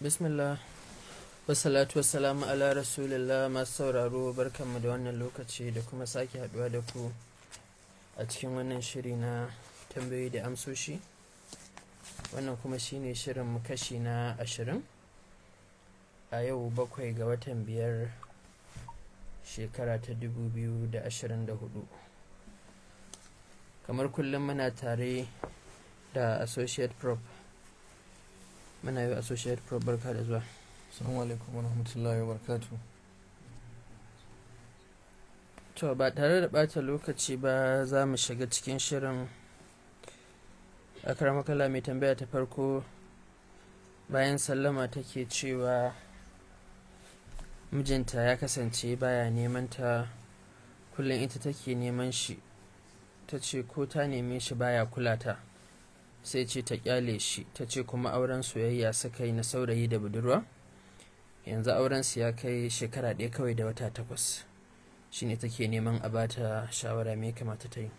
bismillah wasalatu wasalamu ala rasulillah masu sauraro barkanmu da wannan lokaci da kuma sake haduwa da ku a cikin wannan shiri na tambayoyi da amsoshi wannan kuma shine shirin kashi na ashirin a yau bakwai ga watan biyar shekara ta dubu biyu da ashirin da hudu kamar kullum muna tare da associate prop muna yi associate pro barka da zuwa assalamu alaikum wa rahmatullahi wa barakatu to ba tare da bata lokaci ba za mu shiga cikin shirin akramakala mai tambaya ta farko bayan sallama take cewa mijinta ya kasance baya neman ta kullum ita take neman shi ta ce ko ta neme shi baya kula ta sai ce ta kyale shi ta ce kuma auren soyayya suka yi na saurayi da budurwa yanzu auren su ya kai shekara ɗaya kawai da wata takwas shine take neman a bata shawara me kamata ta yi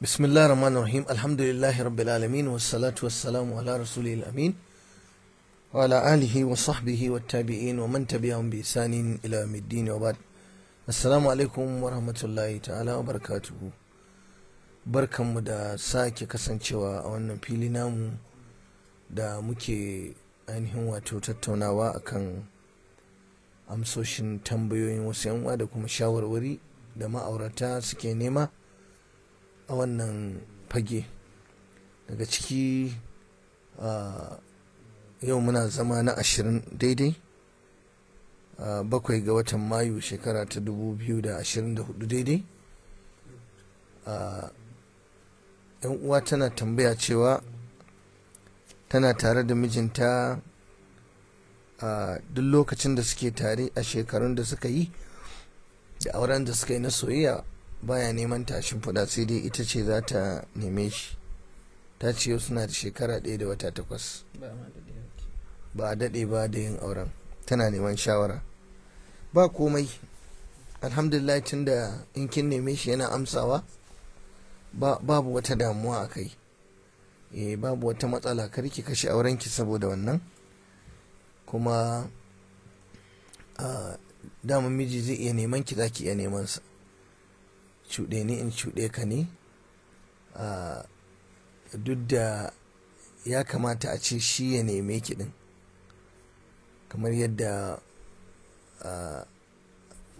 bismillah rahman rahim alhamdulillahi rabbil alamin wassalatu salamu ala rasulil amin wa ala alihi wa sahbihi wa tabi'in wa man tabi'ahum bi isanin ila yawmiddin wa ba'd assalamu alaikum wa rahmatullahi ta'ala wa barakatuhu barkanmu da sake kasancewa a wannan fili namu da muke ainihin wato tattaunawa a kan amsoshin tambayoyin wasu yanwa da kuma shawarwari da ma'aurata suke nema a wannan fage daga ciki yau muna zama na ashirin daidai bakwai ga watan mayu shekara ta 2024 daidai yan uwa tana tambaya cewa tana tare da mijinta a duk lokacin da suke tare a shekarun da suka yi da auren da suka yi na soyayya baya neman tashin fuda sai dai ita ce za ta neme shi ta ce yau suna da shekara ɗaya da wata takwas ba a daɗe ba da yin auren tana neman shawara ba komai alhamdulillah tun da in kin neme shi yana amsawa babu wata damuwa a kai e, babu wata matsala kar ki kashe aurenki saboda wannan kuma ah, daman miji zai iya neman ki zaki iya neman sa cuɗe ni in cuɗe ka ne ah, duk da ya kamata a ce shi ya neme ki ɗin kamar yadda ah,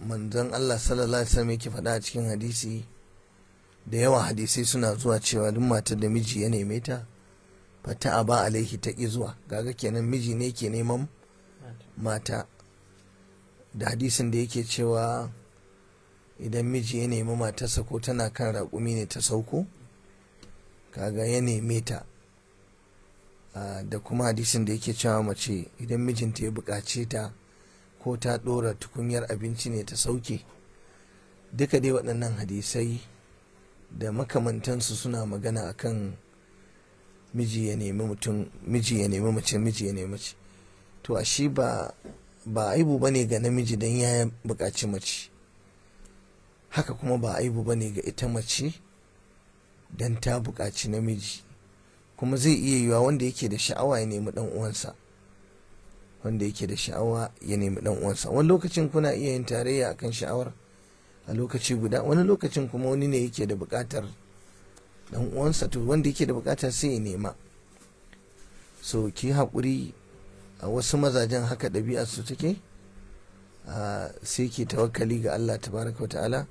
manzon Allah sallallahu alaihi wasallam yake faɗa a cikin hadisi da yawa hadisai suna zuwa cewa duk matar da miji ya neme ta fata a ba alaihi ta zuwa gaga kenan miji ne ke neman mata da hadisin da yake cewa idan miji ya nemi matarsa ko tana kan raƙumi ne ta sauko kaga ya neme ta da kuma hadisin da yake cewa mace idan mijinta ya buƙace ta ko ta ɗora tukunyar abinci ne ta sauke duka dai waɗannan hadisai da makamantansu suna magana akan miji ya nemi mutum miji ya nemi mace miji ya nemi mace to a shi ba ba aibu ba ne ga namiji don ya buƙaci mace haka kuma ba aibu ba ne ga ita mace don ta buƙaci namiji kuma zai iya yiwa wanda yake da sha'awa ya nemi ɗan uwansa wanda yake da sha'awa ya nemi ɗan uwansa wani lokacin kuna iya yin tarayya akan sha'awar a lokaci guda wani lokacin kuma wani ne yake da bukatar dan uwansa to wanda yake da bukatar sai ya nema so ki haƙuri a wasu mazajen haka ɗabi'a su take sai ke tawakkali ga Allah tabaraka wa ta'ala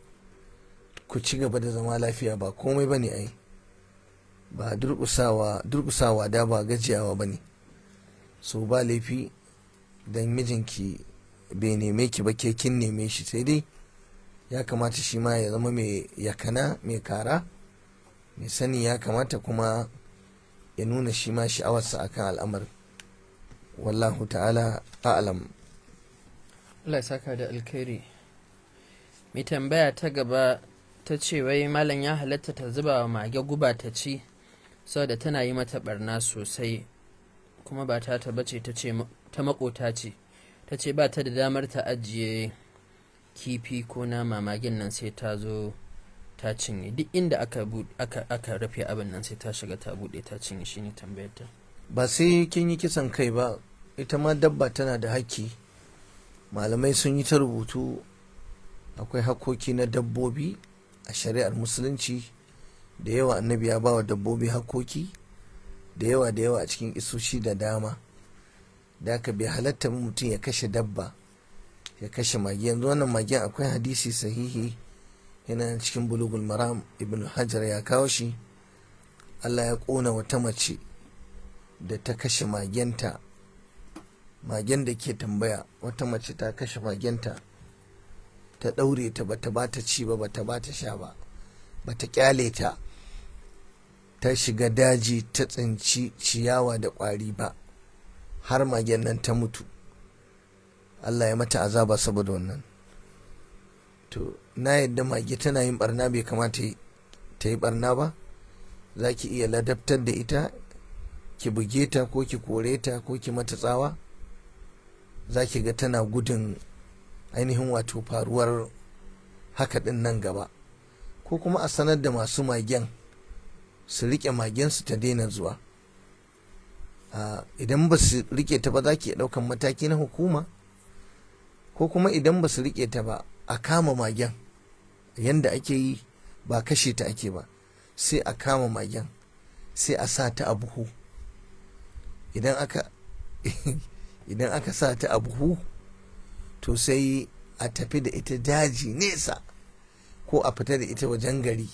ku ci gaba da zama lafiya ba komai bane ai ba durƙusawa da ba gajiyawa bane so ba laifi dan mijinki bai neme ki ba ke kin neme shi sai dai ya kamata shi ma ya zama mai yakana mai kara mai sani ya kamata kuma ya nuna shi ma sha'awarsa akan al'amar wallahu ta'ala a'lam Allah ya saka da alkhairi mai tambaya ta gaba ta ce wai malam ya halatta ta zuba wa mage guba ta ci saboda tana yi mata barna sosai kuma ba ta ta bace ta ce ta makota ce ta ce ba ta da damar ta ajiye kifi ko nama magen nan sai ta zo ta cinye duk inda aka aka rufe abin nan sai ta shiga ta bude ta cinye shine tambayar ta ba sai kin yi kisan kai ba ita ma dabba tana da haƙƙi malamai sun yi ta rubutu akwai hakoki na dabbobi a shari'ar musulunci da yawa annabi ya ba wa dabbobi hakoki da yawa da yawa a cikin isoshi da dama da aka bai halatta mutum ya kashe dabba ya kashe magi yanzu wannan magin akwai hadisi sahihi yana cikin bulugul maram ibn hajar ya kawo shi allah ya kona wata mace da ta kashe magenta magen da ke tambaya wata mace ta kashe magenta ta ɗaure ta bata bata ci ba bata bata sha ba bata kyale ta ta shiga daji ta tsinci ciyawa da ƙwari ba har magen nan ta mutu Allah ya mata azaba saboda wannan to na yadda mage tana yin barna bai kamata ta yi barna ba za ki iya ladabtar da ita ki buge ta ko ki kore ta ko ki mata tsawa za ki ga tana gudun ainihin wato faruwar haka din nan gaba ko kuma a sanar da masu magen su rike magensu ta daina zuwa ah, idan ba su rike ta ba za ki ɗaukan mataki na hukuma ko kuma idan ba su riƙe ta ba a kama magen yanda ake yi ba kashe ta ake ba sai a kama magen sai a sa ta a buhu idan aka sa ta a buhu to sai a tafi da ita daji nesa ko a fita da ita wajen gari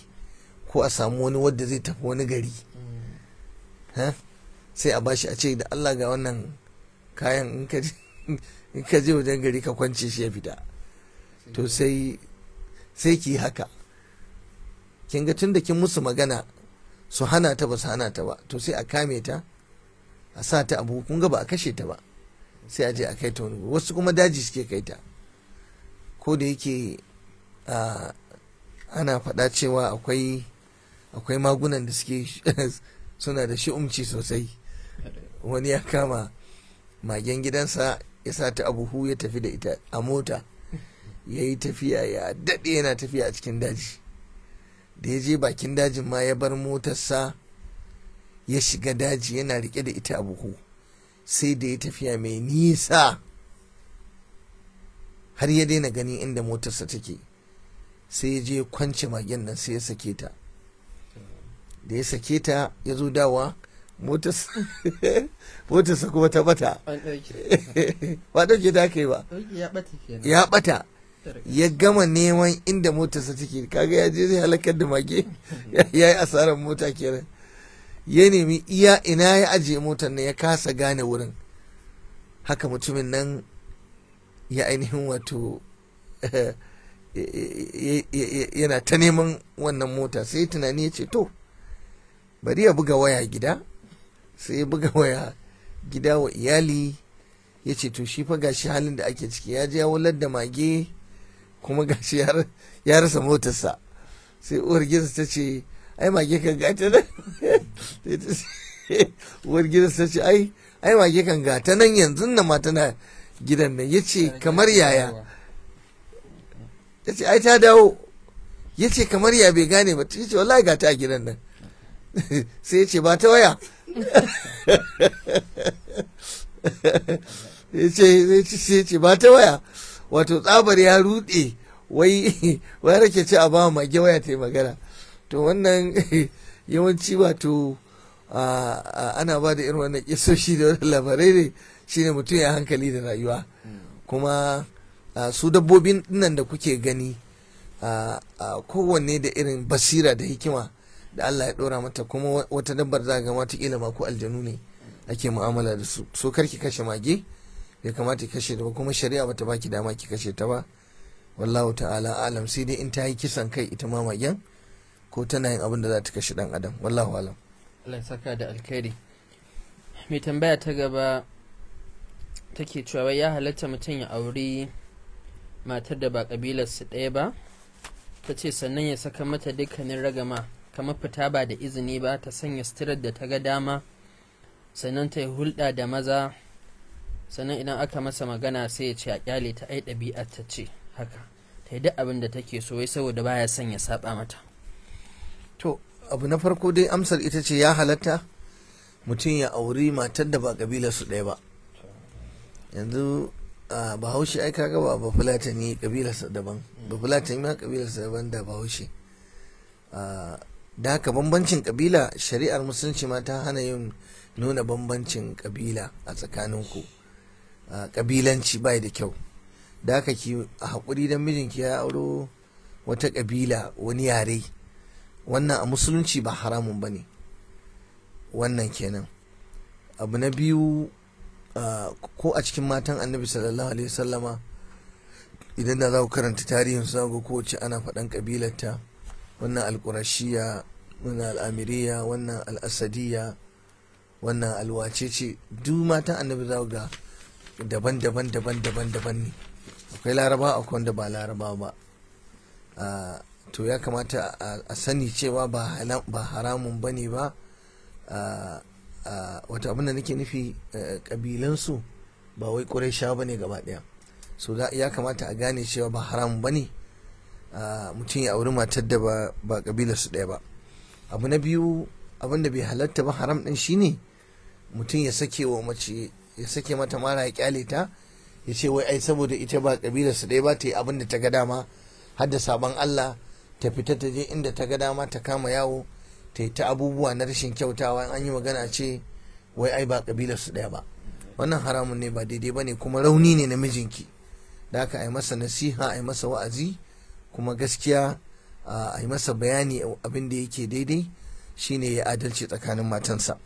ko a samu wani wadda zai tafi wani gari mm. sai a bashi a ce da Allah ga wannan kayan in ka in ka je wajen gari ka kwance shi ya fita to sai sai ki haka kin ga tunda kin musu magana su hana ta ba su hana ta ba to sai a kame ta a sa ta abu kun ga ba a kashe ta ba sai a je a kai ta wani wasu kuma daji suke kai ta ko da yake ana faɗa cewa akwai akwai magunan da suke suna da shi'umci sosai wani ya kama magen gidansa ya sa ta abuhu ya tafi da ita a mota ya yi tafiya ya daɗe yana tafiya a cikin daji da ya je bakin dajin ma ya bar motarsa ya shiga daji yana rike da ita a buhu sai da ya tafiya mai nisa har ya daina ganin inda motarsa take sai ya je kwance magen nan sai ya sake ta da ya sake ta ya zo dawa motarsa kuma ta bata ba ɗauke ta ke ba ya bata ya gama neman inda motarsa take kaga ya je zai halakar da mage ya yi asarar mota kenan ya nemi iya ina ya ajiye motar na ya kasa gane wurin haka mutumin nan ya ainihin wato yana ta neman wannan mota sai tunani ya ce to bari ya buga waya gida sai ya buga waya gida wa iyali ya ce to shi fa gashi halin da ake ciki ya je ya wular da mage kuma gashi ya rasa motarsa sai uwar gidansa ta ce ai mage kan gata nan uwar gidansa ta ce ai ai mage kan gata nan yanzu na ma tana gidan nan ya ce kamar yaya ya ce ai ta dawo ya ce kamar ya bai gane ba ta ce wallahi gata a gidan nan sai ya ce ba ta waya ya ce ce ce ba ta waya wato tsabar ya rude wai wai rake ce a ba mage waya ta yi magana to wannan yawanci wato ana ba da irin wannan kisoshi da wani labarai ne shine mutum ya hankali da rayuwa kuma su dabbobin nan da kuke gani kowanne da irin basira da hikima da Allah ya dora mata kuma wata dabbar za ga mata kila ma ko aljanu ne ake mu'amala da su so kar ki kashe mage bai kamata ki kashe ta ba kuma shari'a bata baki dama ki kashe ta ba wallahu ta'ala alam sai dai in ta yi kisan kai ita ma magen ko tana yin abin da za ta kashe dan adam wallahu alam Allah ya saka da alkhairi mai tambaya ta gaba take cewa wai ya halatta mutum ya auri matar da ba kabilarsu ɗaya ba ta ce sannan ya saka mata dukkanin ragama kamar fita ba da izini ba ta sanya sitirar da ta ga dama sannan ta yi hulɗa da maza sannan idan aka masa magana sai ya ce a kyale ta ai ɗabi'ar ta ce haka ta yi duk abin da take so wai saboda baya son ya saba mata to abu na farko dai amsar ita ce ya halatta mutum ya auri matar da ba kabila su ɗaya ba yanzu bahaushe ai kaga ba ba fulatani kabilarsa daban ba fulatani ma kabilarsa daban da bahaushe da haka bambancin kabila shari'ar musulunci ma ta hana yin nuna bambancin kabila a tsakaninku kabilanci bai da kyau da haka ki a haƙuri don mijinki ya auro wata kabila wani yare wannan a musulunci ba haramun ba ne wannan kenan abu na biyu ko a cikin matan annabi sallallahu alaihi wasallama idan da za ku karanta tarihin su za ku kowace ana faɗan kabilarta wannan alkurashiya wannan al'amiriya wannan al'asadiya wannan alwace ce duk matan annabi za ga daban daban daban daban daban ne akwai laraba akwai wanda ba laraba ba ah, to ya kamata a sani cewa ba haramun ba ne ba ah, ah, wata abin da nake nufi kabilansu eh, ba wai ƙurai sha ba ne gaba ɗaya so ya kamata a gane cewa ba haramun ba ne Ah, mutum ya auri matar da ba kabilar su ɗaya ba abu na biyu abin da bai halatta ba haram ɗin shine mutum ya sake wa mace ya sake mata mara ya kyale ta ya ce wai ai saboda ita ba kabilar su ɗaya ba ta yi abin da ta ga dama har da sabon Allah ta fita ta je inda ta ga dama ta kama yawo ta yi ta abubuwa na rashin kyautawa in an yi magana ce wai ai ba kabilar su ɗaya ba wannan haramun ne ba daidai ba ne kuma rauni ne na mijinki da aka ai masa nasiha ai masa wa'azi kuma gaskiya a yi masa bayani abin da yake daidai shine ya adalci tsakanin matansa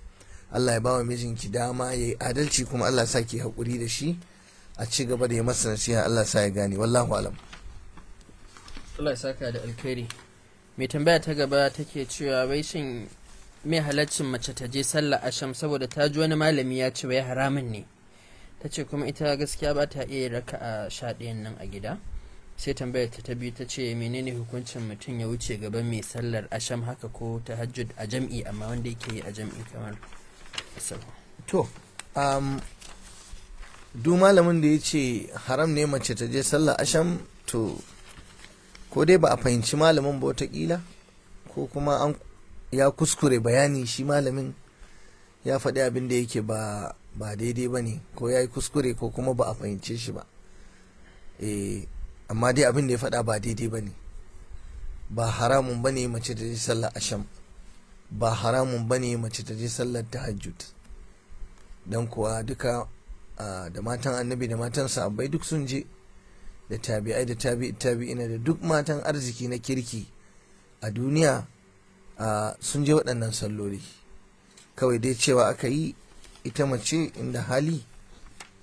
Allah ya bawa mijinki dama ya yi adalci kuma Allah sa ke haƙuri da shi a ci gaba da ya masa nasiha Allah sa ya gane wallahu alam Allah ya saka da alkhairi mai tambaya ta gaba take cewa wai shin mai halaccin mace ta je sallah asham saboda ta ji wani malami ya ce wai haramun ne ta ce kuma ita gaskiya ba ta iya raka a sha ɗayan nan a gida sai tambayar ta biyu ta ce menene hukuncin mutum ya wuce gaban mai sallar asham haka ko ta hajjud a jam'i amma wanda yake yi a jam'i kamar to um, du malamin da ya ce haram ne mace ta je sallar asham to ko dai ba a fahimci malamin ba watakila ko kuma an ya kuskure bayani shi malamin ya faɗi abin da yake ba daidai ba ne ko ya yi kuskure ko kuma ba a fahimce shi ba eh amma dai abin da ya faɗa ba daidai ba ne ba haramun ba ne mace ta je sallar asham ba haramun ba ne mace ta je sallar tahajjud don kuwa duka da matan annabi da matan sahabbai duk sun je da tabi'ai da tabi'i ina da duk matan arziki na kirki a duniya sun je waɗannan salloli kawai dai cewa aka yi ita mace inda hali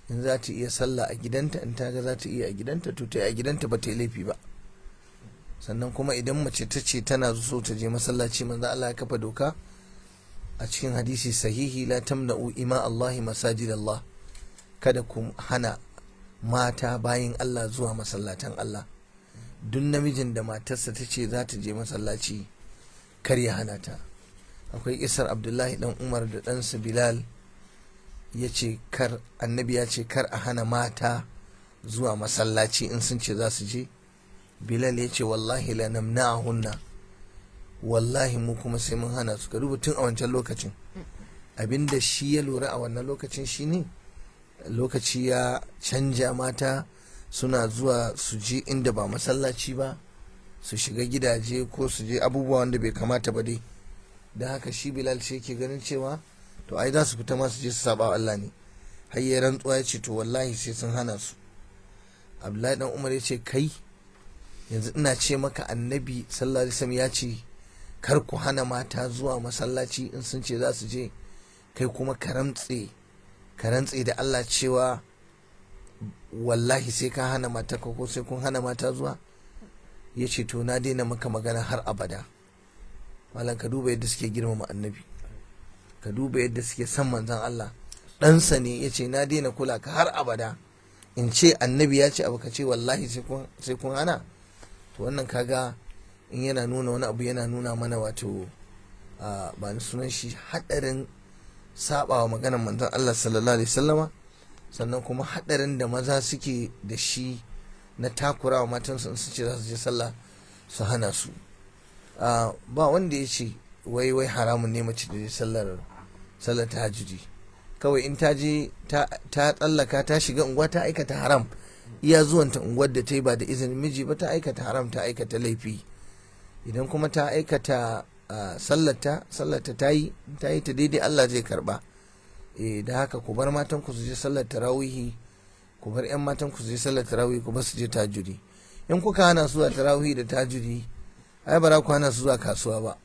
in za ta iya sallah a gidanta in ta ga za ta iya a gidanta to ta yi a gidanta ba ta yi laifi ba sannan kuma idan mace ta ce tana so ta je masallaci manzo Allah ya kafa doka a cikin hadisi sahihi la tamna'u ima Allah masajid Allah kada ku hana mata bayin Allah zuwa masallatan Allah duk namijin da matarsa ta ce za ta je masallaci kar ya hana ta akwai isar Abdullahi dan Umar da ɗansa Bilal ya ce kar annabi ya ce kar a hana mata zuwa masallaci in sun ce za su je bilal ya ce wallahi lanamna hunna wallahi mu kuma sai mun hana su ka rubutun a wancan lokacin abinda shi ya lura a wannan lokacin shi ne lokaci ya canja mata suna zuwa su je inda ba masallaci ba su shiga gidaje ko su je abubuwa wanda bai kamata ba dai don haka shi bilal ce ke ganin cewa to ai za su fita masu je su saba Allah ne har ya rantsuwa ya ce to wallahi sai sun hana su Abdullahi dan Umar ya ce kai yanzu ina ce maka annabi sallallahu alaihi wasallam ya ce kar ku hana mata zuwa masallaci in sun ce za su je kai kuma ka rantse da Allah cewa wallahi sai ka hana mata ko sai kun hana mata zuwa ya ce to na daina maka magana har abada malam ka duba yadda suke girmama annabi ka duba yadda suke son manzan Allah ɗansa ne ya ce na daina kula ka har abada in ce annabi ya ce abu ka ce wallahi sai kun hana to wannan kaga in yana nuna wani abu yana nuna mana wato ba ni sunan shi haɗarin sabawa maganar manzan Allah sallallahu alaihi sallama sannan kuma haɗarin da maza suke da shi na takurawa matansu in su ce za su je sallah su hana su ba wanda ya ce wai wai haramun ne mace da sallar sallar tahajjudi kawai in ta je ta tsallaka ta shiga unguwa ta aikata haram iya zuwanta unguwar da ta yi ba da izinin miji ba ta aikata haram ta aikata laifi idan kuma ta aikata sallata sallata ta yi ta yi ta daidai Allah zai karba e eh, da haka ku bar matan ku su je sallar tarawihi ku bar yan matan ku su je sallar tarawihi ku bar su je in kuka hana su zuwa tarawihi da tajiri. ai bara za ku hana su zuwa kasuwa ba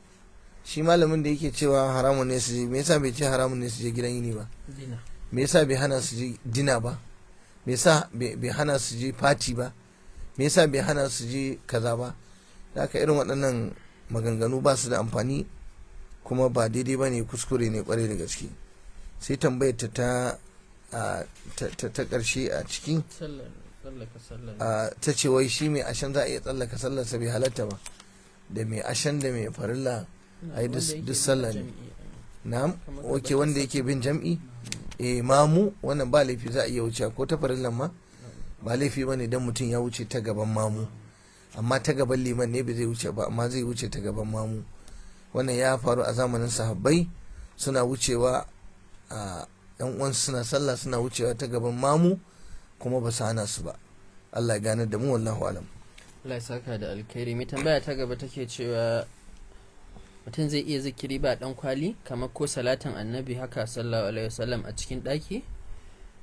shi malamin da yake cewa haramun ne su je me yasa bai ce haramun ne su je gidan yini ba me yasa bai hana su je dina ba me yasa bai hana su je fati ba me yasa bai hana su je kaza ba da aka irin waɗannan maganganu ba su da amfani kuma ba daidai ba ne kuskure ne kwarai da gaske sai tambayar ta ta ta ƙarshe a ciki ta ce wai shi mai ashen za a iya tsallaka sallarsa bai halatta ba da mai ashen da mai farilla ai duk sallah ne na'am oke wanda yake bin jam'i eh mamu wannan ba laifi za a iya wuce ko ta farillan lamma. ba laifi bane dan mutum ya wuce ta gaban mamu amma ta gaban liman ne ba zai wuce ba amma zai wuce ta gaban mamu wannan ya faru a zamanin sahabbai suna wucewa a yan uwansu suna sallah suna wucewa ta gaban mamu kuma ba su hana su ba Allah ya gane da mu wallahu alam Allah ya saka da alkhairi mai tambaya ta gaba take cewa mutum zai iya zikiri ba dan kwali kamar ko salatin annabi haka sallallahu alaihi wasallam a cikin daki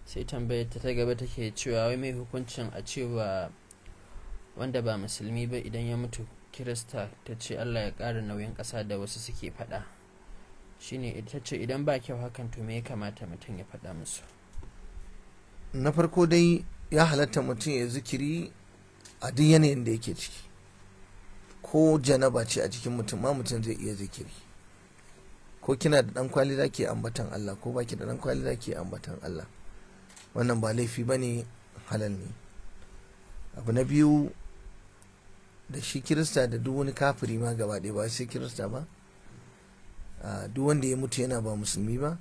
sai tambayar ta gaba take cewa wai mai hukuncin a cewa wanda ba musulmi ba idan ya mutu kirista ta ce allah ya ƙara nauyin ƙasa da wasu suke faɗa shine ita ce idan ba kyau hakan to me ya kamata mutum ya faɗa musu na farko dai ya halatta mutum ya zikiri a duk yanayin da yake ciki ko janaba ce a cikin mutum ma mutum zai iya zikiri ko kina da dan kwali zaki ambatan Allah ko baki da dan kwali zaki ambatan Allah wannan ba laifi bane halal ne abu na biyu da shi kirista da duk wani kafiri ma gaba ɗaya ba sai kirista ba duk wanda ya mutu yana ba musulmi ba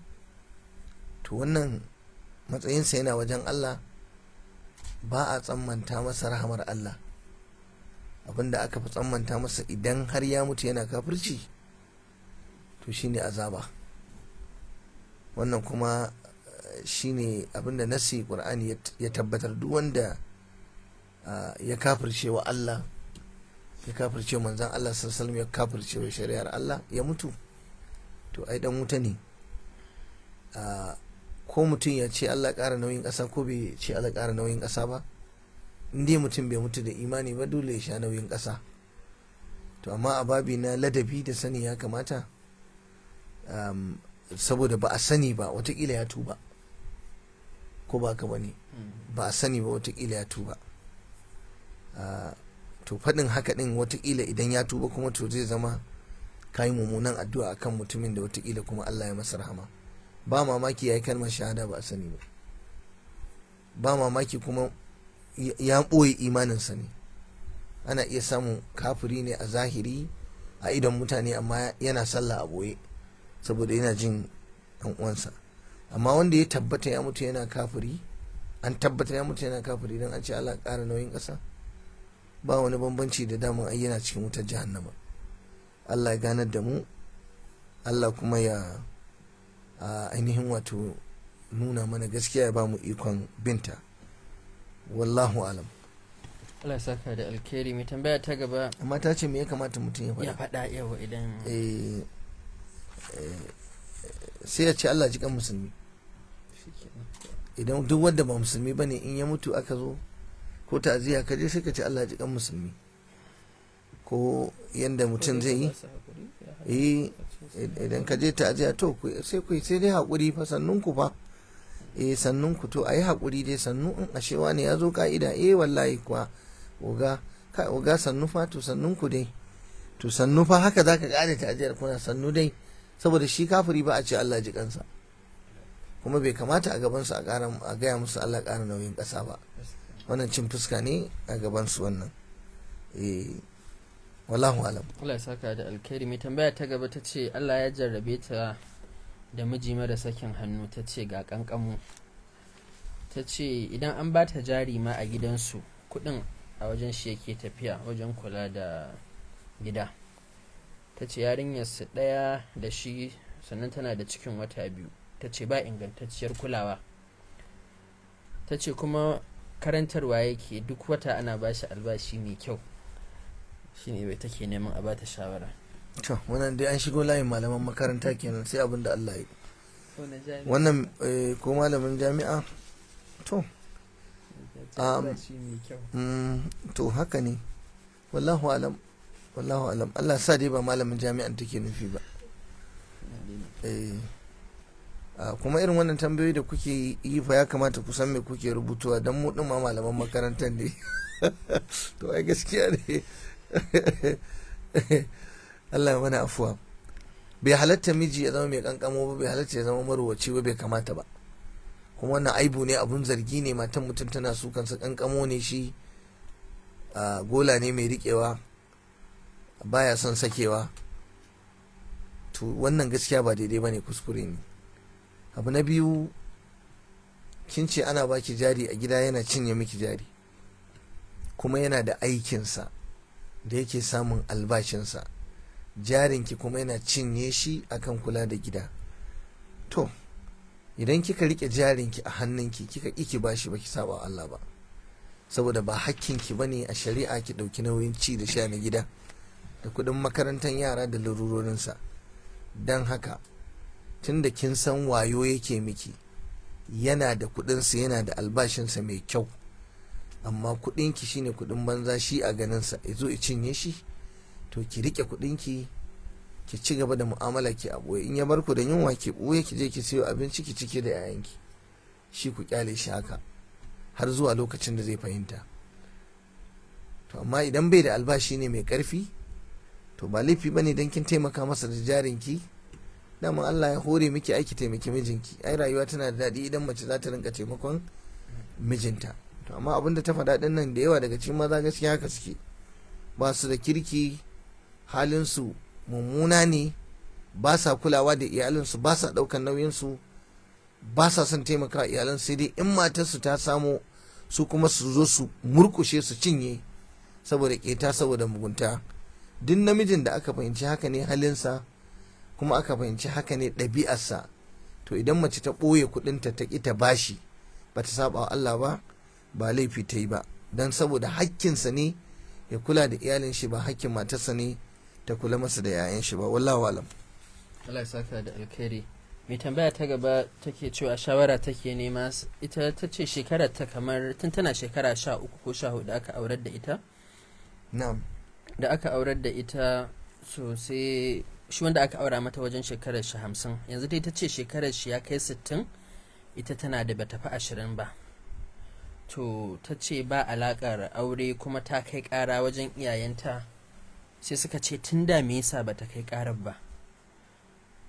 to wannan matsayinsa yana wajen Allah ba a tsammanta masa rahamar Allah abinda aka fi tsammanta masa idan har ya mutu yana kafirci to shine azaba wannan kuma eh, shine abinda nasi qur'ani ya tabbatar duk wanda ah, ya kafirce wa Allah ya kafirce manzon Allah sallallahu ya kafirce wa shari'ar Allah ya mutu to ai dan wuta ne ah, ko mutum ya ce Allah ƙara nauyin ƙasa ko bai ce Allah ƙara nauyin ƙasa ba indai mutum bai mutu da imani ba dole ya sha nauyin ƙasa to amma a babi na ladabi da sani ya kamata um, saboda ba a sani ba watakila ya tuba ko ba ka bane ba a sani ba watakila ya tuba uh, to faɗin haka ɗin watakila idan ya tuba kuma to zai zama kayi mummunan addu'a akan mutumin da watakila kuma Allah ya masa rahama ba mamaki ya yi kalmar shahada ba a sani ba ba mamaki kuma ya ɓoye imanin sa ne ana iya samun kafiri ne a zahiri a idon mutane amma yana sallah a boye saboda yana jin ɗan uwansa amma wanda ya tabbata ya mutu yana kafiri an tabbata ya mutu yana kafiri don an ce Allah ƙara nauyin ƙasa ba wani bambanci da damun ai yana cikin wutar jahannama Allah ya ganar da mu Allah kuma ya ainihin wato nuna mana gaskiya ya ba mu ikon binta wallahu alam Allah saka da alkhairi mai tambaya ta gaba amma ta ce me ya kamata mutum ya faɗa ya faɗa yawa idan eh, eh, sai ya ce Allah jikan musulmi idan duk wanda ba musulmi ba ne in ya mutu aka zo ko ta'aziyya ka je sai ka ce Allah jikan musulmi ko yanda mutum zai yi eh, idan ka je ta'aziyya to sai ku sai dai haƙuri fa sannun ku fa eh sannun ku to ayi hakuri dai sannu in ashewa ne ya zo ka'ida eh wallahi kuwa oga kai oga sannu fa to sannun ku dai to sannu fa haka zaka kare ta ajiyar kuna sannu dai saboda shi kafiri ba a ce Allah ji kansa kuma bai kamata a gaban su a a gaya musu Allah ƙara nauyin ƙasa ba wannan cin fuska ne a gaban su wannan eh wallahu alam Allah ya saka da alkhairi mai tambaya ta gaba ta ce Allah ya jarrabe ta da miji mara sakin hannu ta ce ga kankamu ta ce idan an ba ta jari ma a gidansu kudin a wajen shi yake tafiya wajen kula da gida ta ce yarinyarsu ɗaya da shi sannan tana da cikin wata biyu ta ce ba ingantacciyar kulawa ta ce kuma karantarwa yake duk wata ana bashi albashi mai kyau shine bai take neman a bata shawara to wannan dai an shigo layin malaman makaranta kenan sai abin da Allah ya wannan eh, ko malamin jami'a to um, mm, to haka ne wallahu alam wallahu alam Allah sa dai ba malamin jami'an take nufi ba eh, kuma irin wannan tambayoyi da kuke yi fa ya kamata ku san me kuke rubutuwa don mu ma malaman makarantar ne to ai gaskiya ne Allah ya mana afuwa bai halatta miji ya zama mai kankamo ba bai halatta ya zama marwaci ba bai kamata ba kuma wannan aibu ne abun zargi ne matan mutum tana su kansa kankamo ne shi gola ne mai rikewa baya son sakewa to wannan gaskiya ba daidai bane kuskure ne abu na biyu kin ce ana baki jari a gida yana cinye miki jari kuma yana da aikinsa da yake samun albashinsa jarinki kuma yana cinye shi akan kula da gida to idan kika rike jarinki a hannunki kika iki bashi baki saba Allah ba saboda ba hakkinki bane a shari'a ki dauki nauyin ci da sha na gida da kudin makarantar yara da larurorinsa dan haka tunda kin san wayo yake miki yana da kudinsa yana da albashinsa mai kyau amma kudinki shine kudin banza shi a ganinsa ya zo ya cinye shi to ki rike kuɗin ki ki ci gaba da mu'amala ki a boye in ya bar ku da yunwa ki boye ki je ki sayo abinci ki cike da yayanki shi ku kyale shi haka har zuwa lokacin da zai fahimta to amma idan bai da albashi ne mai karfi to ba laifi bane dan kin taimaka masa da jarin ki dama Allah ya hore miki aiki taimaki mijinki ai rayuwa tana da daɗi idan mace za ta rinka taimakon mijinta to amma abinda ta faɗa nan da yawa daga cikin maza gaskiya haka suke ba su da kirki halinsu mummuna ne ba sa kulawa da iyalinsu ba sa ɗaukan nauyinsu ba sa son taimaka iyalan sai dai in matarsu ta samo su kuma su zo su murkushe su cinye saboda keta saboda mugunta duk namijin da aka fahimci haka ne halinsa kuma aka fahimci haka ne ɗabi'arsa to idan mace ta ɓoye kuɗinta ta ƙi ta bashi ba ta saba wa Allah ba ba laifi ta yi ba don saboda hakkinsa ne ya kula da iyalin shi ba hakkin matarsa ne ta kula masa da 'ya'yan shi ba wallahi walam Allah ya saka da alkhairi mai tambaya ta gaba take cewa shawara take nema ita ta ce shekarar ta kamar tun tana shekara sha uku ko sha hudu aka aurar da ita na'am da aka aurar da ita sosai shi wanda aka aura mata wajen shekarar shi hamsin yanzu dai ta ce shekarar shi ya kai sittin ita tana da bata fi ashirin ba to ta ce ba alakar aure kuma ta kai kara wajen iyayenta sai suka ce tun da me yasa ba ta kai karar ba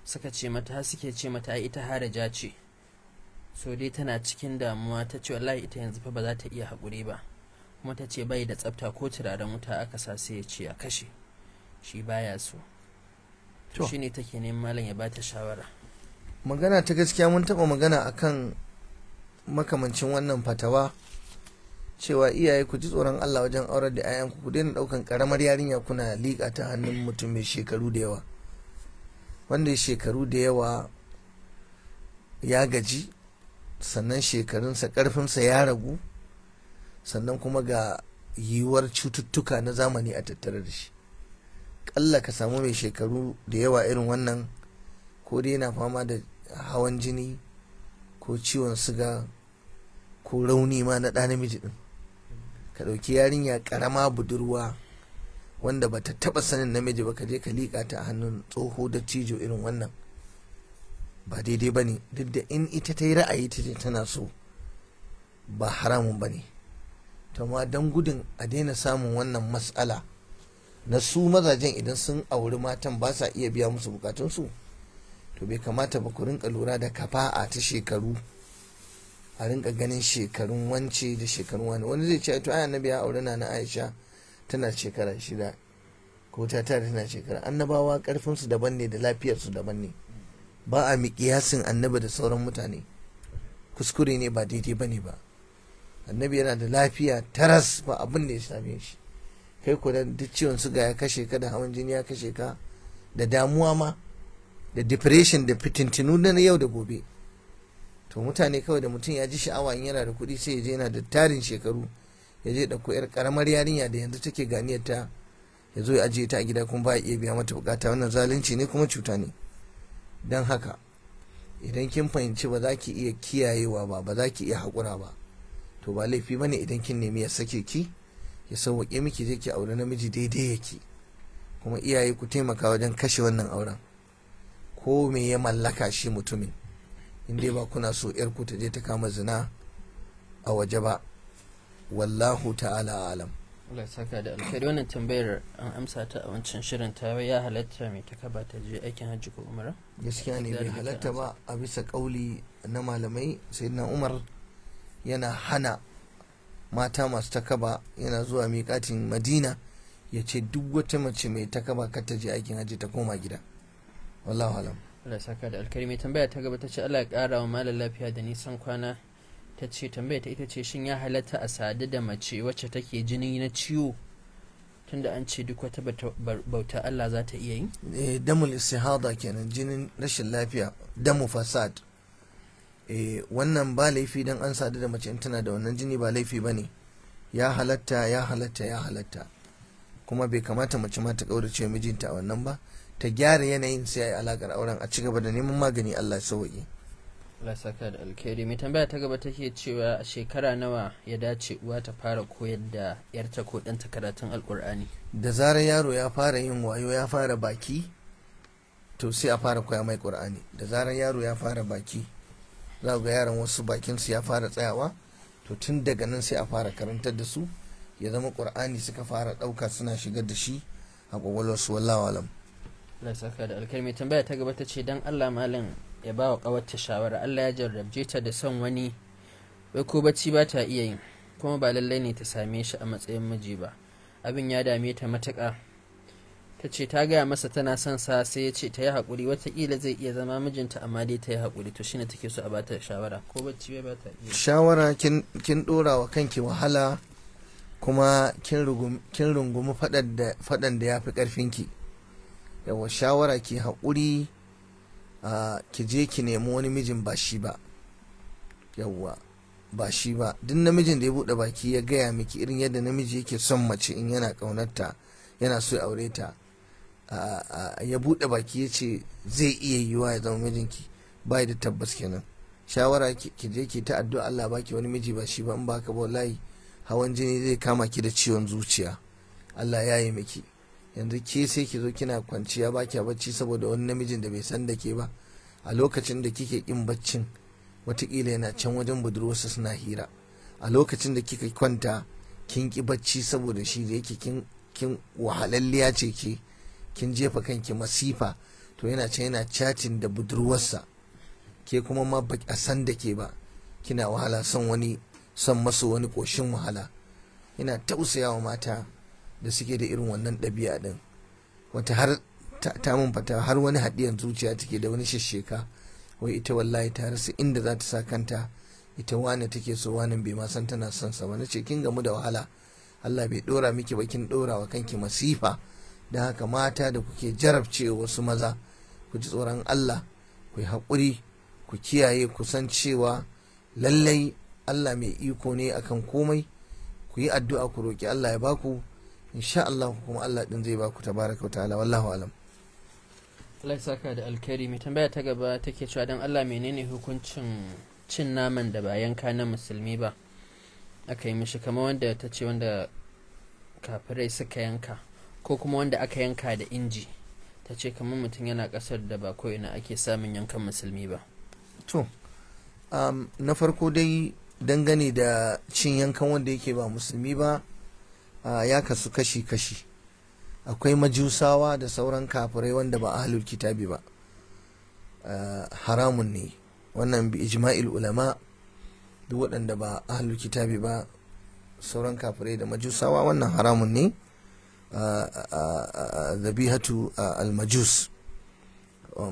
suka ce mata suke ce mata ita haraja ce so dai tana cikin damuwa ta ce wallahi ita yanzu fa ba za ta iya haƙuri ba kuma ta ce bai da tsafta ko turaren wuta aka sa sai ya ce a kashe shi baya so to shine take neman malam ya bata shawara magana ta gaskiya mun taɓa magana akan makamancin wannan fatawa cewa iyaye ku ji tsoron Allah wajen aurar da 'ya'yanku ku daina daukan karamar yarinya kuna liƙa ta hannun mutum mai shekaru da yawa wanda ya shekaru da yawa ya gaji sannan shekarunsa ƙarfinsa ya ragu sannan kuma ga yiwuwar cututtuka na zamani a tattare da shi kalla ka samu mai shekaru da yawa irin wannan ko dai yana fama da hawan jini ko ciwon suga, ko rauni ma na ɗa namiji ɗin ka ɗauki yarinya ƙarama budurwa wanda ba ta taɓa sanin namiji ba ka je ka liƙa ta hannun tsoho da cijo irin wannan ba daidai ba ne duk da in ita ta yi ra'ayi ta ce tana so ba haramun ba ne ma don gudun a daina samun wannan matsala na su mazajen idan sun auri matan ba sa iya biya musu bukatunsu to bai kamata ba ku rinka lura da kafa'a ta shekaru a rinka ganin shekarun wance da shekarun wani wani zai ce to ai annabi ya aure na Aisha tana shekara shida ko ta tare tana shekara annabawa karfin su daban ne da lafiyar daban ne ba a kiyasin annabi da sauran mutane kuskure ne ba daidai ba ne ba annabi yana da lafiya taras ba abin da ya same shi kai ko da duk ciwon suga ya kashe ka da hawan jini ya kashe ka da damuwa ma da depression da fitintinu na yau da gobe to mutane kawai da mutum ya ji sha'awa in yana da kuɗi sai ya je yana da tarin shekaru ya je ɗauko yar karamar yarinya da yanzu take ganiyar ta ya zo ya ajiye ta a gida kuma ba iya biya mata bukata wannan zalunci ne kuma cuta ne don haka idan kin fahimci ba za ki iya kiyayewa ba ba za ki iya haƙura ba to ba laifi ba ne idan kin nemi ya sake ki ya sauwaƙe miki je ki aure namiji daidai yake kuma iyaye ku taimaka wajen kashe wannan auren ko me ya mallaka shi mutumin in dai ba kuna so ku ta je ta kama zina a waje ba wallahu ta'ala alam Allah saka da alkhairi wannan tambayar an amsa ta a wancan shirin ta ya halatta mai ta kaba ta je aikin hajji ko umara gaskiya ne bai halatta ba a bisa kauli na malamai sayyidina umar yana hana mata masu takaba yana zuwa miƙatin madina ya ce duk wata mace mai takaba ka ta je aikin hajji ta koma gida wallahu alam Allah saka da alkarimi tambaya ta gaba ta ce Allah ya kara wa malam lafiya da nisan kwana ta ce tambaya ta ita ce shin ya halatta a sadu da mace wacce take jini na ciwo tunda an ce duk wata bauta Allah za ta iya yi? Eh, damul istihada kenan jinin rashin lafiya damu fasad eh, wannan ba laifi don an sadu da mace in tana da wannan jini ba laifi ba ne ya halatta ya halatta ya halatta kuma bai kamata mace ma ta kaurace mijinta a wannan ba ta gyara yanayin sai ya yi alakar auren a ci gaba da neman magani Allah sauki Allah saka da alkhairi mai tambaya ta gaba take cewa a shekara nawa ya dace uwa ta fara koyar da yarta ko ɗanta karatun alkur'ani da zarar yaro ya fara yin wayo ya fara baki to sai a fara koya mai ƙur'ani. da zarar yaro ya fara baki za ga yaran wasu bakinsu ya fara tsayawa to tun daga nan sai a fara karantar da su ya zama ƙur'ani suka fara ɗauka suna shigar da shi a ƙwaƙwalwarsu wallawalam lasaka saka da alkalmi tambaya ta gaba ta ce dan Allah malam ya ba wa kawarta shawara Allah ya jarrabje ta da son wani bai ko bacci ba ta iya yin kuma ba lallai ne ta same shi a matsayin miji ba abin ya dame ta matuka. ta ce ta gaya masa tana son sa sai ya ce ta yi haƙuri watakila zai iya zama mijinta amma dai ta yi haƙuri to shine take so a bata shawara ko bacci ba ta iya shawara kin ɗora wa kanki wahala kuma kin rungumi faɗan da ya fi ƙarfinki yawa shawara ki haƙuri ki je ki nemi wani mijin ba shi ba yawa ba shi ba duk namijin da ya buɗe baki ya gaya miki irin yadda namiji yake son mace in yana ƙaunarta yana so ya aure ta ya buɗe baki ya ce zai iya yiwa ya zama mijinki ba da tabbas kenan shawara ki je ki ta addu'a Allah baki wani miji ba shi ba in baka ba wallahi hawan jini zai kama ki da ciwon zuciya Allah ya yi miki yanzu ke sai ki zo kina kwanciya ba kya bacci saboda wani namijin da bai san da ke ba a lokacin da kike kin baccin watakila yana can wajen budurwarsa suna hira a lokacin da kika kwanta kin ki bacci saboda shi da yake kin kin wahalalliya ce ke kin jefa kanki masifa to yana can yana chatin da budurwarsa ke kuma ma ba a san da ke ba kina wahala son wani son masu wani koshin wahala yana tausayawa mata da suke da irin wannan ɗabi'a ɗin wata har ta mun fata har wani haɗiyan zuciya take da wani shisheka wai ita wallahi ta rasa inda za ta sa kanta ita wane take so wani bai ma san tana son sa wani ce kin gamu da wahala Allah bai ɗora miki ba kin dora wa kanki masifa da haka mata da kuke jarabce wasu maza ku ji tsoron Allah ku yi haƙuri ku kiyaye ku san cewa lallai Allah mai iko ne akan komai ku yi addu'a ku roki Allah ya baku insha Allah kuma Allah din zai baku tabaraka wa ta'ala wallahu alam Allah saka da alkari mai tambaya ta gaba take cewa dan Allah menene hukuncin cin naman da ba yanka na musulmi ba aka yi mishi kamar wanda ta ce wanda kafirai suka yanka ko kuma wanda aka yanka da inji ta ce kamar mutum yana kasar da ba ina ake samun yankan musulmi ba to um, na farko dai dangane da cin yankan wanda yake ba musulmi ba ya kasu kashi-kashi akwai majusawa da sauran kafirai wanda ba ahlul kitabi ba haramun ne wannan bi ijma'il ulama duk waɗanda ba ahlul kitabi ba sauran kafirai da majusawa wannan haramun ne zabihatu almajus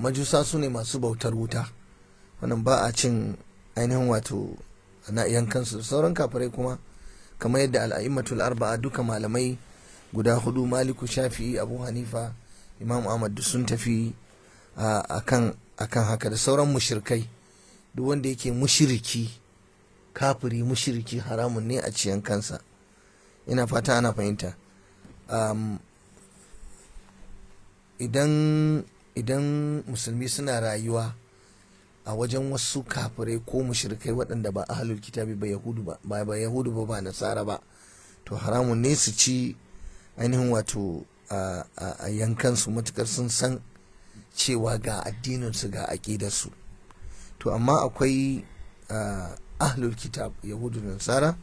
majusa su ne masu bautar wuta wannan ba a cin ainihin wato na yankansu sauran kafirai kuma kamar yadda al'a'immatul arba'a duka malamai guda hudu maliku shafi'i abu hanifa imam ahmad sun tafi a kan haka da sauran mushirkai duk wanda yake mushiriki kafiri mushiriki haramun ne a ciyan kansa ina fata ana fahimta idan musulmi suna rayuwa a wajen wasu kafirai ko mushrikai waɗanda ba ahlul kitabi ba yahudu ba ba yahudu ba ba nasara ba to haramun ne su ci ainihin wato a yankansu matukar sun san cewa ga addininsu ga aƙidarsu to amma akwai ahlul kitab yahudu da nasara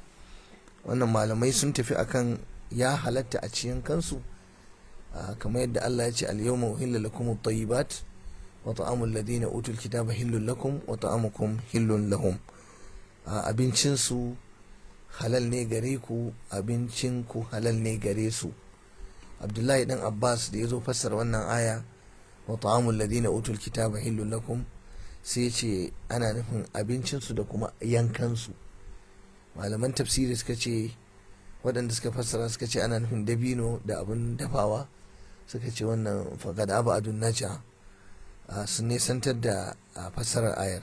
wannan malamai sun tafi akan ya halatta a yankan yankansu kamar yadda Allah ya ce al-yawma uhilla lakum at-tayyibat wa ta'amul ladina utul kitaba hillul lakum wa ta'amukum hillul lahum abincin halal ne gare ku abincin ku halal ne gare su abdullahi dan abbas da ya zo fassar wannan aya wa ta'amul ladina utul kitaba hillul lakum sai ce ana nufin abincinsu da kuma yankansu malaman tafsiri suka ce waɗanda suka fassara suka ce ana nufin dabino da abin dafawa suka ce wannan fagada abu a naja Sun nesantar da fassarar ayar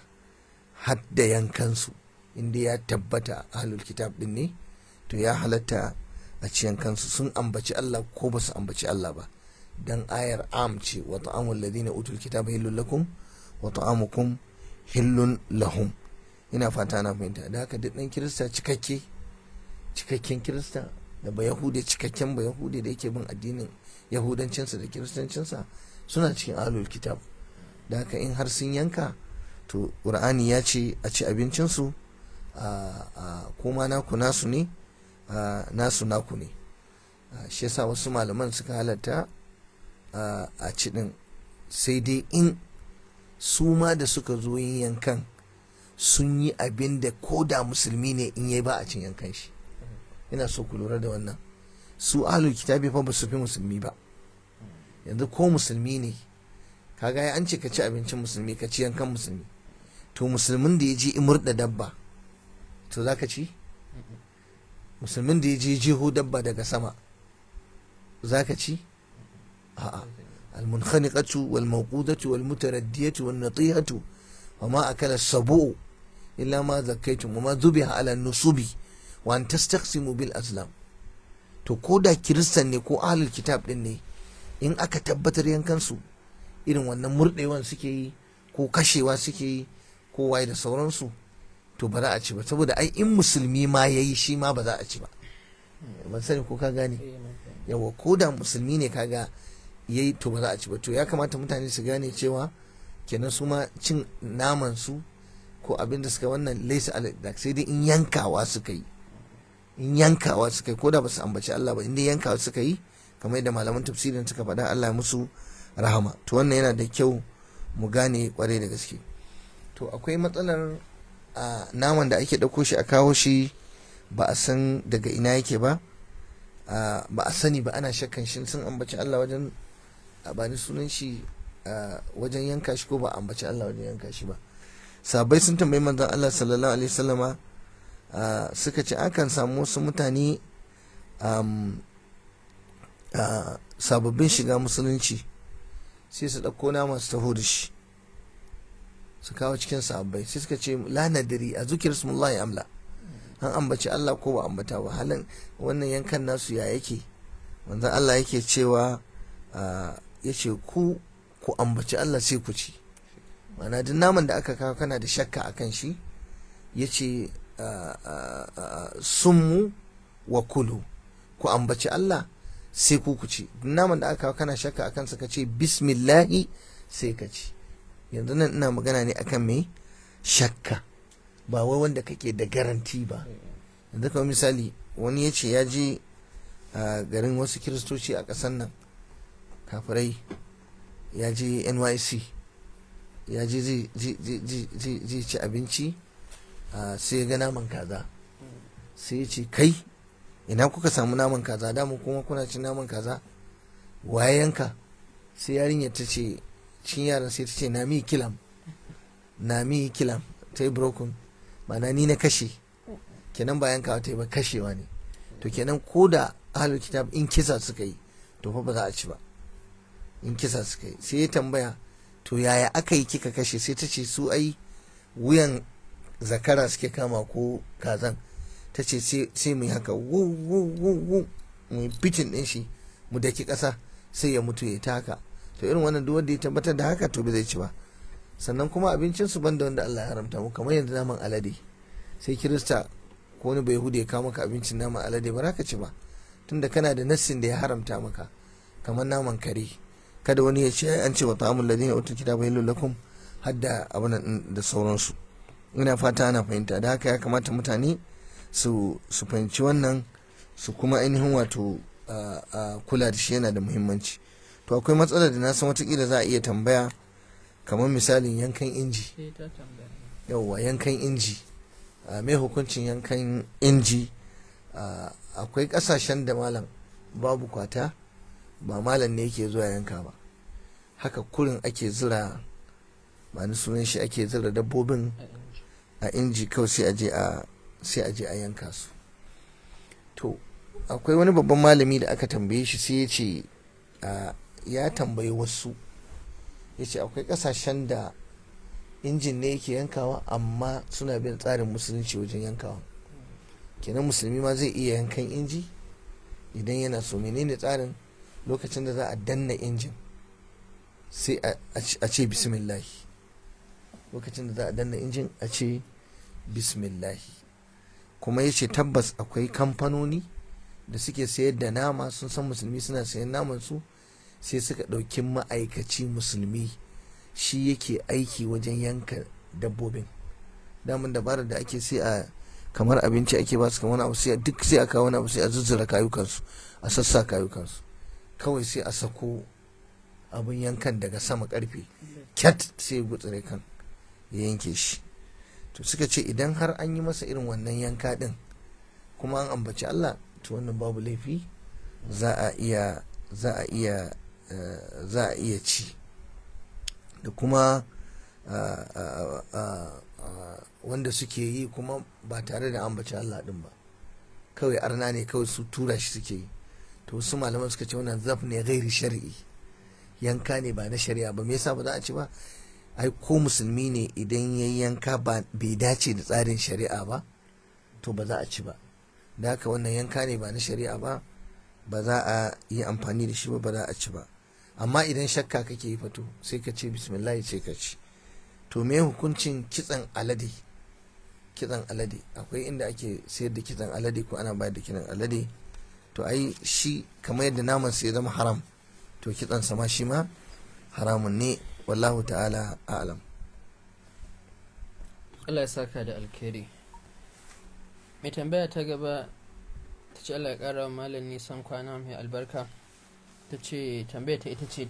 Hadda da yankansu inda ya tabbata ahlul kitab din ne to ya halatta a ci yankansu sun ambaci Allah ko ba su ambaci Allah ba dan ayar am ce wa ta'amul ladina utul kitaba hillun lakum wa ta'amukum hillun lahum ina fata na fahimta da haka duk dan kirista cikakke cikakken kirista da ba yahude cikakken ba yahude da yake bin addinin yahudancinsa da kiristancinsa suna cikin ahlul kitab da haka in har sun yanka to ƙur'ani ya ce a ci abincinsu kuma naku nasu ne nasu naku ne shi yasa wasu malaman suka halatta a ci ɗin sai dai in su ma da suka zo yin yankan sun yi abin da ko da musulmi ne in yi ba a cin yankan shi ina so ku lura da wannan su ahlul kitabi fa ba su fi musulmi ba yanzu ko musulmi ne kaga an ce ka ci abincin musulmi ka ci yankan musulmi to musulmin da ya je murda dabba to za ka ci musulmin da ya je jeho dabba daga sama za ka ci a'a almunkhaniqatu wal mawqudatu wal mutaraddiyatu wa ma akala sabu illa ma zakkaitum wa ma zubiha ala nusubi wa an tastaqsimu bil aslam to ko da kiristan ne ko ahlul kitab din ne in aka tabbatar yankan su irin wannan murɗewan suke yi ko kashewa suke yi ko waye da sauransu to ba za a ci ba saboda ai in musulmi ma ya yi shi ma ba za a ci ba ban sani ko ka gane eh, yawa ko da musulmi ne kaga ya yi to ba za a ci ba to ya kamata mutane su gane cewa kenan su ma cin naman su ko abin da suka wannan laisa aladak sai dai in yankawa suka yi in yankawa suka yi ko da ba su ambaci Allah ba in dai yankawa suka yi kamar yadda malaman tafsirin suka faɗa Allah musu rahama to wannan yana da kyau mu gane kwarai da gaske to akwai matsalar naman da ake ɗauko shi a kawo shi ba a san daga ina yake ba ba a sani ba ana shakkan shi sun ambaci Allah wajen a sunan shi wajen yanka shi ko ba ambaci Allah wajen yanka shi ba sabai sun tambayi manzon Allah sallallahu alaihi wasallama suka ce akan samu wasu mutane sababbin shiga musulunci sai su ɗauko naman su taho da shi su kawo cikin sabbai sai suka ce la nadiri a zukir mullahi amla an ambaci Allah ko ba ambata ba halin wannan yankan nasu ya yake manzon Allah yake cewa ah, ya ce ku ku ambaci Allah sai ku ci ma'ana duk naman da aka kawo kana da shakka a kan shi ya ce ah, ah, mu wa kulu ku ambaci Allah sai ku ku ci naman da aka kana shakka akan sa ka ce bismillahi sai ka ci yanzu nan ina magana ne akan mai shakka ba wai wanda kake da garanti ba yanzu kuma misali wani ya ce ya je garin wasu kiristoci a ƙasar nan kafirai ya je nyc ya je zai ci abinci sai ya ga naman kaza sai ya ce kai ina kuka samu naman kaza damu kuma kuna cin naman kaza waye yanka sai yarinya ta ce cin yaran sai ta ce na mi kilam na mi kilam ta yi broken ma'ana ni na kashe kenan ba yankawa ta yi ba kashewa ne to kenan ko da ahalu kitab in kisa suka yi to fa ba za a ci ba in kisa suka yi sai ya tambaya to yaya aka yi kika kashe sai ta ce su ai wuyan zakara suke kama ko kazan ta ce sai mu yi haka wuwuwuwu mu yi bitin ɗin shi mu daki ƙasa sai ya mutu ya ta haka to irin wannan duk wanda ya tabbatar da haka to bai zai ci ba sannan kuma abincin su banda wanda Allah ya haramta mu kamar yanzu naman alade sai kirista ko wani bai hude kawo maka abincin naman alade ba ka ci ba tunda kana da nassin da ya haramta maka kamar naman kare kada wani ya ce an ce wa ta'amul ladina utul kitaba yallu lakum hadda abunan da sauransu ina fata ana fahimta da haka ya kamata mutane su su fahimci wannan su kuma ainihin wato kula da shi yana da muhimmanci to akwai matsalar da na san watakila za a iya tambaya kamar misalin yankan inji yauwa yankan inji mai hukuncin yankan inji akwai kasashen da malam babu kwata ba malam ne yake zuwa yanka ba haka kurin ake zira ba ni sunan shi ake zira dabbobin a inji kawai sai a je a sai a je a yanka su to akwai wani babban malami da aka tambaye shi sai ya ce ya tambayi wasu ya ce akwai kasashen da injin ne yake yankawa amma suna bin tsarin musulunci wajen yankawa kenan musulmi ma zai iya yankan inji idan yana so menene tsarin lokacin da za a danna injin sai a ce bismillahi lokacin da za a danna injin a ce bismillahi kuma ya ce tabbas akwai kamfanoni da suke sayar da nama sun san musulmi suna sayan naman su sai suka ɗauki ma'aikaci musulmi shi yake aiki wajen yanka dabbobin damun dabarar da ake sai a kamar abinci ake ba su kamar abu duk sai a kawo wani abu sai a zuzzura kayukansu a sassa kayukansu kawai sai a sako abin yankan daga sama karfe cat sai gutsure kan ya yanke shi to suka ce idan har an yi masa irin wannan yanka din kuma an ambaci Allah to wannan babu laifi za a iya za a iya eh, za a iya ci da kuma eh, eh, wanda suke yi kuma ba tare da ambaci Allah din ba kawai arna ne kawai su tura shi suke yi to wasu malaman suka ce wannan zaf ne gairi shari'i yanka ne ba na shari'a ba me yasa ba za a ci ba ai ko musulmi ne idan ya yanka bai dace da tsarin shari'a ba to ba za a ci ba da haka wannan yanka ne ba na shari'a ba ba za a yi amfani da shi ba ba za a ci ba amma idan shakka kake yi fato sai ka ce bismillah ce ka ci to me hukuncin kitsan alade kitsan alade akwai inda ake sayar da kitsan alade ko ana bayar da kitsan alade to ai shi kamar yadda naman sai zama haram to kitsan sama shi ma haramun ne wallahu ta'ala a'lam Allah ya saka da alkhairi mai tambaya ta gaba ta ce Allah ya kara malam nisan kwana mai albarka ta ce tambaya ta ita ce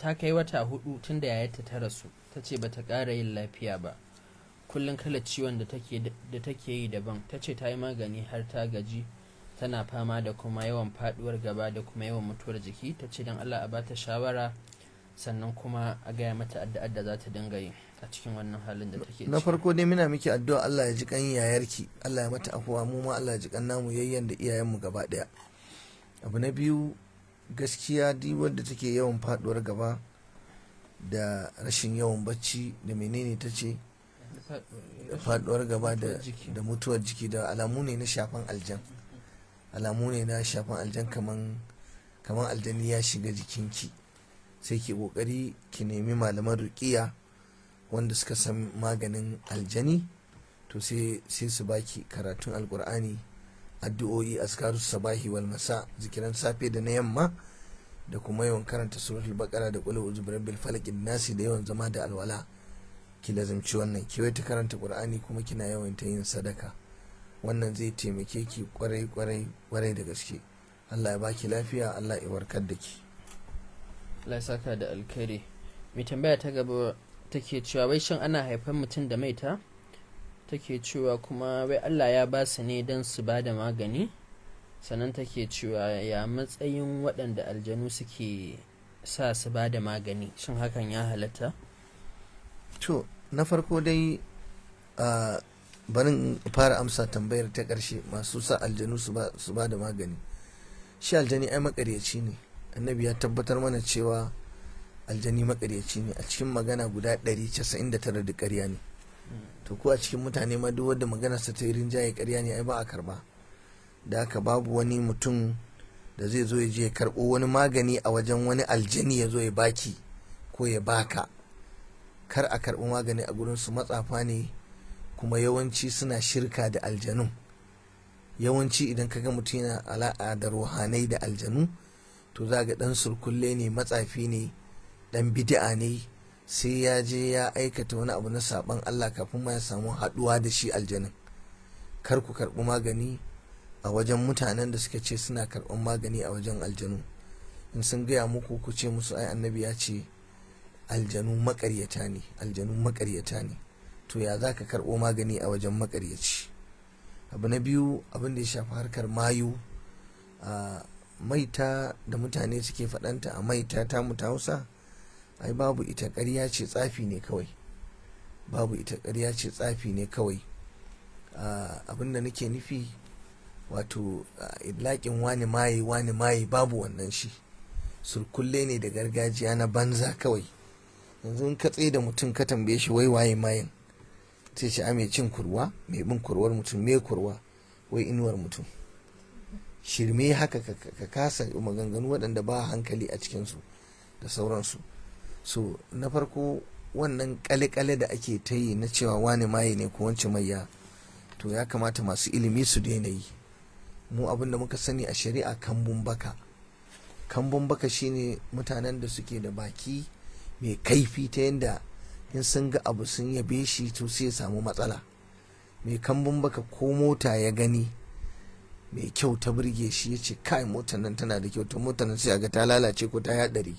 ta kai wata hudu tun da ta rasu ta ce ba ta kara yin lafiya ba kullum kala ciwon da take yi daban ta ce ta yi magani har ta gaji tana fama da kuma yawan faduwar gaba da kuma yawan mutuwar jiki ta ce don allah a bata shawara sannan kuma a gaya mata addu'ar da za ta dinga yi a cikin wannan halin da take na farko dai muna miki addu'a Allah ya ji kan yayarki Allah ya mata afuwa mu ma Allah ya ji kan namu yayyan da iyayenmu gaba daya abu na biyu gaskiya di wadda take yawan faduwar gaba da rashin yawan bacci da menene ta ce faduwar gaba da mutuwar jiki da alamu ne na shafan aljan alamu ne na shafan aljan kaman kaman aljani ya shiga jikinki sai ki kokari ki nemi malaman rukiya wanda suka san maganin aljani to sai su baki karatun alkur'ani addu'o'i askaru sabahi wal masa zikiran safe da na yamma da kuma yawan karanta suratul bakara da qul a'udhu birabbil falaq nasi da yawan zama da alwala ki lazimci wannan ki ta karanta qur'ani kuma kina yawan ta yin sadaka wannan zai taimake ki kwarai kwarai kwarai da gaske Allah ya baki lafiya Allah ya warkar da ki lasaka da alkhairi mai tambaya ta gaba take cewa wai shin ana haifar mutum da maita take cewa kuma wai Allah ya ba su ne don su ba da magani sannan take cewa ya matsayin waɗanda aljanu suke sa su ba da magani shin hakan ya halatta to na farko dai a barin fara amsa tambayar ta ƙarshe masu sa aljanu su ba da magani shi aljani ai makaryaci ne annabi ya tabbatar mana cewa aljani makaryaci ne a cikin magana guda 199 da karya ne to ko a cikin mutane ma duk wanda maganarsa ta yi jaye karya ne ai ba a karba da haka babu wani mutum da zai zo ya je ya karɓo wani magani a wajen wani aljani ya zo ya baki ko ya baka kar a karɓi magani a gurin su matsafa ne kuma yawanci suna shirka da aljanu yawanci idan kaga mutum yana ala'a da ruhanai da aljanu to za ga ɗan surkulle ne matsafi ne ɗan bidi'a ne sai ya je ya aikata wani abu na saɓan Allah kafin ma ya samu haɗuwa da shi aljanin kar ku karɓi magani a wajen mutanen da suka ce suna karɓan magani a wajen aljanu in sun gaya muku ku ce musu ai annabi ya ce aljanu makaryata ne aljanu makaryata ne to ya za ka karɓo magani a wajen makaryaci abu na biyu abin da ya shafi harkar mayu ah, maita da mutane suke faɗanta a maita ta muta ta hausa ai babu ita ƙarya ce tsafi ne kawai babu ita ƙarya ce tsafi ne kawai abin nake nufi wato idlaƙin wani maye wani maye babu wannan shi surkulle ne da gargajiya na banza kawai yanzu in ka tsaye da mutum ka tambaye shi wai waye mayin sai shi a mai cin kurwa mai bin kurwar mutum me kurwa wai inuwar mutum shirme haka ka kasa maganganu waɗanda ba hankali a cikinsu da sauransu so na farko wannan kale-kale da ake ta yi na cewa wani maye ne ko wanci maiya to ya kamata masu ilimi su daina yi mu abin da muka sani a shari'a kambun baka kambun baka shine mutanen da suke da baki mai kaifi ta yadda in sun ga abu sun yabe shi to sai samu matsala mai kambun baka ko mota ya gani mai kyau ta burge shi ya ce kai motar nan tana da kyau ta motar nan sai ga ta lalace ko ta hadari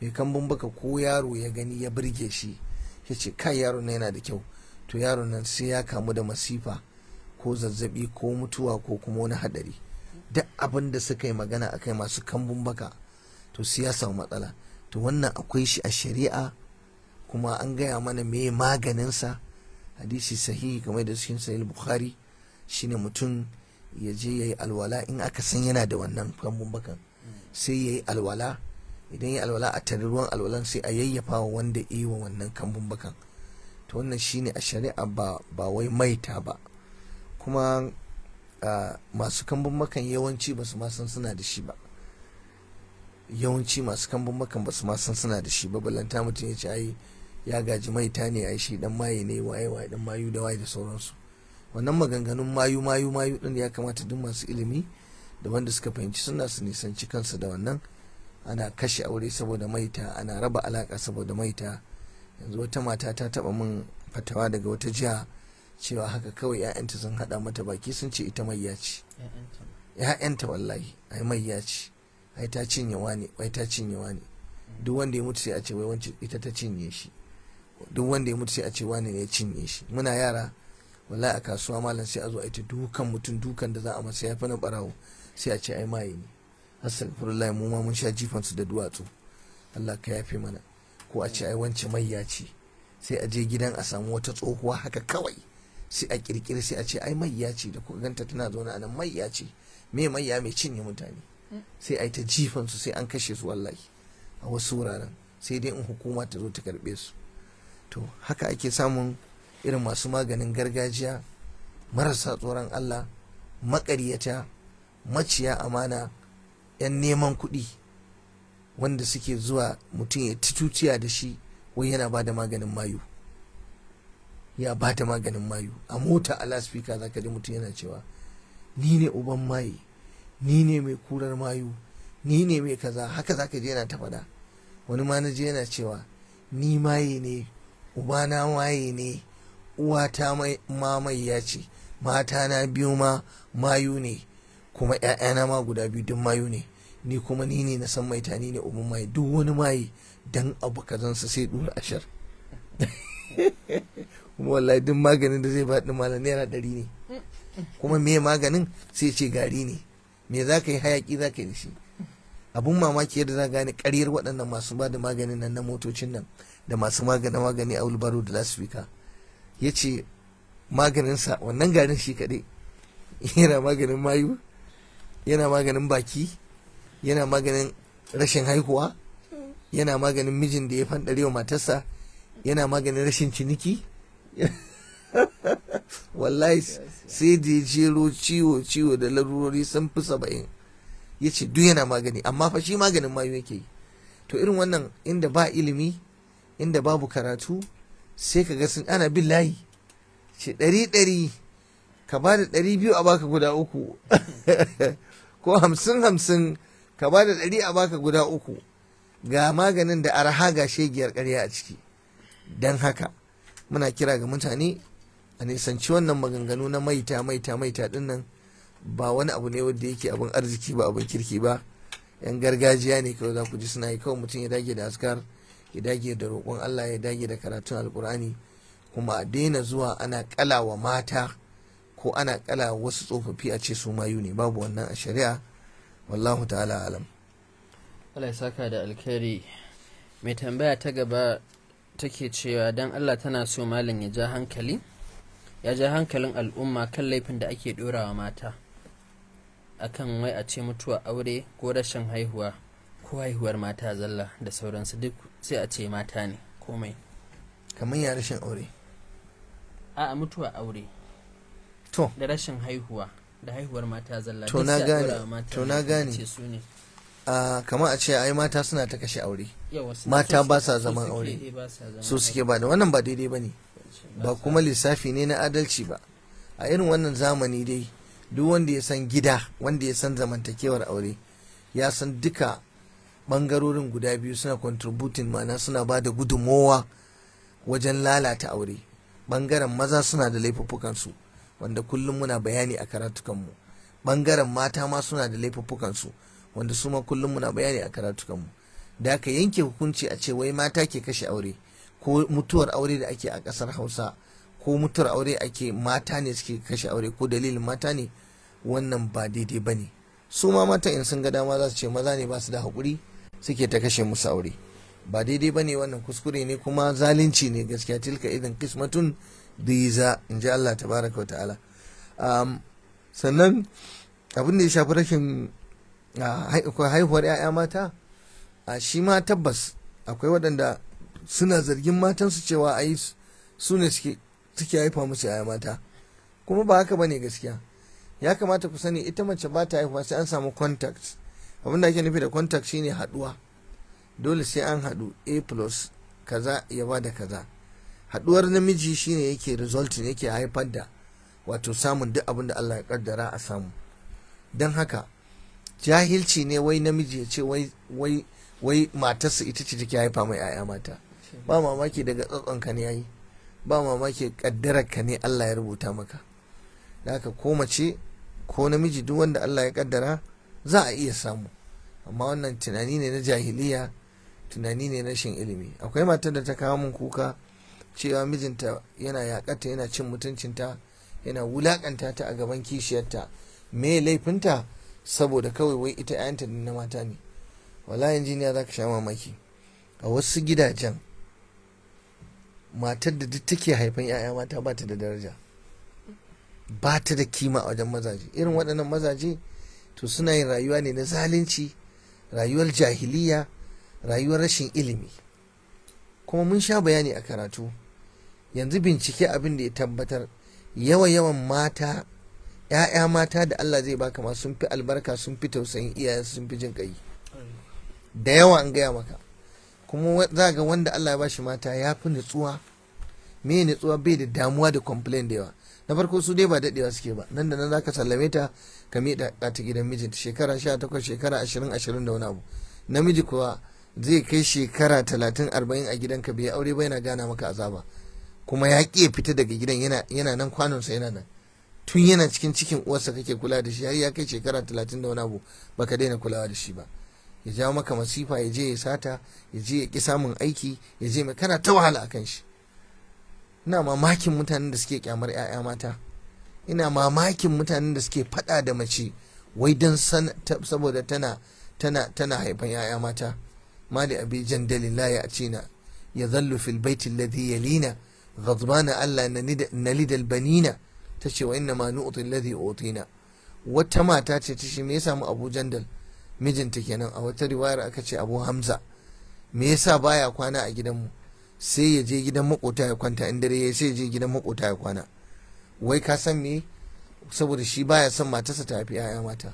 mai kambun baka ko yaro ya gani ya burge shi ya ce kai yaro nan yana da kyau to yaro nan sai ya kamu da masifa ko zazzabi ko mutuwa ko kuma wani hadari duk abin da suka yi magana akai masu kambun baka to sai ya samu matsala to wannan akwai shi a shari'a kuma an gaya mana me maganinsa hadisi sahihi kamar da cikin sahih bukhari shine mutum ya je ya yi alwala in aka san yana da wannan kambun bakan sai ya yi alwala idan ya alwala a tare ruwan alwalan sai a yayyafa wa wanda yi wa wannan kambun bakan ta wannan shine a shari'a ba wai maita ba kuma masu kambun bakan yawanci ba su ma san suna da shi ba yawanci masu kambun bakan ba su ma san suna da shi ba balanta mutum ya ce ai ya gaji maita ne ai shi dan maye ne waye waye dan mayu da waye da sauransu wannan maganganun mayu mayu mayu din ya kamata duk masu ilimi da wanda suka fahimci suna su nisanci kansa da wannan ana kashe aure saboda maita ana raba alaka saboda maita yanzu wata mata ta taba min fatawa daga wata jiha cewa haka kawai 'ya'yanta sun hada mata baki sun ce ita mai ce ‘ya'yanta wallahi ai mai ce ai ta cinye wani ai ta cinye wani duk wanda ya mutu sai a ce wai ita ta cinye shi duk wanda ya mutu sai a ce wani ne ya cinye shi muna yara wallahi a kasuwa malam sai a zo a ita dukan mutum dukan da za a masa ya fi na barawo sai a ce ai maye ne astagfirullah mu ma mun sha jifan su da duwatsu Allah ka yafe mana ko a ce ai wance ya ce sai a je gidan a samu wata tsohuwa haka kawai sai a kirkiri sai a ce ai ya ce da kuka ganta tana zaune a nan ya ce me ya mai cinye mutane sai a yi ta jifan su sai an kashe su wallahi a wasu wuraren sai dai in hukuma ta zo ta karbe su to haka ake samun irin masu maganin gargajiya marasa tsoron Allah makaryata maciya amana 'yan neman kuɗi wanda suke zuwa mutum ya tutuciya da shi wai yana ba da maganin mayu ya ba da maganin mayu a mota a laspika za ka mutum yana cewa ni ne uban maye ni ne mai kurar mayu ni ne mai kaza haka za ka yana ta faɗa wani manaji yana cewa ni maye ne ubana maye ne uwata ya ce mata na biyu ma mayu ne kuma ‘ya'yana ma guda biyu duk mayu ne ni kuma ni ne na san maita ni ne umu maye duk wani maye dan abu sai dura ashar kuma wallahi duk maganin da zai ba ɗin malam naira ɗari ne kuma me maganin sai ce gari ne me za ka yi hayaƙi za ka yi da shi abun mamaki yadda za gane karyar waɗannan masu ba da maganin nan na motocin nan da masu magana magani a wulbaro da lasifika. ya ce maganinsa wannan garin shi kaɗai yana maganin mayu yana maganin baki yana maganin rashin haihuwa yana maganin mijin da ya fanɗare wa matarsa yana maganin rashin ciniki wallahi sai da ya jero ciwo-ciwo da larurori sun fi saba'in ya ce duk yana magani amma fa shi maganin mayu yake yi to irin wannan inda ba ilimi inda babu karatu sai ka ga sun ana bin layi ce ɗari ɗari ka ba da ɗari biyu a baka guda uku ko hamsin hamsin ka ba da ɗari a baka guda uku ga maganin da arha ga shegiyar karya a ciki don haka muna kira ga mutane a nisanci wannan maganganu na maita maita maita dinnan. ba wani abu ne wadda yake abin arziki ba abin kirki ba yan gargajiya ne kawai za ku ji suna yi kawai mutum ya dage da askar ya dage da roƙon Allah ya dage da karatun alkur'ani kuma a daina zuwa ana kalawa mata ko ana kala wasu tsofaffi a ce su mayu ne babu wannan a shari'a wallahu ta'ala alam Allah ya saka da alkhairi mai tambaya ta gaba take cewa dan Allah tana so malam ya ja hankali ya ja hankalin al'umma kan laifin da ake dorawa mata akan wai a ce mutuwa aure ko rashin haihuwa ko haihuwar mata zalla da sauransu duk sai a ce mata ne komai kamar ya rashin aure a mutuwa aure to da rashin haihuwa da haihuwar mata zalla to na gane to na gane ce su ne a kamar a ce ai mata suna ta kashe aure mata ba sa zaman aure su suke ba da wannan ba daidai bane ba kuma lissafi ne na adalci ba a irin wannan zamani dai duk wanda ya san gida wanda ya san zamantakewar aure ya san duka bangarorin guda biyu suna contributing mana suna ba da gudummawa wajen lalata aure bangaren maza suna da laifuffukansu wanda kullum muna bayani a karatukanmu bangaren mata ma suna da laifuffukansu wanda su ma kullum muna bayani a karatukanmu da aka yanke hukunci a ce wai mata ke kashe aure ko mutuwar aure da ake a kasar hausa ko mutuwar aure ake mata ne suke kashe aure ko dalilin mata ne wannan ba daidai ba ne su ma mata in sun ga dama za su ce maza ne ba su da haƙuri suke ta kashe musu aure ba daidai bane wannan kuskure ne kuma zalunci ne gaskiya tilka idan kismatun za in ji Allah tabaraka ta'ala sannan abin da ya shafi rashin haihuwar 'ya'ya mata shi ma tabbas akwai waɗanda suna zargin matansu cewa ai su ne suke haifa musu 'ya'ya mata kuma ba haka bane gaskiya ya kamata ku sani ita mace ba ta haihuwa sai an samu contact abin da ake nufi da contact shine haduwa dole sai an hadu a plus kaza ya ba da kaza haduwar namiji shine yake resulting yake haifar da wato samun duk abin da Allah ya kaddara a samu dan haka jahilci ne wai namiji ya ce wai wai wai matarsa ita ce take haifa mai 'ya'ya mata ba mamaki daga ka ne yayi ba mamaki ka ne Allah ya rubuta maka da haka ko mace ko namiji duk wanda Allah ya kaddara za a iya samu amma wannan tunani ne na jahiliya tunani ne na shin ilimi akwai matar da ta kawo min kuka cewa mijinta yana yakata yana cin mutuncinta yana wulakanta ta a gaban kishiyarta me laifinta saboda kawai wai ita 'ya'yanta na mata ne wala injiniya za ka sha mamaki a wasu gidajen matar da duk take haifan 'ya'ya mata ba ta da daraja ba ta da kima a wajen mazaje irin waɗannan mazaje to suna yin rayuwa ne na zalunci rayuwar jahiliya rayuwar rashin ilimi kuma mun sha bayani a karatu yanzu bincike abin da ya tabbatar yawa-yawan mata ‘ya'ya mata da Allah zai baka ma sun fi albarka sun fi tausayin iyaye, sun fi jin ƙai da yawa an gaya maka kuma za ga wanda Allah ya bashi mata ya fi nutsuwa me nutsuwa bai da damuwa da complain da yawa na farko su dai ba dadewa suke ba nan da nan zaka sallame ta ka miƙa ta gidan mijinta shekara 18 shekara 20 20 da wani abu namiji kuwa zai kai shekara 30 40 a gidanka bai aure ba yana gana maka azaba kuma ya ƙi fita daga gidan yana yana nan kwanonsa yana nan tun yana cikin cikin uwarsa kake kula da shi har ya kai shekara 30 da wani abu baka daina kulawa da shi ba ya jawo maka masifa ya je ya sata ya je ya ƙi samun aiki ya je mai kana ta wahala kan shi ina mamakin mutanen da suke kyamar 'ya'ya mata ina mamakin mutanen da suke fada da mace wai don saboda tana tana tana haifan 'ya'ya mata mali abi jandalin dalila ya na. ya zallu fil Allah na yalina ghadbana alla nalida Ta ce wa inna ma nu'ti Otu utina wata mata ce ta shi me yasa mu abu jandal mijinta kenan a wata riwayar aka ce abu hamza me yasa baya kwana a gidanmu sai ya je gidan makota ya kwanta in dare ya sai ya je gidan makota ya kwana wai ka san me saboda shi baya son matarsa ta fi 'ya'ya mata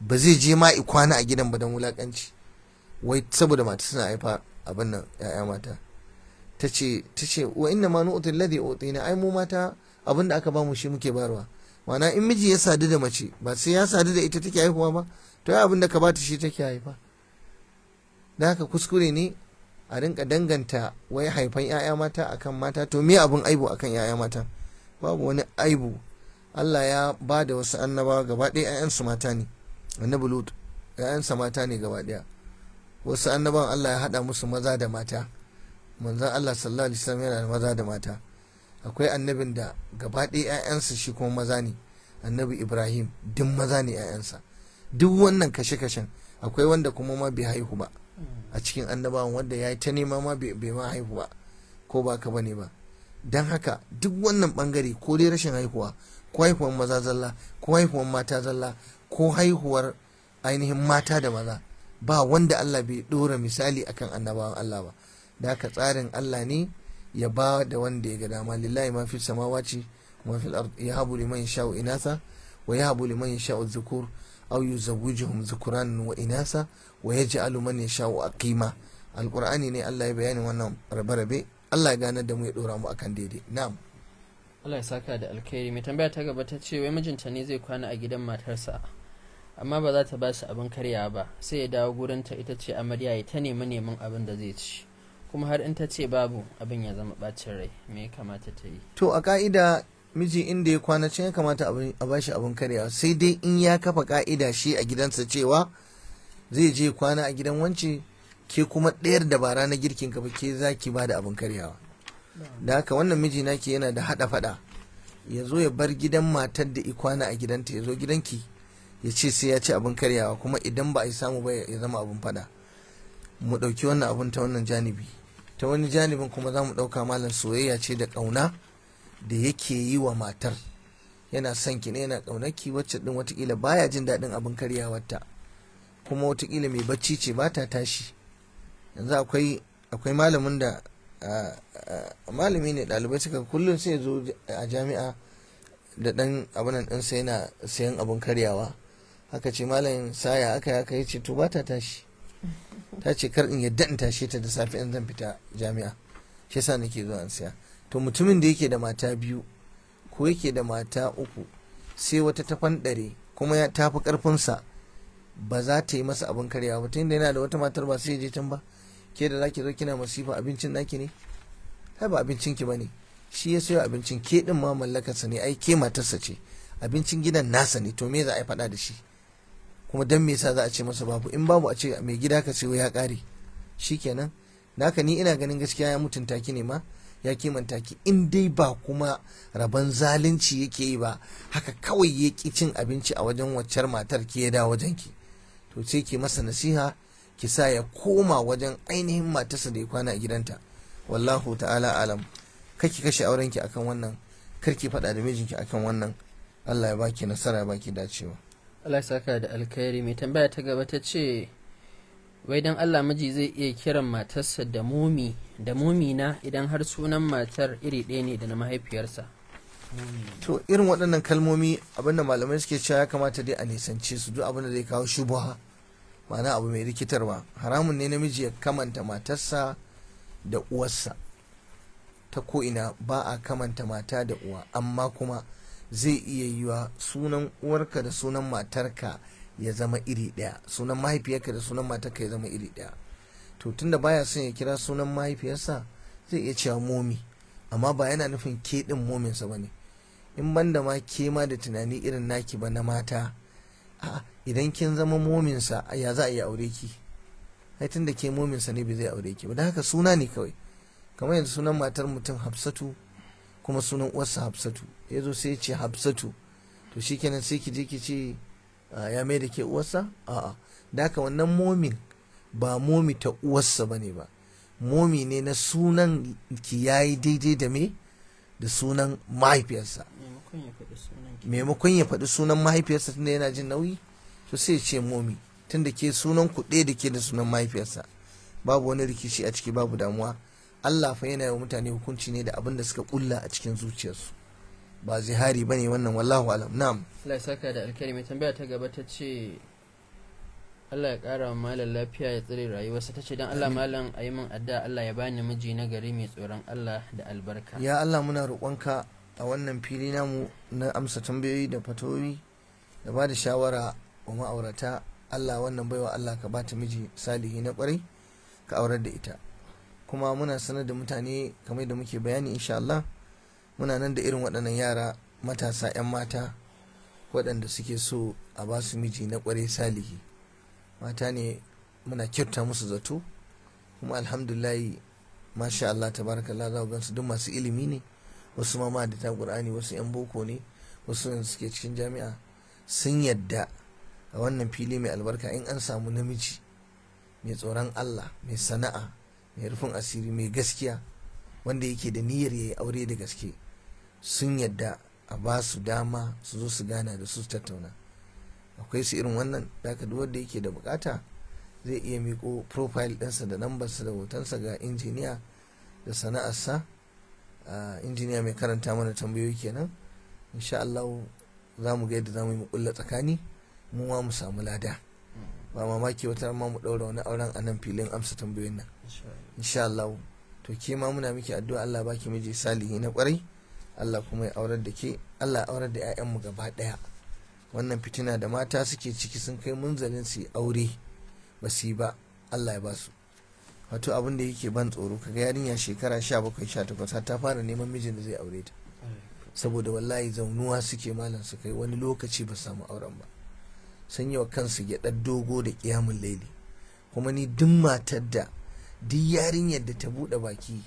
ba zai je ma kwana a gidan ba don wulakanci wai saboda matarsa na haifa abin nan 'ya'ya mata ta ce ta ce wa inna ma nu'ti alladhi utina ai mu mata abinda aka ba mu shi muke barwa ma'ana in miji ya sadu da mace ba sai ya sadu da ita take haihuwa ba to ya abin da ka bata shi take haifa da haka kuskure ne a rinka danganta wai haifan 'ya'ya mata akan mata to me abin aibu akan 'ya'ya mata babu wani aibu Allah ya ba da wasu annabawa gaba ɗaya 'ya'yansu mata ne annabi lut 'ya'yansa mata ne gaba ɗaya wasu annabawan Allah ya haɗa musu maza da mata manzan Allah sallallahu alaihi wasallam yana da maza da mata akwai annabin da gaba ɗaya 'ya'yansa shi kuma maza ne annabi Ibrahim duk maza ne 'ya'yansa duk wannan kashe-kashen akwai wanda kuma ma bai haihu ba a cikin annabawan wanda ya yi ta nema ma bai ma haihu ba ko ba ka bane ba don haka duk wannan bangare ko dai rashin haihuwa ko haihuwar maza zalla ko haihuwar mata zalla ko haihuwar ainihin mata da maza ba wanda Allah bai dora misali akan annabawan Allah ba da haka tsarin Allah ne ya ba da wanda ya ga dama lillahi ma fi samawaci ma fi ya habu liman sha'u inasa wa ya habu liman sha'u dhukur aw yuzawwijuhum dhukuran wa inasa wa ya man a kima? Alƙur'ani ne Allah ya bayani wannan rabe-rabe Allah ya ganar da mu ya dora mu akan daidai na'am Allah ya saka da alkhairi mai tambaya ta gaba ta ce wai mijinta ne zai kwana a gidan matarsa amma ba za ta ba shi abin karya ba sai ya dawo gurin ta ita ce amarya ya ta nemi neman abin da zai ci kuma har in ta ce babu abin ya zama bacin rai me ya kamata ta yi to a ka'ida miji inda ya kwana can ya kamata a bashi abin karya sai dai in ya kafa ka'ida shi a gidansa cewa zai je kwana a gidan wance ke kuma ɗayar da ba ranar girkin ka ke za ki ba da abin karyawa da haka wannan miji ke yana da haɗa faɗa ya zo ya bar gidan matar da ikwana a gidanta ya zo gidanki ya ce sai ya ci abin karyawa kuma idan ba a yi samu ba ya zama abin faɗa mu ɗauki wannan abin ta wannan janibi ta wani janibin kuma za mu ɗauka malam soyayya ce da ƙauna da yake yi wa matar yana son ki ne yana ki, wacce ɗin watakila baya jin daɗin abin karyawarta kuma watakila mai bacci ce ba ta tashi yanzu akwai malamin da malami ne ɗalibai suka kullum sai zo a jami'a da ɗan abunan sai yana sayan abun karyawa haka ce malamin saya yi aka yi ce to ba ta tashi ta ce kar in yadda in tashe ta da safe in zan fita jami'a shi yasa nake zuwa an saya to mutumin da yake da mata biyu ko yake da mata uku sai wata ta fanɗare kuma ya tafi ƙarfinsa ba za ta yi masa abin karya ba da yana da wata matar ba sai ya je can ba ke da zaki zo kina masifa abincin naki ne kai ba abincin ki bane shi ya sayo abincin ke din ma mallakarsa ne ai ke matarsa ce abincin gidan nasa ne to me za a yi faɗa da shi kuma dan me yasa za a ce masa babu in babu a ce mai gida ka sayo ya ƙare shikenan naka ni ina ganin gaskiya ya mutunta ki ne ma ya kimanta ki in dai ba kuma rabon zalunci yake yi ba haka kawai ya ki cin abinci a wajen waccar matar ki ya wajen ki to sai ke masa nasiha ki sa ya koma wajen ainihin matarsa da ya kwana a gidanta wallahu ta'ala alam kake kashe aurenki akan wannan karki faɗa da mijinki akan wannan Allah ya baki nasara ya baki dacewa Allah ya saka da alkhairi mai tambaya ta gaba ta ce wai dan Allah miji zai iya kiran matarsa da mumi da na idan har sunan matar iri ɗaya ne da na mahaifiyarsa to irin waɗannan kalmomi abinda malamai suke cewa ya kamata dai a nisance su duk abinda zai kawo shubuha ma'ana abu mai rikitarwa haramun ne namiji ya kamanta matarsa da uwarsa ta ko'ina ba a kamanta mata da uwa amma kuma zai iya yiwa sunan uwarka da sunan matarka ya zama iri ɗaya sunan mahaifiyarka da sunan matarka ya zama iri ɗaya to tunda baya son ya kira sunan mahaifiyarsa zai iya cewa momi amma ba yana nufin ke din mominsa ba ne in banda ma ke ma da tunani irin naki ba na mata a'a idan kin zama mominsa ya za a yi aure ki ai tunda ke mominsa ne bai zai aure ki ba da haka suna ne kawai kamar yanzu sunan matar mutum hafsatu kuma sunan uwarsa hafsatu ya zo sai ya ce hafsatu to shikenan sai ki je ki ce ya mai da ke uwarsa a'a da haka wannan momin ba momi ta uwarsa ba ne ba momi ne na sunan ki yayi daidai da me da sunan mahaifiyarsa maimakon ya faɗi sunan mahaifiyarsa tunda yana jin nauyi to sai ce momi tunda ke sunan ku ɗaya da ke da sunan mahaifiyarsa babu wani rikici a ciki babu damuwa Allah fa yana yi mutane hukunci ne da abin da suka kulla a cikin zuciyarsu ba zihari ba ne wannan wallahu alam na'am Allah ya saka da alkali mai tambaya ta gaba ta ce Allah ya kara wa malam lafiya ya tsare rayuwarsa ta ce don Allah malam a yi min adda Allah ya bani miji na gari mai tsoron Allah da albarka. Ya Allah muna roƙonka a wannan fili namu na amsa tambayoyi da fatoyi da ba da shawara wa ma'aurata Allah wannan baiwa Allah ka bata miji salihi na kwarai ka aurar da ita kuma muna sanar da mutane kamar da muke bayani insha Allah muna nan da irin waɗannan yara matasa 'yan mata waɗanda suke so a ba su miji na kwarai salihi mata ne muna kyauta musu zato kuma alhamdulahi masha Allah tabarakallah za gansu duk masu ilimi ne wasu ma da ta Qur'ani wasu 'yan boko ne wasu suke cikin jami'a sun yadda a wannan fili mai albarka in an samu namiji mai tsoron Allah mai sana'a mai rufin asiri mai gaskiya wanda yake da niyyar yayi aure da gaske sun yadda a ba su dama su zo su gana da su tattauna akwai su irin wannan daga duk yake da bukata zai iya miko profile ɗinsa da lambarsa da hotonsa ga injiniya da sana'arsa injiniya mai karanta mana tambayoyi kenan insha Allah za mu ga yadda za mu yi mu tsakani mu ma mu samu lada ba mamaki wata ma mu ɗaura wani auren a nan filin amsa tambayoyin nan insha Allah to ke ma muna miki addu'a Allah baki miji salihi na kwarai Allah kuma ya aurar da ke Allah ya aurar da mu gaba ɗaya wannan fitina da mata suke ciki sun kai munzalin su aure ba su ba Allah ya ba su wato abin da yake ban tsoro kaga yarinya shekara 17 18 ta fara neman mijin da zai aure ta saboda wallahi zaunuwa suke malam su kai wani lokaci ba samu auren ba sun yi wa kansu gyaɗar dogo da ƙiyamun laili kuma ni duk matar da duk yarinyar da ta buɗe baki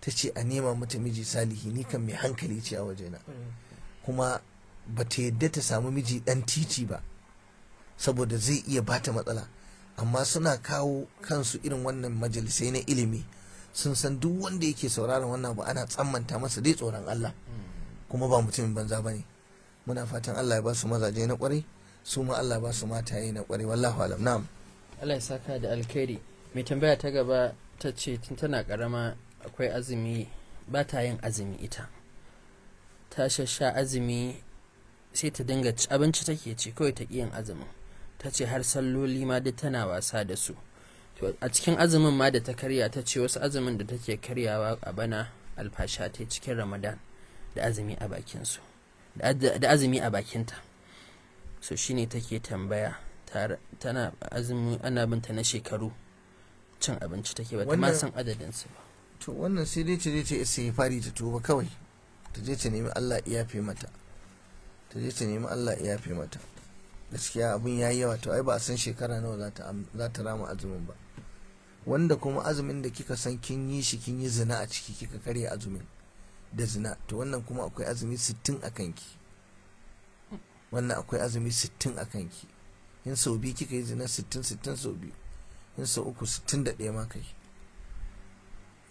ta ce a nema mata miji salihi ni kan mai hankali ce a wajena kuma ba ta yadda ta samu miji ɗan titi ba saboda zai iya bata matsala amma suna kawo kansu irin wannan majalisai na ilimi sun san duk wanda yake sauraron wannan ba ana tsammanta masa dai tsoron Allah kuma ba mutumin banza ba ne. muna fatan Allah ya ba su mazaje na kwarai su ma Allah ba su yi na kware wallahu alam na'am Allah ya saka da alkhairi mai tambaya ta gaba ta ce tun tana karama akwai azumi ba ta yin azumi ita ta shasha azumi sai ta dinga abinci take ci kawai ta yin azumin ta ce har salloli ma duk tana wasa da su a cikin azumin ma da ta karya ta ce wasu azumin da take karyawa a bana alfasha ta cikin ramadan da azumi a bakinsu da azumi a bakinta so shine take tambaya tana azumi ana binta na shekaru cin abinci take ba ta san adadin su ba to wannan sai dai ce je sai ya fari ta tuba kawai ta je ta nemi Allah ya fi mata ta je ta nemi Allah ya fi mata gaskiya abin ya yi yawa to ai ba a san shekara nawa za ta rama azumin ba wanda kuma azumin da kika san kin yi shi kin yi zina a ciki kika karya azumin da zina to wannan kuma akwai azumi sittin a kanki wannan akwai azumi sittin a kanki in sau biyu kika yi zina sittin sittin sau biyu in sau uku sittin da ma kai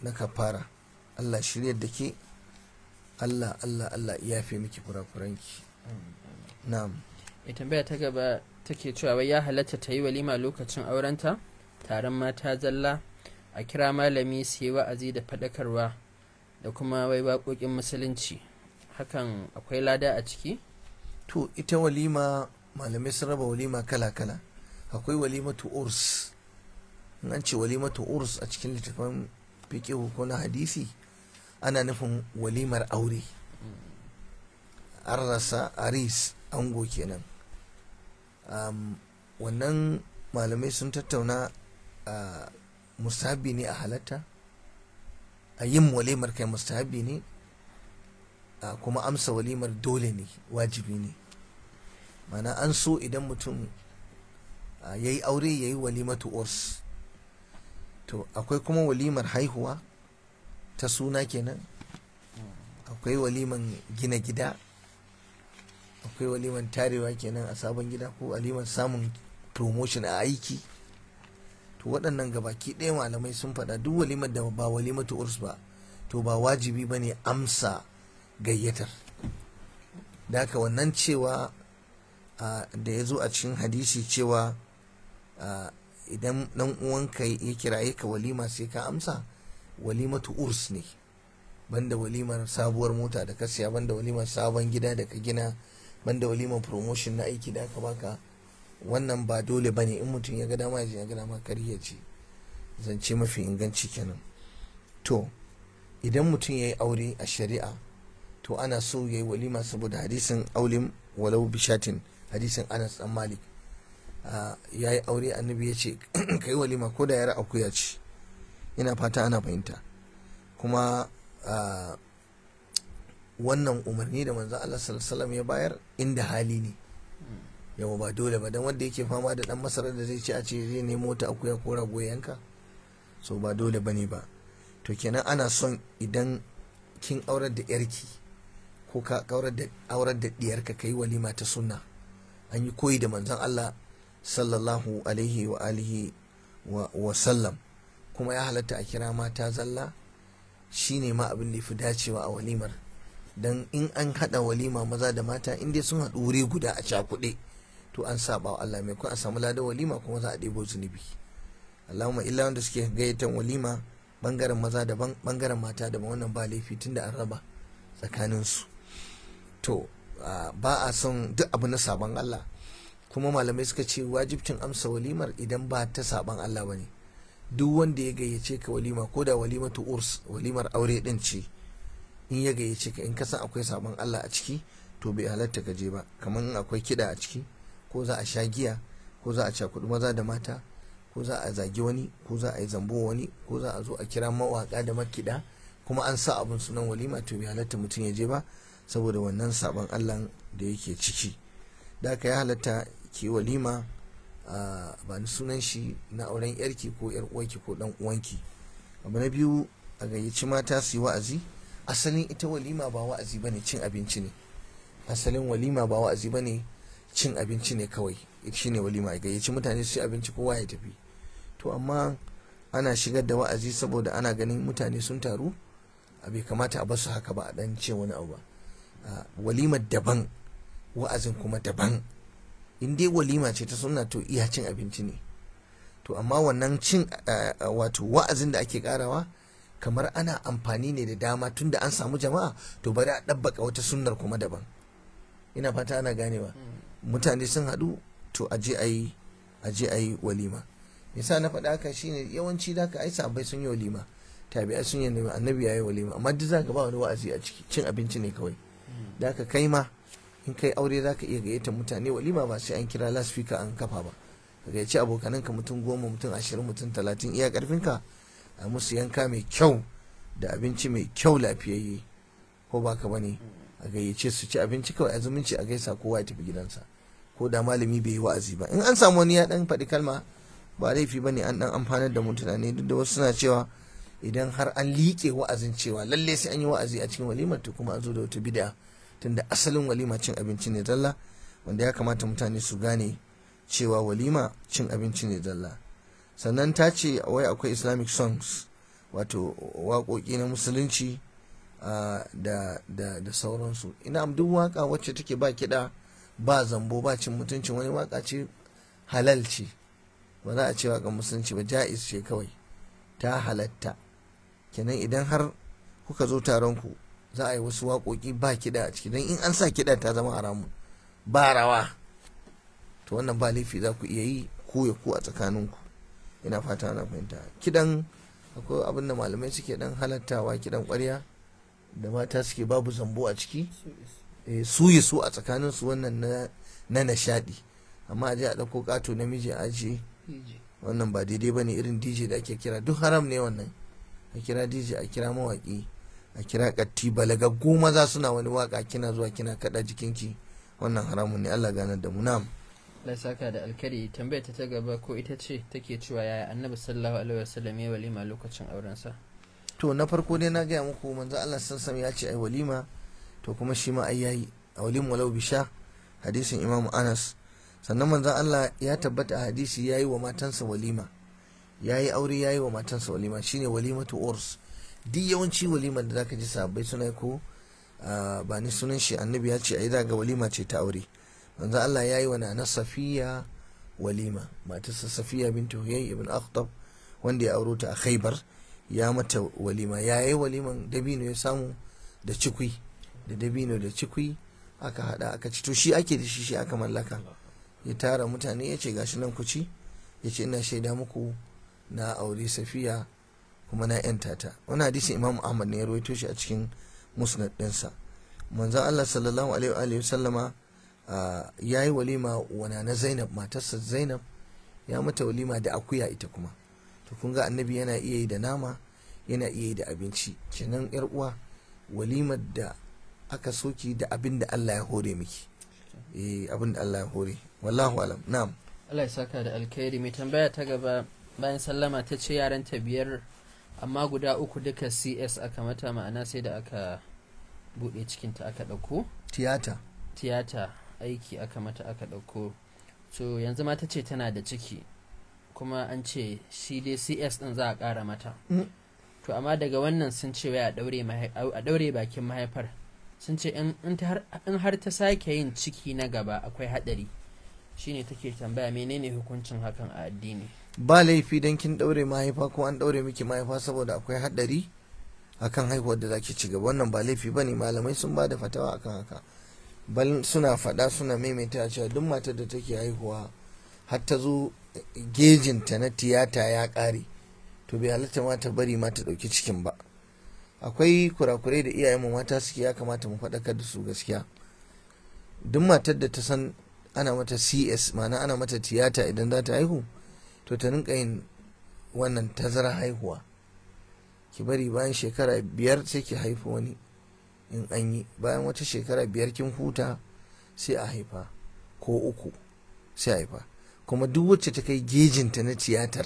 na kafara Allah shirya da ke Allah Allah Allah ya fi miki kurakuranki na'am ya tambaya ta gaba take cewa wai ya halatta ta yi walima lokacin aurenta taron mata zalla a kira malami su yi wa'azi da faɗakarwa da kuma wai waƙoƙin musulunci hakan akwai lada a ciki to ita walima malamai sun raba walima kala-kala akwai walimatu urs an ce walimatu urs a cikin littafin fiƙe ko na hadisi ana nufin walimar aure an rasa aris ango kenan wannan malamai sun tattauna musabi ne a halatta a yin walimar kai musabi ne kuma amsa walimar dole ne wajibi ne mana an so idan mutum ya yi aure ya yi walimatu urs to akwai kuma walimar haihuwa ta suna kenan akwai waliman gina gida akwai waliman tarewa kenan a sabon gida ko waliman samun promotion a aiki to waɗannan gabaki ɗaya malamai sun faɗa duk walimar da ba walimatu urs ba to ba wajibi ba ne amsa gayyatar da haka wannan cewa da ya zo a cikin hadisi cewa idan dan uwanka ya kiraye ka walima sai ka amsa walimatu urs ne banda walimar sabuwar mota da ka siya banda walimar sabon gida da ka gina banda walimar promotion na aiki da aka baka wannan ba dole bane in mutum ya ga dama ya ga dama ya ce zance mafi inganci kenan to idan mutum ya yi aure a shari'a to ana so ya yi walima saboda hadisin aulim walau bishatin hadisin anas dan malik ya yi aure annabi ya ce ka yi walima ko da yara akuya ce ina fata ana fahimta kuma wannan umarni da manzo Allah sallallahu ya bayar inda hali ne yawa ba dole ba dan wanda yake fama da dan masarar da zai ce a ce zai nemo ta akuya ko rago yanka so ba dole bane ba to kenan ana son idan kin aurar da yarki ko ka aurar da ka kai walima ta sunna an yi koyi da manzon Allah sallallahu alaihi wa alihi wa sallam kuma ya halatta a kira mata zalla shine ma abin da ya fi dacewa a walimar dan in an hada walima maza da mata in dai sun haɗu wuri guda a cakuɗe to an saba wa Allah mai kun a samu ladan walima kuma za a ɗebo zunubi Allahumma illa wanda suke gayyatan walima bangaren maza da bangaren mata daban wannan ba laifi tunda an raba tsakaninsu to ba a son duk abu na sabon Allah kuma malamai suka ce wajibcin amsa walimar idan ba ta sabon Allah ba ne duk wanda ya gayyace ka walima ko da walimatu urs walimar aure din ce in ya gayyace ka in ka san akwai sabon Allah a ciki to bai halatta ka je ba kamar in akwai kiɗa a ciki ko za a sha giya ko za a kudu maza da mata ko za a zagi wani ko za a yi zambo wani ko za a zo a kira mawaka da makida kuma an sa abun sunan walima to bai halatta mutum ya je ba saboda wannan sabon allah da yake ciki da aka ya halatta ki walima ba ni sunan shi na auren yarki ko yar uwanki ko dan uwanki abu na biyu a gayyaci mata su yi wa'azi asalin ita walima ba wa'azi bane cin abinci ne asalin walima ba wa'azi bane cin abinci ne kawai shine walima a gayyaci mutane su yi abinci kowa ya tafi to amma ana shigar da wa'azi saboda ana ganin mutane sun taru a bai kamata a basu haka ba a dan ce wani abu ba walimar daban wa'azin kuma daban in dai walima ce ta sunna to iya cin abinci ne to amma wannan cin wato wa'azin da ake karawa kamar ana amfani ne da dama tunda an samu jama'a to bari a ɗabbaka wata sunnar kuma daban ina fata ana ganewa mm. mutane sun haɗu to aje a yi a yi walima nisa na faɗa haka shine yawanci da ka ai bai sun yi walima tabi'a sun yi annabi ya yi walima amma duk za ka ba wani wa'azi a ciki cin abinci ne kawai da ka kai ma in kai aure za ka iya gayyatar mutane walima ba sai an kira lasfika an kafa ba ka gayyaci ka mutum goma mutum ashirin mutum talatin iya karfinka a musu yanka mai kyau da abinci mai kyau lafiyayye ko ba ka bane a gayyace su ci abinci kawai a zumunci a gaisa kowa ya tafi gidansa ko da malami bai yi wa'azi ba in an samu wani ya dan faɗi kalma ba laifi bane an dan amfanar da mutane duk da wasu suna cewa idan har an liƙe wa'azin cewa lalle sai an yi wa'azi a cikin walimar to kuma an zo da wata bid'a tunda asalin walima cin abinci ne dalla wanda ya kamata mutane su gane cewa walima cin abinci ne dalla sannan ta ce wai akwai islamic songs wato waƙoƙi na musulunci da sauransu ina duk waka wacce take ba kiɗa ba zambo ba cin mutuncin wani waka ce halal ce ba za a ce waƙar musulunci ba ja'iz ce kawai ta halatta kenan idan har kuka zo taron ku za a yi wasu waƙoƙi ba kiɗa a ciki don in an sa kiɗa ta zama haramun ba rawa to wannan ba laifi za ku iya yi ko ya ku a tsakaninku ina fata ana fahimta kiɗan akwai abin da malamai suke dan halattawa kiɗan ƙwarya da mata suke babu zambo a ciki eh, su yi su a tsakanin su wannan na nishaɗi amma a je a ɗauko ƙato namiji a je wannan ba daidai ba ne irin dj da ake kira duk haram ne wannan a kira dj a kira mawaƙi a kira katti balaga goma za suna wani waka kina zuwa kina kada jikinki wannan haramun ne Allah ganar da mu na. saka da alkari tambayar ta ta gaba ko ita ce take cewa yaya annabi sallallahu alaihi wasallam ya walima lokacin aurensa to na farko dai na gaya muku manzo Allah sallallahu ya ce ai walima to kuma shi ma ai yayi walim walau bisha hadisin imam Anas sannan manzo Allah ya tabbata a hadisi yayi wa matansa walima yayi aure yayi wa matansa walima shine walimatu urs duk yawanci walimar da zaka ji sabai suna ko ba ni sunan shi annabi ya ce a yi daga walima ce ta aure manzo Allah ya yi wa na safiya walima matarsa safiya bintu huyay ibn akhtab wanda ya auro ta a khaibar ya mata walima ya yi waliman dabino ya samu da cikwi da dabino da cikwi aka hada aka ci to shi ake da shi shi aka mallaka ya tara mutane ya ce gashi nan ku ci ya ce ina shaida muku na aure safiya kuma na yanta ta wani hadisi imam ahmad ne ya rawaito shi a cikin musnad ɗinsa manzon Allah sallallahu alaihi wa sallama ya yi walima wana na Zainab matarsa Zainab ya mata walima da akuya ita kuma to kun ga annabi yana iya yi da nama yana iya yi da abinci kenan yar uwa walimar da aka soki da abin da Allah ya hore miki eh abin da Allah ya hore wallahu alam na'am Allah ya saka da alkhairi mai tambaya ta gaba bayan sallama ta ce yaranta biyar amma guda uku duka cs aka mata ma'ana sai da aka buɗe cikinta aka ɗauko tiyata tiyata aiki aka mata aka ɗauko so yanzu mata ce tana da ciki kuma an ce shi dai cs ɗin za a ƙara mata mm. to amma daga wannan sun ce wai a ɗaure bakin mahaifar sun ce in har ta sake yin ciki na gaba akwai haɗari shine take tambaya menene hukuncin hakan a addini ba laifi don kin daure mahaifa ko an daure miki mahaifa saboda akwai haɗari akan haihuwar da zaki ci gaba wannan ba laifi bane malamai sun ba da fatawa akan haka bal suna faɗa suna maimaita cewa duk matar da take haihuwa har ta zo gejinta na tiyata ya kare to bai halatta mata bari ma ta ɗauki cikin ba akwai kurakurai da iyayen mu mata suke ya kamata mu faɗaka da su gaskiya duk matar da ta san ana mata cs ma'ana ana mata tiyata idan za ta haihu to ta rinka yin wannan tazara haihuwa ki bari bayan shekara biyar sai ki haifi wani in an yi bayan wata shekara biyar kin huta sai a haifa ko uku sai a haifa kuma duk wacce ta kai gejinta na tiyatar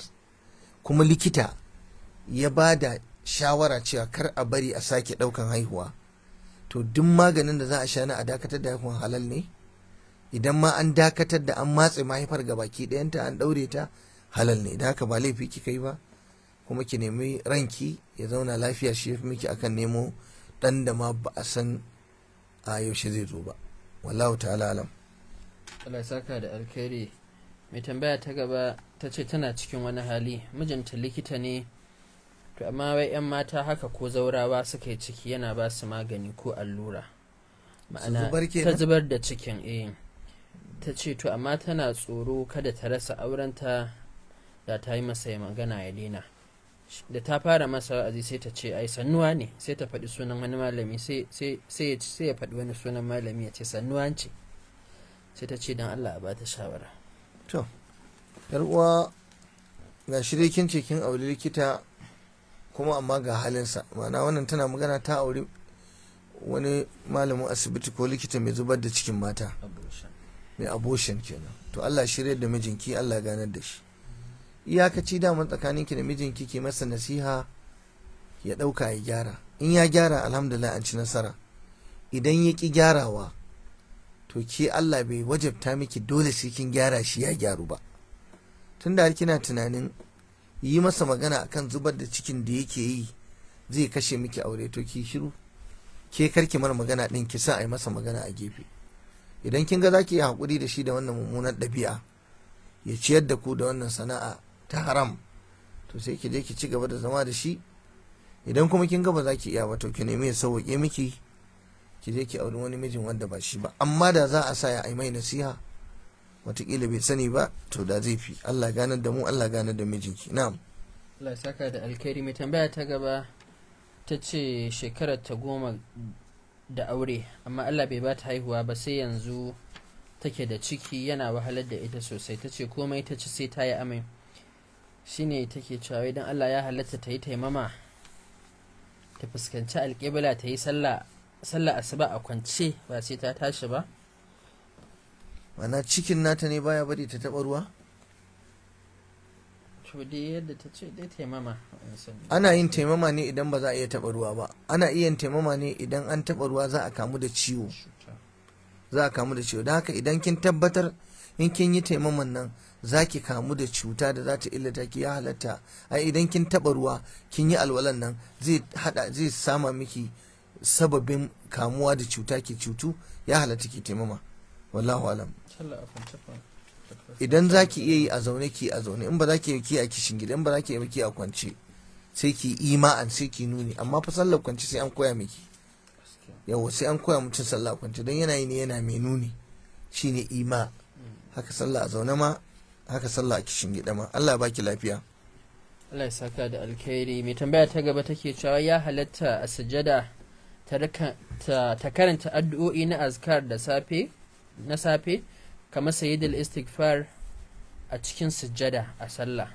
kuma likita ya ba da shawara cewa kar a bari a sake ɗaukan haihuwa to duk maganin da za a sha na a dakatar da haihuwan halal ne idan ma an dakatar da an matse mahaifar ga baki ɗayanta an ɗaure ta halal ne da haka ba laifi kika kai ba kuma ki nemi ranki ya zauna lafiya shi yafi miki akan nemo dan da ma ba a san a yaushe zai zo ba wallahu ta'ala alam Allah saka da alkhairi mai tambaya ta gaba ta ce tana cikin wani hali mijinta likita ne to amma wai yan mata haka ko zaurawa suka yi ciki yana ba su magani ko allura ma'ana ta zubar da cikin eh ta ce to amma tana tsoro kada ta rasa aurenta da ta yi masa magana ya daina da ta fara masa wa'azi sai ta ce ai sannuwa ne sai ta faɗi sunan wani malami sai ya faɗi wani sunan malami ya ce sannuwa ce sai ta ce don Allah a ba ta shawara to yar uwa ga shi dai kin ce kin auri likita kuma amma ga halinsa ma'ana wannan tana magana ta auri wani malamin asibiti ko likita mai zubar da cikin mata mai abushin kenan to Allah shirya da mijinki Allah ganar da shi iyakaci daman tsakaninki da mijinki ke masa nasiha ya ɗauka ya gyara in ya gyara alhamdulillah an ci nasara idan ya ƙi gyarawa to ke Allah bai wajabta miki dole sai kin gyara shi ya gyaru ba tun da kina tunanin yi masa magana akan zubar da cikin da yake yi zai kashe miki aure to ki shiru ke karki mara magana ɗin ki sa a masa magana a gefe idan kin ga za ki yi hakuri da shi da wannan mummunar ɗabi'a ya ciyar da ku da wannan sana'a ta haram to sai ki je ki ci gaba da zama da shi idan kuma kin gaba ba za ki iya ba to ki nemi ya sauke miki ki je ki auri wani mijin wanda ba shi ba amma da za a sa ya ai mai nasiha watakila bai sani ba to da zai fi Allah ganar da mu Allah ganar da mijinki na'am Allah saka da alkhairi mai tambaya ta gaba ta ce shekarar ta goma da aure amma Allah bai ba ta haihuwa ba sai yanzu take da ciki yana wahalar da ita sosai ta ce komai ta ci sai ta yi amai shine take cewa idan Allah ya halatta ta yi taimama ta fuskanci alƙibla ta yi sallah asuba a kwance ba sai ta tashi ba mana cikin nata ne baya bari ta taɓa ruwa dai yadda ta ce dai taimama ana yin taimama ne idan ba za a iya taɓa ruwa ba ana iya taimama ne idan an taɓa ruwa za a kamu da ciwo za a kamu da ciwo don haka idan kin tabbatar in kin yi taimaman nan za ki kamu da cuta da za ta illata ki ya halatta a idan kin taɓa ruwa kin yi alwalan nan zai hada zai sama miki sababin kamuwa da cuta ki cutu ya halatta ki taimama wallahu alam idan za ki iya yi a zaune ki a zaune in ba za ki yi a kishin gida in ba za ki yi a kwance sai ki ima'an sai ki nuni amma fa sallar kwance sai an koya miki yawa sai an koya mutum sallah kwance don yana yi ne yana mai nuni shine ima haka sallah a zaune ma haka sallah a kishin gida ma Allah baki lafiya Allah ya saka da alkhairi mai tambaya ta gaba take cewa ya halatta a sujada ta karanta addu'o'i na azkar da safe na safe kamar sayyidul istighfar a cikin sujada a sallah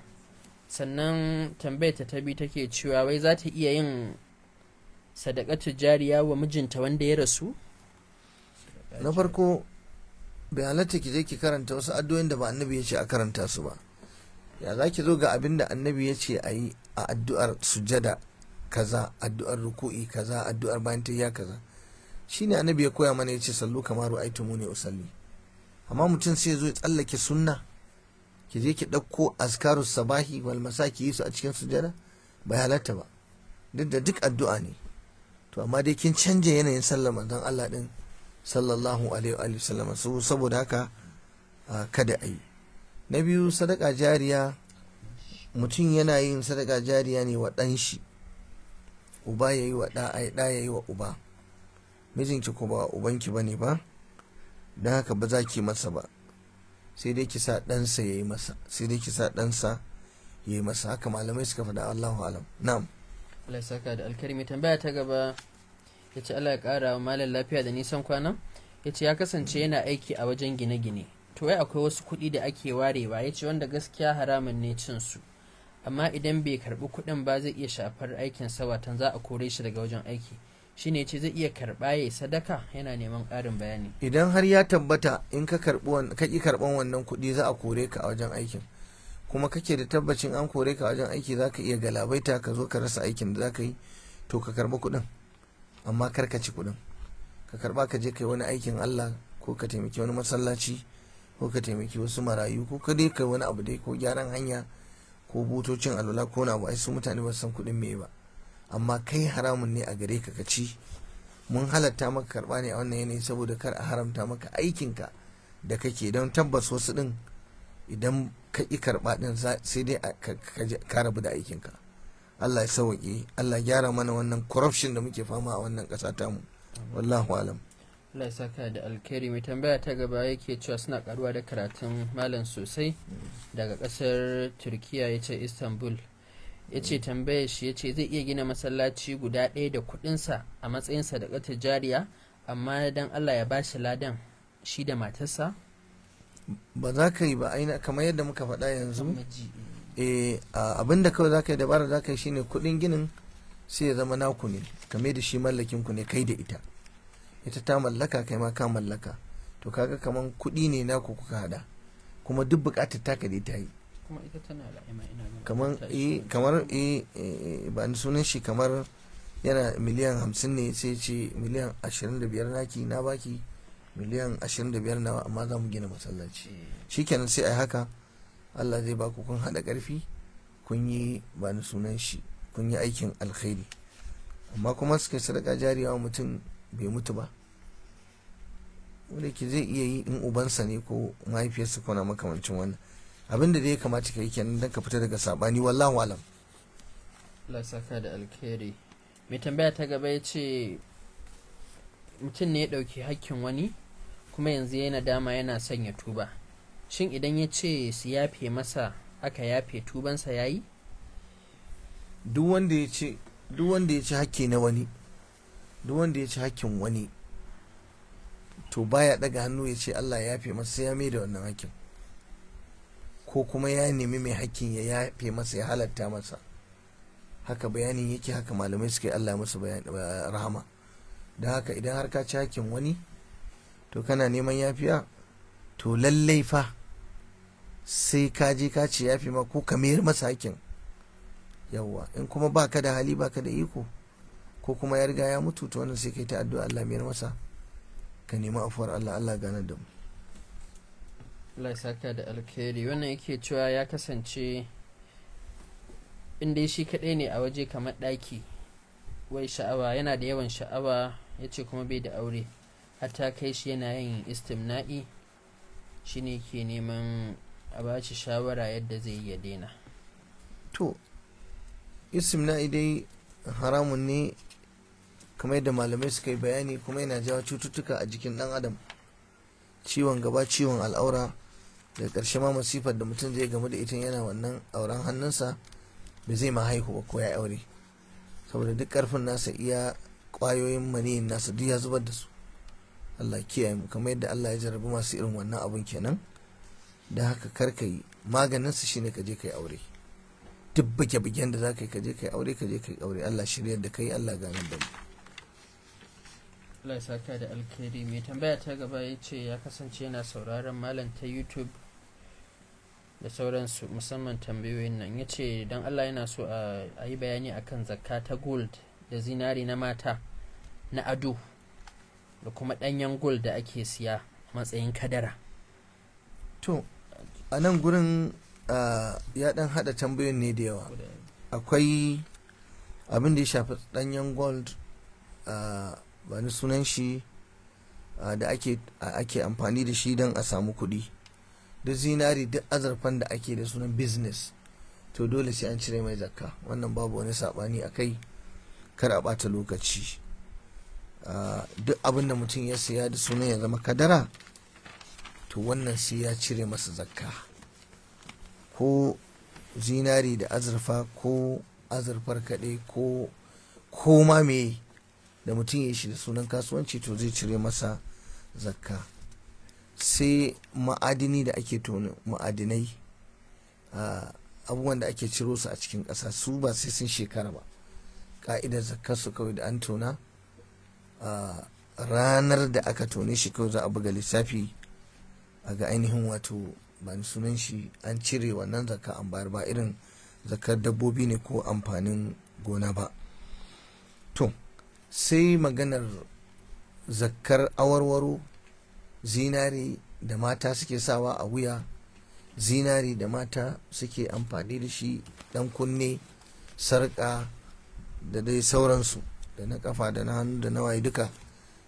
sannan tambayar ta tabi take cewa wai za ta iya yin sadaka jariya wa mijinta wanda ya rasu na farko bai halatta ki je ki karanta wasu addu'o'in da ba annabi ya ce a karanta su ba ya za ki zo ga abin da annabi ya ce a yi a addu'ar sujada kaza addu'ar ruku'i kaza addu'ar bayan ta tayya kaza shi ne annabi ya koya mana ya ce sallu kamar ne usalli amma mutum sai ya zo ya tsallake sunna ki je ki ɗauko askarus sabahi wal masa ki yi su a cikin sujada bai halatta ba duk da duk addu'a ne to amma dai kin canja yanayin sallar manzon Allah din sallallahu alaihi wa sallama saboda haka kada a yi na biyu sadaka jariya mutum yana yin sadaka jariya ne wa ɗan shi uba ya yi wa ɗa ɗa ya yi wa uba mijinki ko ba ubanki ba ne ba don haka ba za ki masa ba sai dai ki sa ɗansa ya yi masa sai dai ki sa ɗansa ya yi masa haka malamai suka faɗa Allahu alam na'am Allah saka da alkarimi tambaya ta gaba ya ce Allah ya ƙara wa malam lafiya da nisan kwana ya ce ya kasance yana aiki a wajen gine-gine to wai akwai wasu kuɗi da ake warewa ya ce wanda gaskiya haramun ne cin su amma idan bai karbi kuɗin ba zai iya shafar aikin sa watan za a kore shi daga wajen aiki shi ne ce zai iya karɓa ya sadaka yana neman ƙarin bayani idan har ya tabbata in ka karɓi ka ki karɓan wannan kuɗi za a kore ka a wajen aikin kuma kake da tabbacin an kore ka a wajen aiki za ka iya galabaita ka zo ka rasa aikin da za ka yi to ka karɓi kuɗin amma kar ka ci kuɗin ka karba ka je kai wani aikin Allah ko ka taimaki wani masallaci ko ka taimaki wasu marayu ko ka dai kai wani abu dai ko gyaran hanya ko butocin alwala ko na ba su mutane ba san kuɗin me ba amma kai haramun ne a gare ka ka ci mun halatta maka karba ne a wannan yanayi saboda kar a haramta maka aikin ka da kake don tabbas wasu ɗin idan ka ƙi karɓa ɗin sai dai ka rabu da aikinka Allah ya sauke Allah gyara mana wannan corruption da muke fama a wannan kasa mu wallahu alam Allah ya saka da alkhairi mai tambaya ta gaba yake cewa suna karuwa da karatun malam sosai daga kasar Turkiya yace Istanbul yace tambayar shi yace zai iya gina masallaci guda ɗaya da kuɗinsa a matsayinsa da ƙata jariya amma dan Allah ya ba shi ladan shi da matarsa ba za ka yi ba aina kamar yadda muka faɗa yanzu Eh, abin abinda kawai ka yi dabara ka yi shine kudin ginin sai ya zama naku ne kame da shi mallakin ku ne kai da ita ita ta mallaka kai ma ka mallaka to kaga kaman kudi ne naku kuka hada kuma duk bukatar taka da ta yi eh, kamar eh kamar eh ba ni sunan shi kamar yana miliyan hamsin ne sai ce miliyan ashirin da biyar naki na baki miliyan ashirin da biyar nawa amma za mu gina masallaci eh. shikenan sai a haka Allah zai baku kun haɗa ƙarfi kun yi ba na sunan shi kun yi aikin alkhairi amma kuma suka sadaka jariya wa mutum bai mutu ba wanda ke zai iya yi in ubansa ne ko mahaifiyarsa ko makamancin wannan abin da ya kamata ka yi kenan don ka fita daga sabani wallahu alam lasaka da alkhairi mai tambaya ta gaba ya ce mutum ne ya ɗauki hakkin wani kuma yanzu yana dama yana son ya tuba shin idan ya ce su yafe masa aka yafe tubansa ya yi duk wanda ya ci hakki na wani duk wanda ya ci hakkin wani to baya daga hannu ya ce Allah ya yafe masa ya mai da wannan hakkin ko kuma ya nemi mai hakkin ya yafe masa ya halatta masa haka bayanin yake haka malamai suka yi Allah masa eh, rahama don haka idan har ka ci hakkin wani to kana neman yafiya to lallai fa sai ka je ka ce yafi ma ko ka mayar masa hakin yawa in kuma baka da hali baka da iko ko kuma ya riga ya mutu to wannan sai kai ta addu'a Allah mayar masa ka nemi afuwar Allah Allah gane da mu Allah ya saka da alkhairi wannan yake cewa ya kasance in dai shi kadai ne a waje kamar daki wai sha'awa yana da yawan sha'awa ya ce kuma bai da aure hatta kai shi yana yin istimna'i shine ke neman a ba shawara yadda zai iya daina to na idai haramun ne kamar da malamai suka yi bayani kuma yana jawo cututtuka a jikin dan adam ciwon gaba ciwon al'aura da ƙarshe ma masifar da mutum zai gamu da ita yana wannan auren hannunsa ba zai ma haihu ba ko ya aure saboda duk ƙarfin nasa iya ƙwayoyin maniyin nasa duk ya zubar da su Allah kiyaye mu kamar yadda Allah ya jarrabi masu irin wannan abun kenan da haka kar ka yi maganin su shine ka je kai aure duk buge bugen da zaka yi ka je ka aure ka je kai aure Allah shiryar da kai Allah ganar da mu Allah ya saka da alkhairi mai tambaya ta gaba ya ce ya kasance yana sauraron malam ta YouTube da sauransu musamman tambayoyin nan ya ce don Allah yana so a yi bayani akan zakka ta gold da zinari na mata na ado da kuma ɗanyen gol da ake siya matsayin kadara to a nan gurin ya ɗan haɗa tambayoyin ne da yawa akwai abin da ya shafi ɗanyen gold ba ni sunan shi da ake amfani da shi don a samu kuɗi da zinari da azurfan da ake da sunan business to dole sai an cire mai zakka wannan babu wani saɓani a kai kar a ɓata lokaci duk abin da mutum ya saya da sunan ya zama kadara to wannan sai ya cire masa zakka ko zinari da azurfa ko azurfar kaɗe ko koma me da mutum ya shi da sunan kasuwanci to zai cire masa zakka sai ma'adini da ake tono ma'adinai abubuwan da ake ciro su a cikin ƙasa su ba sai sun shekara ba ka'idar su kawai da an tona ranar da aka tone shi kawai za a buga lissafi a ga ainihin wato ba sunan shi an cire wannan zaka an bayar ba irin zakar dabbobi ne ko amfanin gona ba to sai maganar zakar awarwaro zinari da mata suke sawa a wuya zinari da mata suke amfani da shi dan kunne sarƙa da dai sauransu da na kafa da na hannu da na waye duka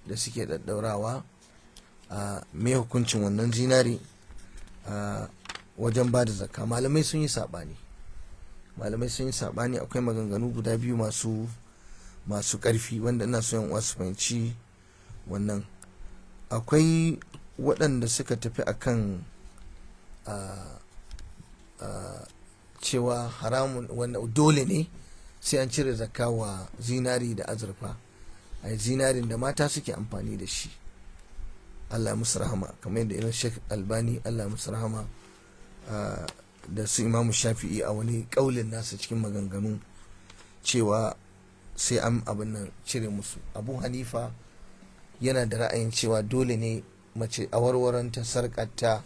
da suke daddaurawa a mai hukuncin wannan zinari a wajen ba da zakka malamai sun yi saɓani malamai sun yi saɓani akwai maganganu guda biyu masu masu ƙarfi wanda ina so yan wasu fahimci wannan akwai waɗanda suka tafi akan kan cewa haramun wanda dole ne sai an cire zakka wa zinari da azurfa a zinarin da mata suke amfani da shi Allah musu rahama kamar yadda irin shek Albani Allah musu rahama da su Imamu Shafi'i a wani kaulin nasa cikin maganganu cewa sai an abin nan cire musu Abu Hanifa yana da ra'ayin cewa dole ne mace a warwaranta sarƙarta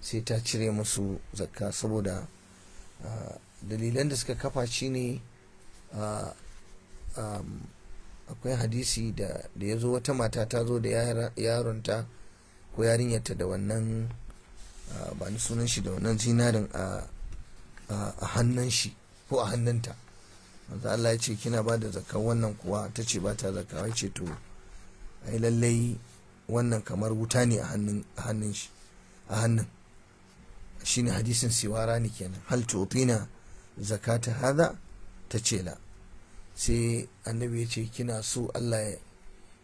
sai ta cire musu zakka saboda dalilan da suka kafa shi ne Um, akwai hadisi da ya zo wata mata ta zo da yaronta ko yarinyarta da wannan ba ni sunan shi da wannan zinarin a hannun shi ko a hannunta wanda Allah ya ce kina ba da zakar wannan kuwa ta ce ba ta zaka ya ce to ai lallai wannan kamar wuta ne a hannun shi a hannun shine hadisin siwara ne kenan hal tu'tina zakata hada ta ce la sai annabi ya ce kina so Allah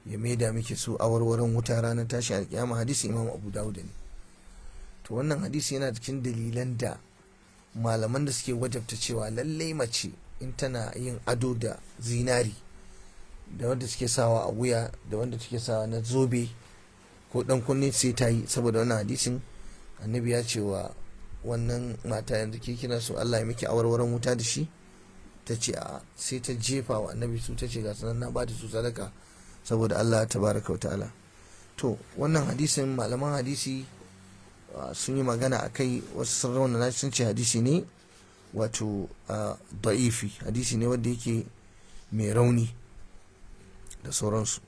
ya maida miki so a warwaran wuta ranar tashi alkiyama hadisi imam abu dawud ne to wannan hadisi yana cikin dalilan da malaman da suke wajabta cewa lallai mace in tana yin ado da zinari da wanda suke sawa a wuya da wanda suke sawa na zobe ko dan kunne sai ta yi saboda wannan hadisin annabi ya ce wa wannan mata yanzu ke kina so Allah ya miki awarwaran wuta da shi ta ce a sai ta jefa wa annabi su ta ce ga sanan na ba su sadaka saboda Allah ta tabaraka ta'ala to wannan hadisin malaman hadisi ah, sun yi magana a kai wasu sun na sun ce hadisi ne wato ah, da'ifi hadisi ne wanda yake mai rauni da sauransu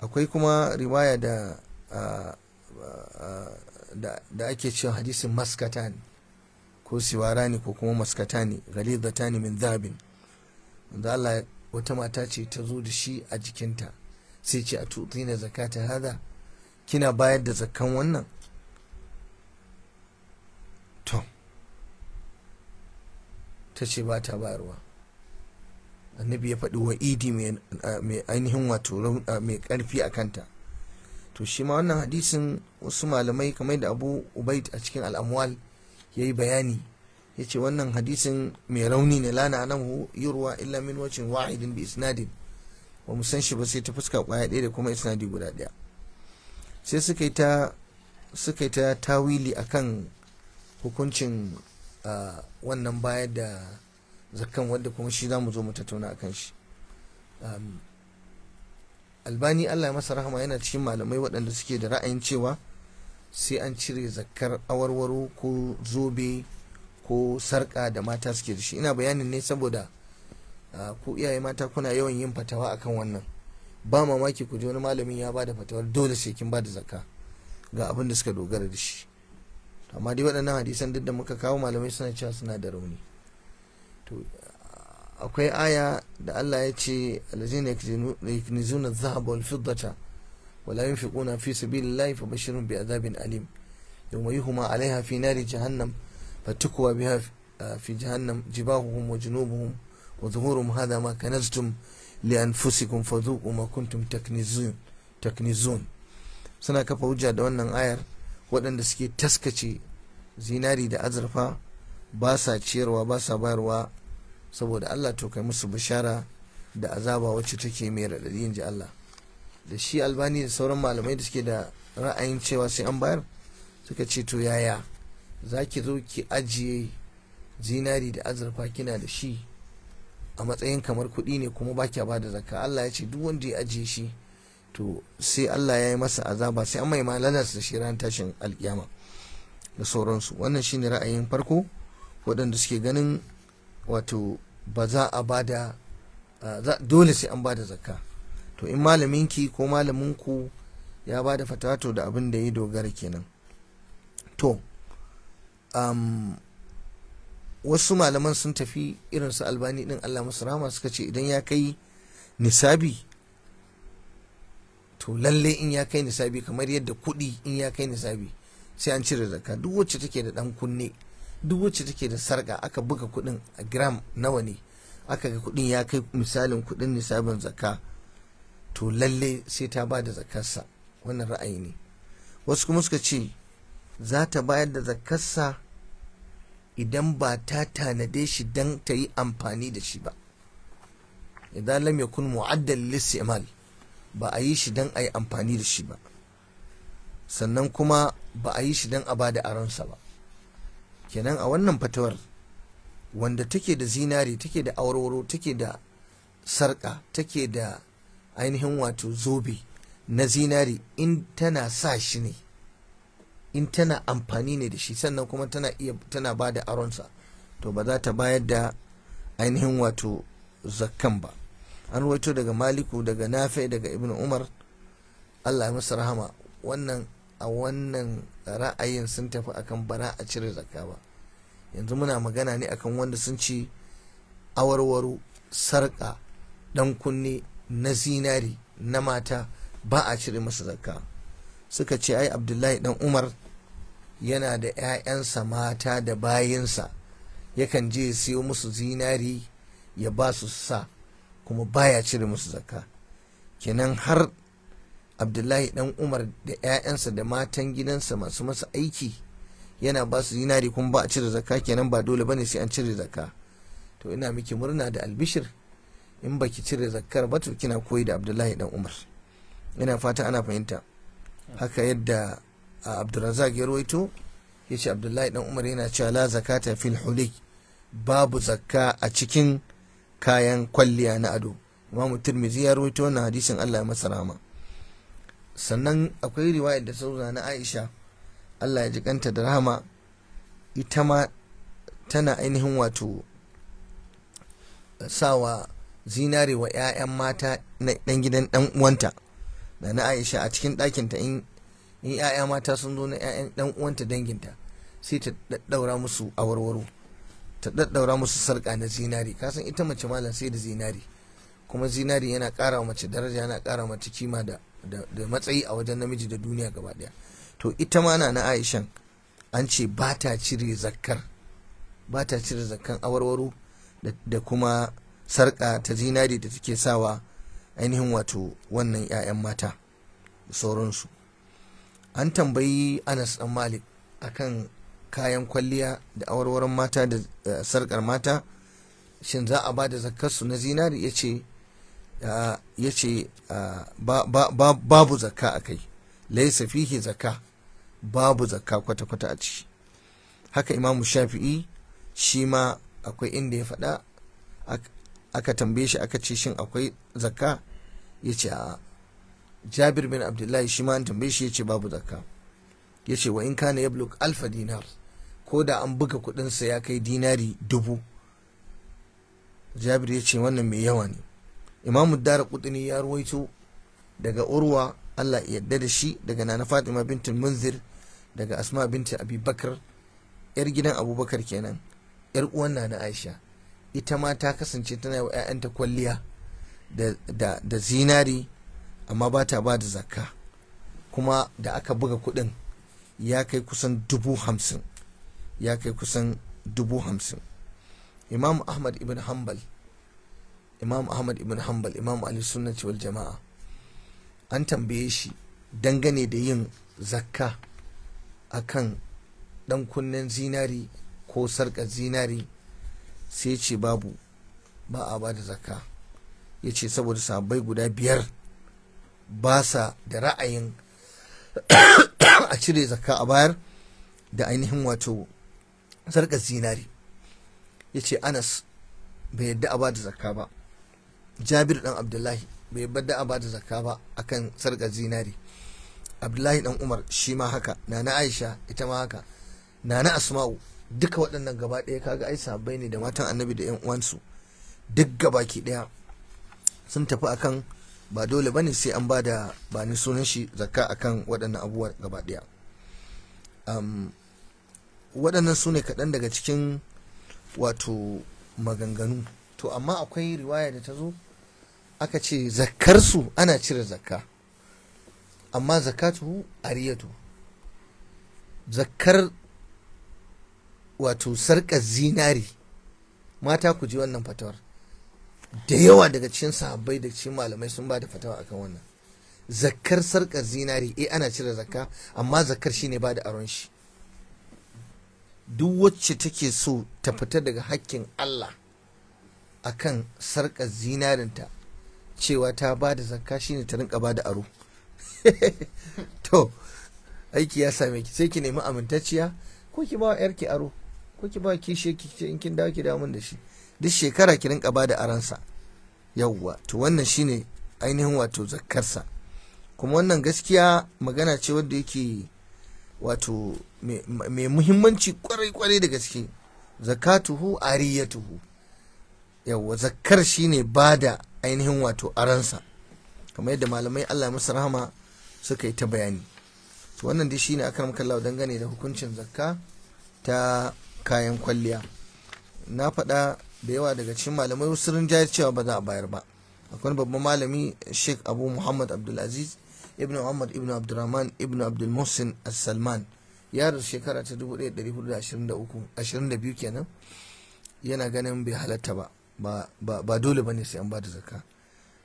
akwai kuma riwaya da ah, da ake cewa hadisin maskata ne ko siwara ne ko kuma maskata ne da ne min zabin wanda Allah wata mata ce ta zo da shi a jikinta sai ce a tutina zakata hada kina bayar da zakan wannan to ta ce ba ta bayarwa annabi ya faɗi idi mai ainihin wato mai ƙarfi a kanta to shi ma wannan hadisin wasu malamai kamar da abu ubaid a cikin al'amwal ya yi bayani ya ce wannan hadisin mai rauni ne lana nan yurwa illa min wacin wa'idin bi isnadin ba mu san shi ba sai ta fuska kwaya ɗaya da kuma isnadi guda ɗaya sai suka yi ta suka yi ta tawili akan hukuncin wannan bayar da zakan wanda kuma shi za mu zo mu tattauna a kan shi albani allah ya masa rahama yana cikin malamai waɗanda suke da ra'ayin cewa sai an cire zakkar awarwaro ko zobe ko sarƙa da mata suke da shi ina bayanin ne saboda ku iyaye mata kuna yawan yin fatawa akan wannan ba mamaki ku ji wani malamin ya ba da fatawar dole sai kin da zakka ga abin da suka dogara da shi amma dai waɗannan hadisan duk da muka kawo malamai suna cewa suna da rauni to akwai aya da Allah ya ce alladhina yaknizuna adh-dhahaba wal-fiddata wala yin fiƙuna fi su biyu lalai fa bashirin biyu a zabin alim yau mai huma a laiha fi nari jihannan ba tukuwa biya a uh, fi ji ba huhun wa jinu buhun wa zuhurun ha da makanastun liyan fusikun fazu kuma kuntun taknizun suna kafa hujja da wannan ayar waɗanda suke taskace zinari da azurfa ba sa ciyarwa ba sa bayarwa saboda allah to kai musu bishara da azaba wacce take mai raɗaɗi inji allah da shi albani da sauran malamai da suke da ra'ayin cewa sai an bayar suka ce to yaya za ki zo ki ajiye zinari da azurfa kina da shi a matsayin kamar kuɗi ne kuma ba kya ba da zakka Allah ya ce duk wanda ya ajiye shi to sai Allah ya yi masa azaba sai an mai malalas da shi ran tashin alkiyama da sauransu wannan shine ra'ayin farko waɗanda suke ganin wato ba za a bada dole sai an bada zakka to in malaminki ko malaminku ya ba da fatato da abin da ya dogara kenan to um, wasu malaman sun tafi irinsu albani din allah masu rama suka ce idan ya kai nisabi to lalle in ya kai nisabi kamar yadda kuɗi in ya kai nisabi sai an cire zakka duk wacce take da ɗan kunne duk wacce take da sarƙa aka buga kuɗin a gram nawa ne aka ga kuɗin ya kai misalin kuɗin nisabin zakka to lalle sai ta ba da zakarsa wannan ra'ayi ne wasu kuma suka ce za ta bayar da zakarsa idan ba ta tanade shi don ta yi amfani da shi ba idan lam kun mu'addal lissimal ba a yi shi don a yi amfani da shi ba sannan kuma ba a yi shi don a ba da aronsa ba kenan a wannan fatawar wanda take da zinari take da awarwaro take da sarka take da ainihin wato zobe na zinari in tana sa shi ne in tana amfani ne da shi sannan kuma tana iya tana ba da aronsa to ba za ta bayar da ainihin wato zakkan ba an ruwaito daga maliku daga nafe daga ibn umar allah ya masa rahama wannan a wannan ra'ayin sun tafi akan bara a cire zakka ba yanzu muna magana ne akan wanda sun ci awarwaro sarka dan kunne na zinari na mata ba a cire masa zakka suka ce ai abdullahi dan umar yana da 'ya'yansa mata da bayinsa yakan je ya siyo musu zinari ya ba su sa kuma baya cire musu zakka kenan har abdullahi dan umar da 'ya'yansa da matan gidansa masu masa aiki yana ba su zinari kuma ba a cire zakka kenan ba dole bane sai an cire zakka to ina miki murna da albishir in baki cire zakkar ba kina koyi da abdullahi dan umar ina fata ana fahimta haka yadda abdulrazak ya ruwaito ya ce abdullahi dan umar yana cewa la zakata fil hulik babu zakka a cikin kayan kwalliya na ado imamu tirmidhi ya ruwaito na hadisin allah ya masa rama sannan akwai riwaya da sauza na aisha allah ya ji kanta da rahama ita ma tana ainihin wato sawa zinare wa 'ya'yan mata na dan gidan ɗan uwanta da na aisha a cikin ɗakinta in 'ya'ya mata sun zo na 'ya'yan ɗan uwanta danginta sai ta daddaura musu awarwaro ta daddaura musu sarka na zinari kasan ita mace malam sai da zinari kuma zinari yana kara mace daraja yana kara mace kima da da matsayi a wajen namiji da duniya gaba daya to ita ma na na aishan an ce ba ta cire zakkar ba ta cire zakkan awarwaro da kuma Sarka ta zinari da take sawa ainihin wato wannan 'ya'yan mata sauransu an tambayi anas dan malik akan kayan kwalliya da awarwaron mata da eh, sarkar mata shin za a ba da zakkarsu na zinari ya ce ya ce eh, babu zakka a kai laisa fihi zakka babu zakka kwata-kwata a ciki haka imamu shafi'i shi ma akwai inda ya faɗa aka tambaye shi aka ce shin akwai zakka ya ce a jabir bin abdullahi shi ma an tambaye shi ya ce babu zakka ya ce wa in kana ya blok alfa dinar ko da an buga kudinsa ya kai dinari dubu jabir ya ce wannan mai yawa ne imamu dara kudini ya ruwaito daga urwa allah yadda da shi daga nana fatima bintin munzir daga asma bintin abubakar yar gidan abubakar kenan yar uwan nana aisha ita ma ta kasance tana wa 'ya'yanta kwalliya da zinari amma ba ta ba da zakka kuma da aka buga kuɗin ya kai kusan dubu hamsin ya kai kusan dubu hamsin imam ahmad ibn hanbal imam ahmad ibn hanbal imam ali sunnati wal jama'a an tambaye shi dangane da yin zakka akan dan kunnen zinari ko sarkar zinari sai ce babu ba a ba da zakka ya ce saboda sabai guda biyar ba sa da ra'ayin a cire zakka a bayar da ainihin wato sarkar zinari ya ce anas bai yadda a ba da zakka ba jabir dan abdullahi bai yadda a ba da zakka ba akan sarkar zinari abdullahi dan umar shi ma haka nana aisha ita ma haka nana asma'u duka waɗannan gaba ɗaya kaga aisa bai ne da matan annabi da 'yan uwansu duk ke ɗaya sun tafi akan ba dole ba ne sai an bada ba ni sunan shi zakka akan waɗannan abubuwa gaba ɗaya waɗannan su ne kaɗan daga cikin wato maganganu to amma akwai riwaya da ta zo aka ce zakkarsu ana cire zakka amma zakatu ariyatu zakkar wato sarƙar zinari mata ku ji wannan fatawar da yawa daga cikin sahabbai da cikin malamai sun ba da fatawa akan wannan zakkar sarƙar zinari eh ana cire zakka amma zakkar shine ba da aron shi duk wacce take so ta fita daga hakkin Allah akan sarƙar zinarinta cewa ta ba da zakka shine ta rinka ba da aro to aiki ya same ki sai ki nemi amintacciya ko ki ba wa yarki aro ko ki ba kishi ki in kin dawo ki damun da shi duk shekara ki rinka ba da aransa yawwa to wannan shine ainihin wato zakkarsa kuma wannan gaskiya magana ce wanda yake wato mai muhimmanci kwarai-kwarai da gaske zakatuhu ariyatuhu yawwa zakkar shine ba da ainihin wato aransa kamar yadda malamai Allah musu rahama suka yi ta bayani to wannan dai shine akan makallawa dangane da hukuncin zakka ta kayan kwalliya na faɗa da yawa daga cikin malamai wasu jayar cewa ba za a bayar ba akwai babban malami sheikh abu muhammad abdulaziz ibn muhammad ibn abdurrahman ibn abdulmusin salman ya rasu shekara ta 1423 kenan yana ganin bai halatta ba ba dole ba ne sai an ba da zakka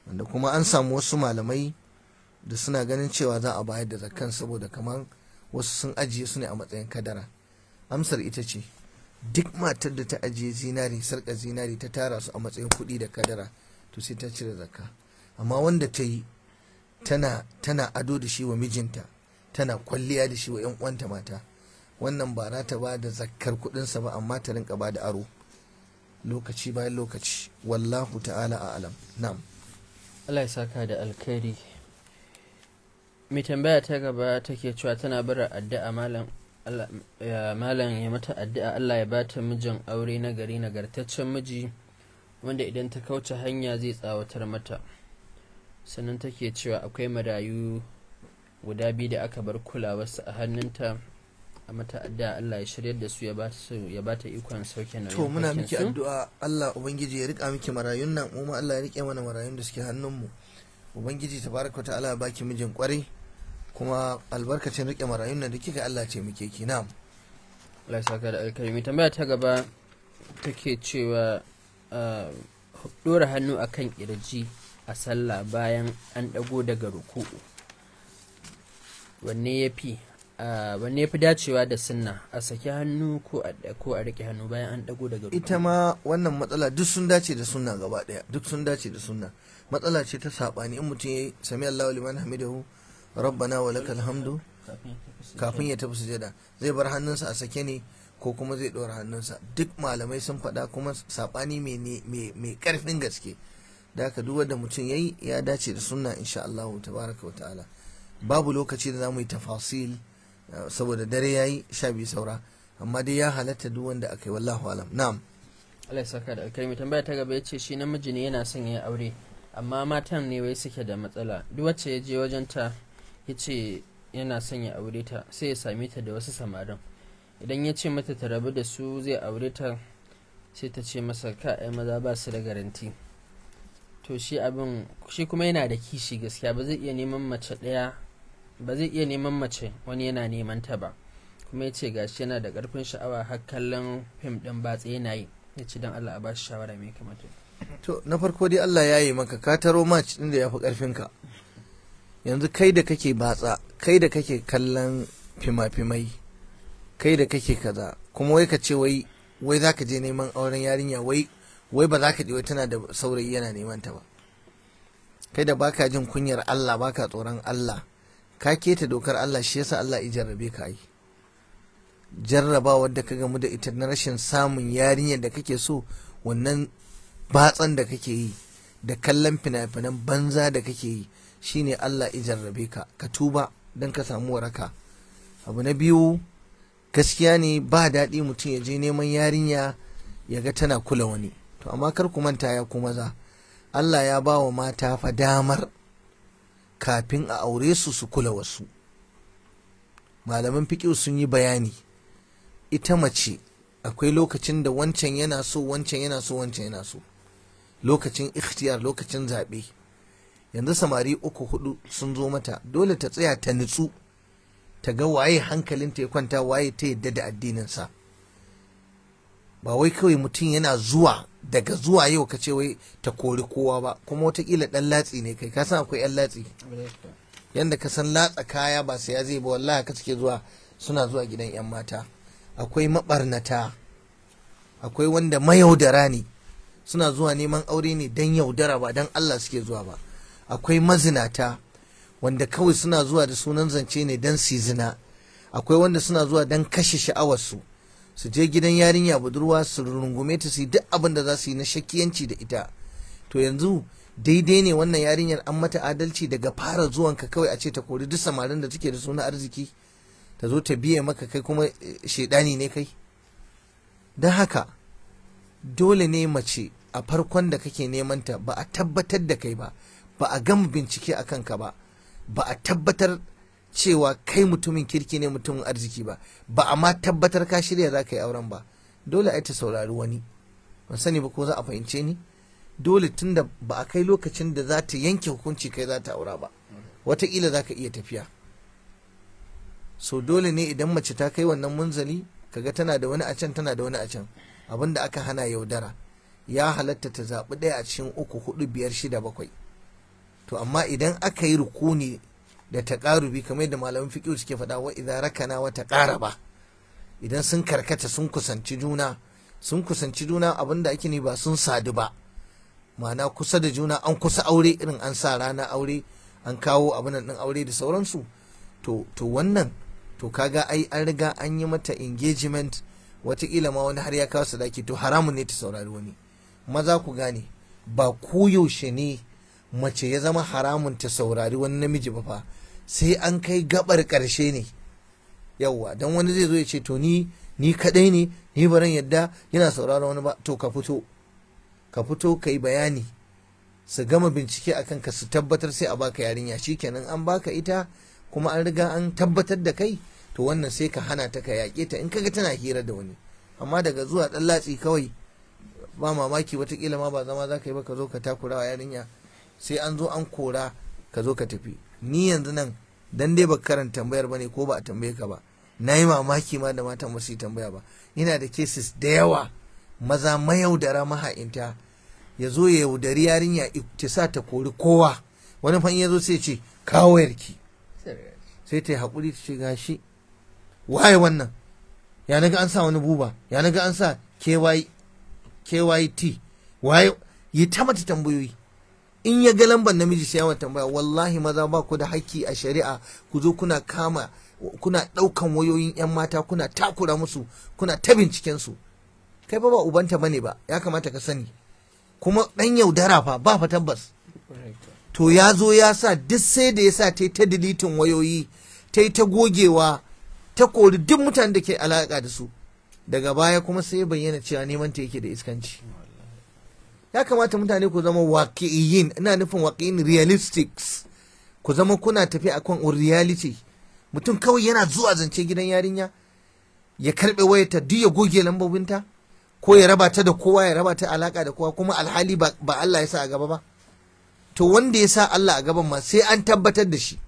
wanda kuma an samu wasu malamai da suna ganin cewa za a bayar da zakkan saboda kamar wasu sun ajiye su ne a matsayin kadara amsar ita ce duk matar da ta ajiye zinari sarka zinari ta tara su a matsayin kuɗi da kadara to sai ta cire zakka amma wanda ta yi tana ado da shi wa mijinta tana kwalliya da shi wa 'yan uwanta mata wannan ba za ta ba da zakkar kuɗinsa ba amma ta rinka ba da aro lokaci bayan lokaci wallahu ta'ala a alam nam Allah ya saka da alkhairi mai tambaya ta gaba take cewa tana bara addu'a malam malam ya mata addu'a Allah ya ba ta mijin aure na gari nagartaccen miji wanda idan ta kauce hanya zai tsawatar mata sannan take cewa akwai marayu guda biyu da aka bar kulawarsu a hannunta a mata addu'a Allah ya shiryar da su ya ba ta ikon sauke na to muna miki addu'a Allah ubangiji ya rika miki marayun nan mu Allah ya rike mana marayun da suke hannun mu ubangiji tabaraka ta'ala ya baki mijin kwarai kuma albarkacin rike marayun nan da kika Allah ce muke ki na'am Allah saka da alkalmi tambaya ta gaba take cewa dora ah, hannu akan kirji a sallah bayan an dago daga ruku'u wanne ya fi ah, wanne yafi dacewa da sunna a saki hannu ko a ko a rike hannu bayan an dago daga ruku'u ita ma wannan matsala duk sun dace da sunna gaba daya duk sun dace da sunna matsala ce ta sabani in mutum ya sami Allahu liman hamidahu rabbana wa lakal hamdu kafin ya tafi sujada zai bar hannunsa a sake ne ko kuma zai ɗora hannunsa duk malamai sun faɗa kuma saɓani mai ƙarfin gaske da haka duk wanda mutum ya yi ya dace da sunna insha Allah tabaraka wa ta'ala babu lokaci da za mu yi tafasil eh, saboda dare ya yi sha biyu saura amma dai ya halatta duk wanda aka yi wallahu alam na'am Allah ya saka da alkalmi tambaya ta gaba ya ce shi namiji ne yana son ya aure amma matan ne wai suke da matsala duk wacce ya je wajen ta ya ce yana son ya aure ta sai ya same ta da wasu samarin idan ya ce mata ta rabu da su zai aure ta sai ta ce masa ka ai maza ba su da garanti to shi abin shi kuma yana da kishi gaskiya ba zai iya neman mace ɗaya ba zai iya neman mace wani yana neman ta ba kuma ya ce gashi yana da ƙarfin sha'awa har kallon fim ɗin batse yana yi ya ci don Allah a ba shi shawara mai kamata to na farko dai Allah ya yi maka ka taro match ɗin da ya fi ƙarfinka yanzu kai da kake batsa kai da kake kallon fima-fimai kai da kake kaza kuma wai ka ce wai za ka je neman auren yarinya wai wai ba za ka je wai tana da saurayi yana neman ta ba kai da baka jin kunyar Allah baka tsoron Allah ka keta dokar Allah shi yasa Allah ya jarrabe ka yi jarrabawar da ka gamu da ita na rashin samun yarinyar da kake so wannan batsan da kake yi da kallon fina-finan banza da kake yi shine Allah ya jarrabe ka ka tuba don ka samu waraka abu na biyu gaskiya ne ba daɗi mutum ya je neman yarinya ya ga tana kula wani to amma kar ku manta ya kuma za. Allah ya ba wa mata fa damar kafin a aure su su kula wasu malaman fiƙi sun yi bayani ita mace akwai lokacin da wancan yana so wancan yana so wancan yana so lokacin ikhtiyar lokacin zaɓe yanzu samari uku hudu sun zo mata dole ta tsaya ta nutsu ta ga waye hankalinta ya kwanta waye ta yadda da addininsa ba wai kawai mutum yana zuwa daga zuwa yau ka ce wai ta kori kowa ba kuma watakila dan latsi ne kai ka san akwai yan latsi yanda ka san latsa kaya ba sai ya zai ba wallahi ka suke zuwa suna zuwa gidan yan mata akwai mabarnata akwai wanda mayaudara ne suna zuwa neman aure ne dan yaudara ba dan Allah suke zuwa ba akwai mazinata wanda kawai suna zuwa da sunan zance ne don zina, akwai wanda suna zuwa don kashe sha'awarsu su je gidan yarinya budurwa su rungume ta su yi duk abin da za su yi na shakiyanci da ita to yanzu daidai ne wannan yarinyar an mata adalci daga fara zuwan ka kawai a ce ta kori duk samarin da take da suna arziki ta zo ta biye maka kai kuma eh, shaidani ne kai don haka dole ne mace a farkon da kake neman ta ba a tabbatar da kai ba ba a gama bincike a kanka ba ba a tabbatar cewa kai mutumin kirki ne mutumin arziki ba ba a ma tabbatar ka shirya za ka yi auren ba dole a ta saurari wani ban sani ba ko za a fahimce ni dole tun da ba a kai lokacin da za ta yanke hukunci kai za ta aura ba watakila za ka iya tafiya so dole ne idan mace ta kai wannan munzali kaga tana da wani a can tana da wani a can abinda aka hana yaudara ya halatta ta zaɓi ɗaya a cikin uku hudu biyar shida bakwai to amma idan aka yi rukuni da ta karubi kamar yadda malaman fiƙi suke faɗa wa na rakana ƙara ba. idan sun karkata sun kusanci juna sun kusanci juna da ake ne ba sun sadu ba ma'ana kusa da juna an kusa aure irin an sa rana aure an kawo abin nan aure da sauransu to to wannan to kaga ai an riga an yi mata engagement wataƙila ma wani har ya kawo sadaki to haramun ne ta saurari wani maza ku gane ba yaushe ne mace ya zama haramun ta saurari wani namiji ba fa sai an kai gabar karshe ne yawwa don wani zai zo ya ce to ni ni kadai ne ni baran yadda yana sauraron wani ba to ka fito ka fito ka yi bayani su gama bincike a kanka su tabbatar sai a baka yarinya shikenan an baka ita kuma an riga an tabbatar da kai to wannan sai ka hana ta ka yaƙe ta in kaga tana hira da wani amma daga zuwa ɗan latsi kawai ba mamaki watakila ma ba zama za ka yi ba ka zo ka takurawa yarinya sai an zo an kora ka zo ka tafi ni yanzu nan dan dai baka karanta tambayar bane ko ba a tambaye ka ba na yi mamaki ma da matan ba su yi tambaya ba Ina da cases da yawa maza mayaudara maha'inta ya zo ya yaudari yarinya ta sa ta kori kowa wani fan ya zo sai ce kawo yarki sai ta yi haƙuri ta ce gashi waye wannan ya naga an sa wani buba ya naga an sa KYT waye yi ta mata tambayoyi in ya ga lambar namiji sai yawan tambaya wallahi maza ba ku da haƙƙi a shari'a ku zo kuna kama kuna ɗaukan wayoyin 'yan mata kuna takura musu kuna ta binciken su kai ba ba ubanta bane ba ya kamata ka sani kuma ɗan yaudara fa ba fa tabbas to ya zo ya sa duk sai da ya sa ta yi ta dilitin wayoyi ta yi ta gogewa ta kori duk mutanen da ke alaƙa da su daga baya kuma sai bayyana cewa neman ta yake da iskanci. ya kamata mutane ku zama waƙi'iyin ina nufin waƙi'in realistics ku zama kuna tafi a kan reality mutum kawai yana zuwa zance gidan yarinya ya karɓe wayarta duk ya goge lambobinta ko ya raba ta da kowa ya raba ta alaka da kowa kuma alhali ba Allah ya sa a gaba ba to wanda ya sa Allah a gaban ma sai an tabbatar da shi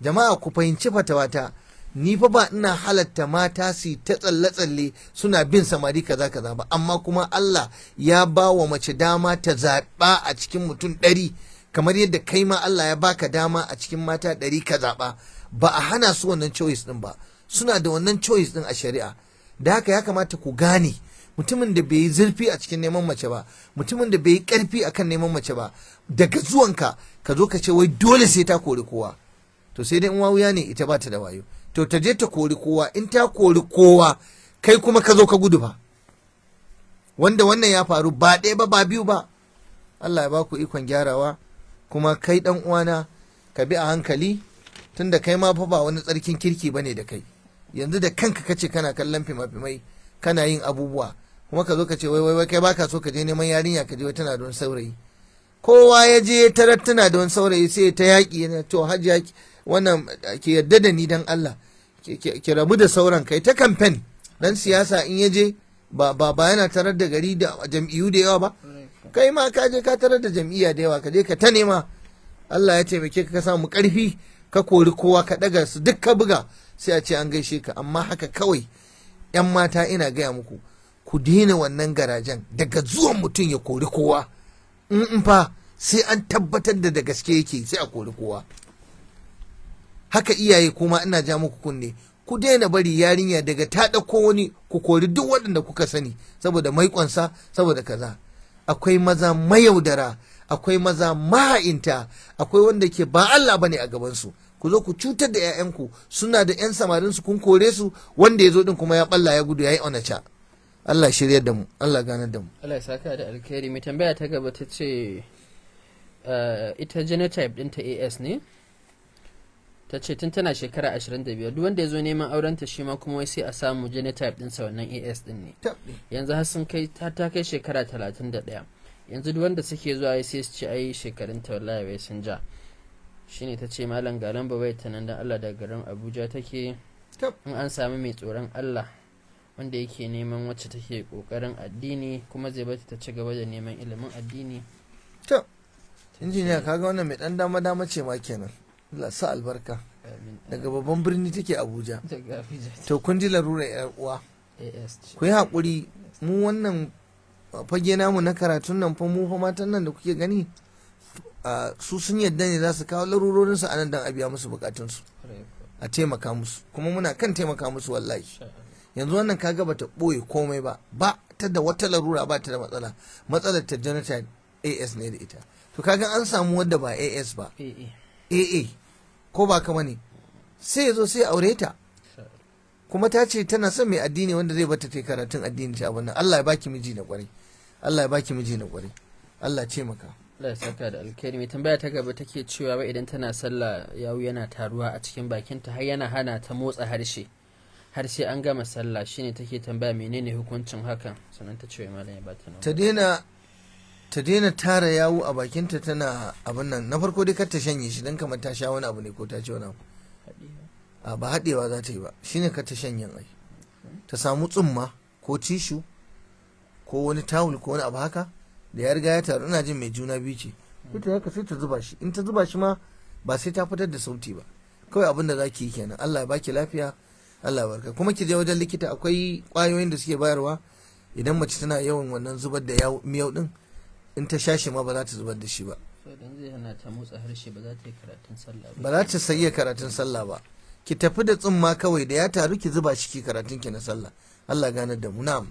jama'a ku fahimci fatawata ni fa ba ina halatta mata su ta tsalle-tsalle suna bin samari kaza kaza ba amma kuma Allah ya ba wa mace dama ta zaɓa a cikin mutum ɗari kamar yadda kai ma Allah ya baka dama a cikin mata ɗari ka zaɓa ba a hana su wannan choice ɗin ba suna da wannan choice ɗin a shari'a da haka ya kamata ku gane mutumin da bai yi zurfi a cikin neman mace ba mutumin da bai yi ƙarfi kan neman mace ba daga zuwanka ka zo ka ce wai dole sai ta kori kowa to sai dai in wawuya ne ita ba ta da wayo to ta je ta kori kowa in ta kori kowa kai kuma ka zo ka gudu ba wanda wannan ya faru ba ɗaya ba ba biyu ba Allah ya baku ikon gyarawa kuma kai dan uwana ka bi a hankali tunda kai ma fa ba wani tsarkin kirki ne da kai yanzu da kanka kace kana kallon fimafimai kana yin abubuwa kuma ka zo ka ce wai wai kai baka so ka je neman yarinya ka je wai tana don saurayi kowa ya je tarar tana don saurayi sai ta yaƙi to hajji wannan ke yadda da ni dan Allah ki rabu da sauran kai ta kamfen dan siyasa in ya je ba ba yana tarar da gari da jam'iyyu da yawa ba kai ma ka je ka tarar da jam'iyya da yawa ka je ka ta nema Allah ya taimake ka ka samu karfi ka kori kowa ka daga su duk ka buga sai a ce an gaishe ka amma haka kawai yan mata ina gaya muku ku daina wannan garajen daga zuwan mutum ya kori kowa in fa sai an tabbatar da da gaske yake sai a kori kowa haka iyaye kuma ina ja muku kunne ku daina bari yarinya daga ta ɗauko wani ku kori duk waɗanda kuka sani saboda maikonsa saboda kaza akwai maza mayaudara akwai maza maha'inta akwai wanda ke ba Allah bane a gabansu ku zo ku cutar da 'ya'yanku suna da 'yan samarin su kun kore su wanda ya zo din kuma ya balla ya gudu ya yi onacha Allah shirya da mu Allah ganar da mu Allah ya saka da alkhairi mai tambaya ta gaba ta ce eh, ita genotype ɗinta AS ne ta ce tun tana shekara 25 duk wanda ya zo neman aurenta shi ma kuma wai sai a samu genotype din sa wannan as din ne yanzu har sun kai ta kai shekara 31 yanzu duk wanda suke zuwa sai su ci ai shekarun ta wallahi wai sun ja shine ta ce malam galan ba ta nan da Allah daga garin Abuja take in an sami mai tsoron Allah wanda yake neman wacce take kokarin addini kuma zai bata ta ci gaba da neman ilimin addini to injiniya kaga wannan mai dan dama dama ce ma kenan Allah albarka daga babban birni take Abuja to kun ji larura yar uwa ku yi hakuri mu wannan fage namu na karatun nan fa mu fa matan nan da kuke gani su sun yadda ne za su kawo larurorin a nan don a biya musu bukatunsu a taimaka musu kuma muna kan taimaka musu wallahi yanzu wannan kaga bata ɓoye komai ba ba ta da wata larura ba ta da matsala matsalar ta jonathan as ne da ita to kaga an samu wadda ba as ba aa ko ba kama ne sai ya zo sai aure ta kuma ta ce tana son mai addini wanda zai bata ta karatun addini ta abin nan Allah ya baki miji na kwarai Allah ya baki miji na kwarai Allah ce maka Allah ya saka da alkhairi mai tambaya ta gaba take cewa ba idan tana sallah yawu yana taruwa a cikin bakinta har yana hana ta motsa harshe har sai an gama sallah shine take tambaya menene hukuncin hakan sannan ta ce malam ya bata ta daina ta daina tara yawu a bakinta tana abin nan na farko dai ta shanye shi don kamar ta sha wani abu ne ko ta ci wani abu a ba haɗewa za ta yi ba shine kar ta shanye ai ta samu tsumma ko tishu ko wani tawul ko wani abu haka da ya riga ya taru ina jin mai juna biyu ce ita haka sai ta zuba shi in ta zuba shi ma ba sai ta fitar da sauti ba kawai abin da za ki yi kenan Allah ya baki lafiya Allah barka kuma ki je wajen likita akwai ƙwayoyin da suke bayarwa idan mace tana yawan wannan zubar da miyau din in ta sha shi ma ba za ta zubar da shi ba ba za ta sayi karatun sallah ba ki tafi da tsumma kawai da ya taru ki zuba shi ki karatun ki na sallah Allah gane da mu na'am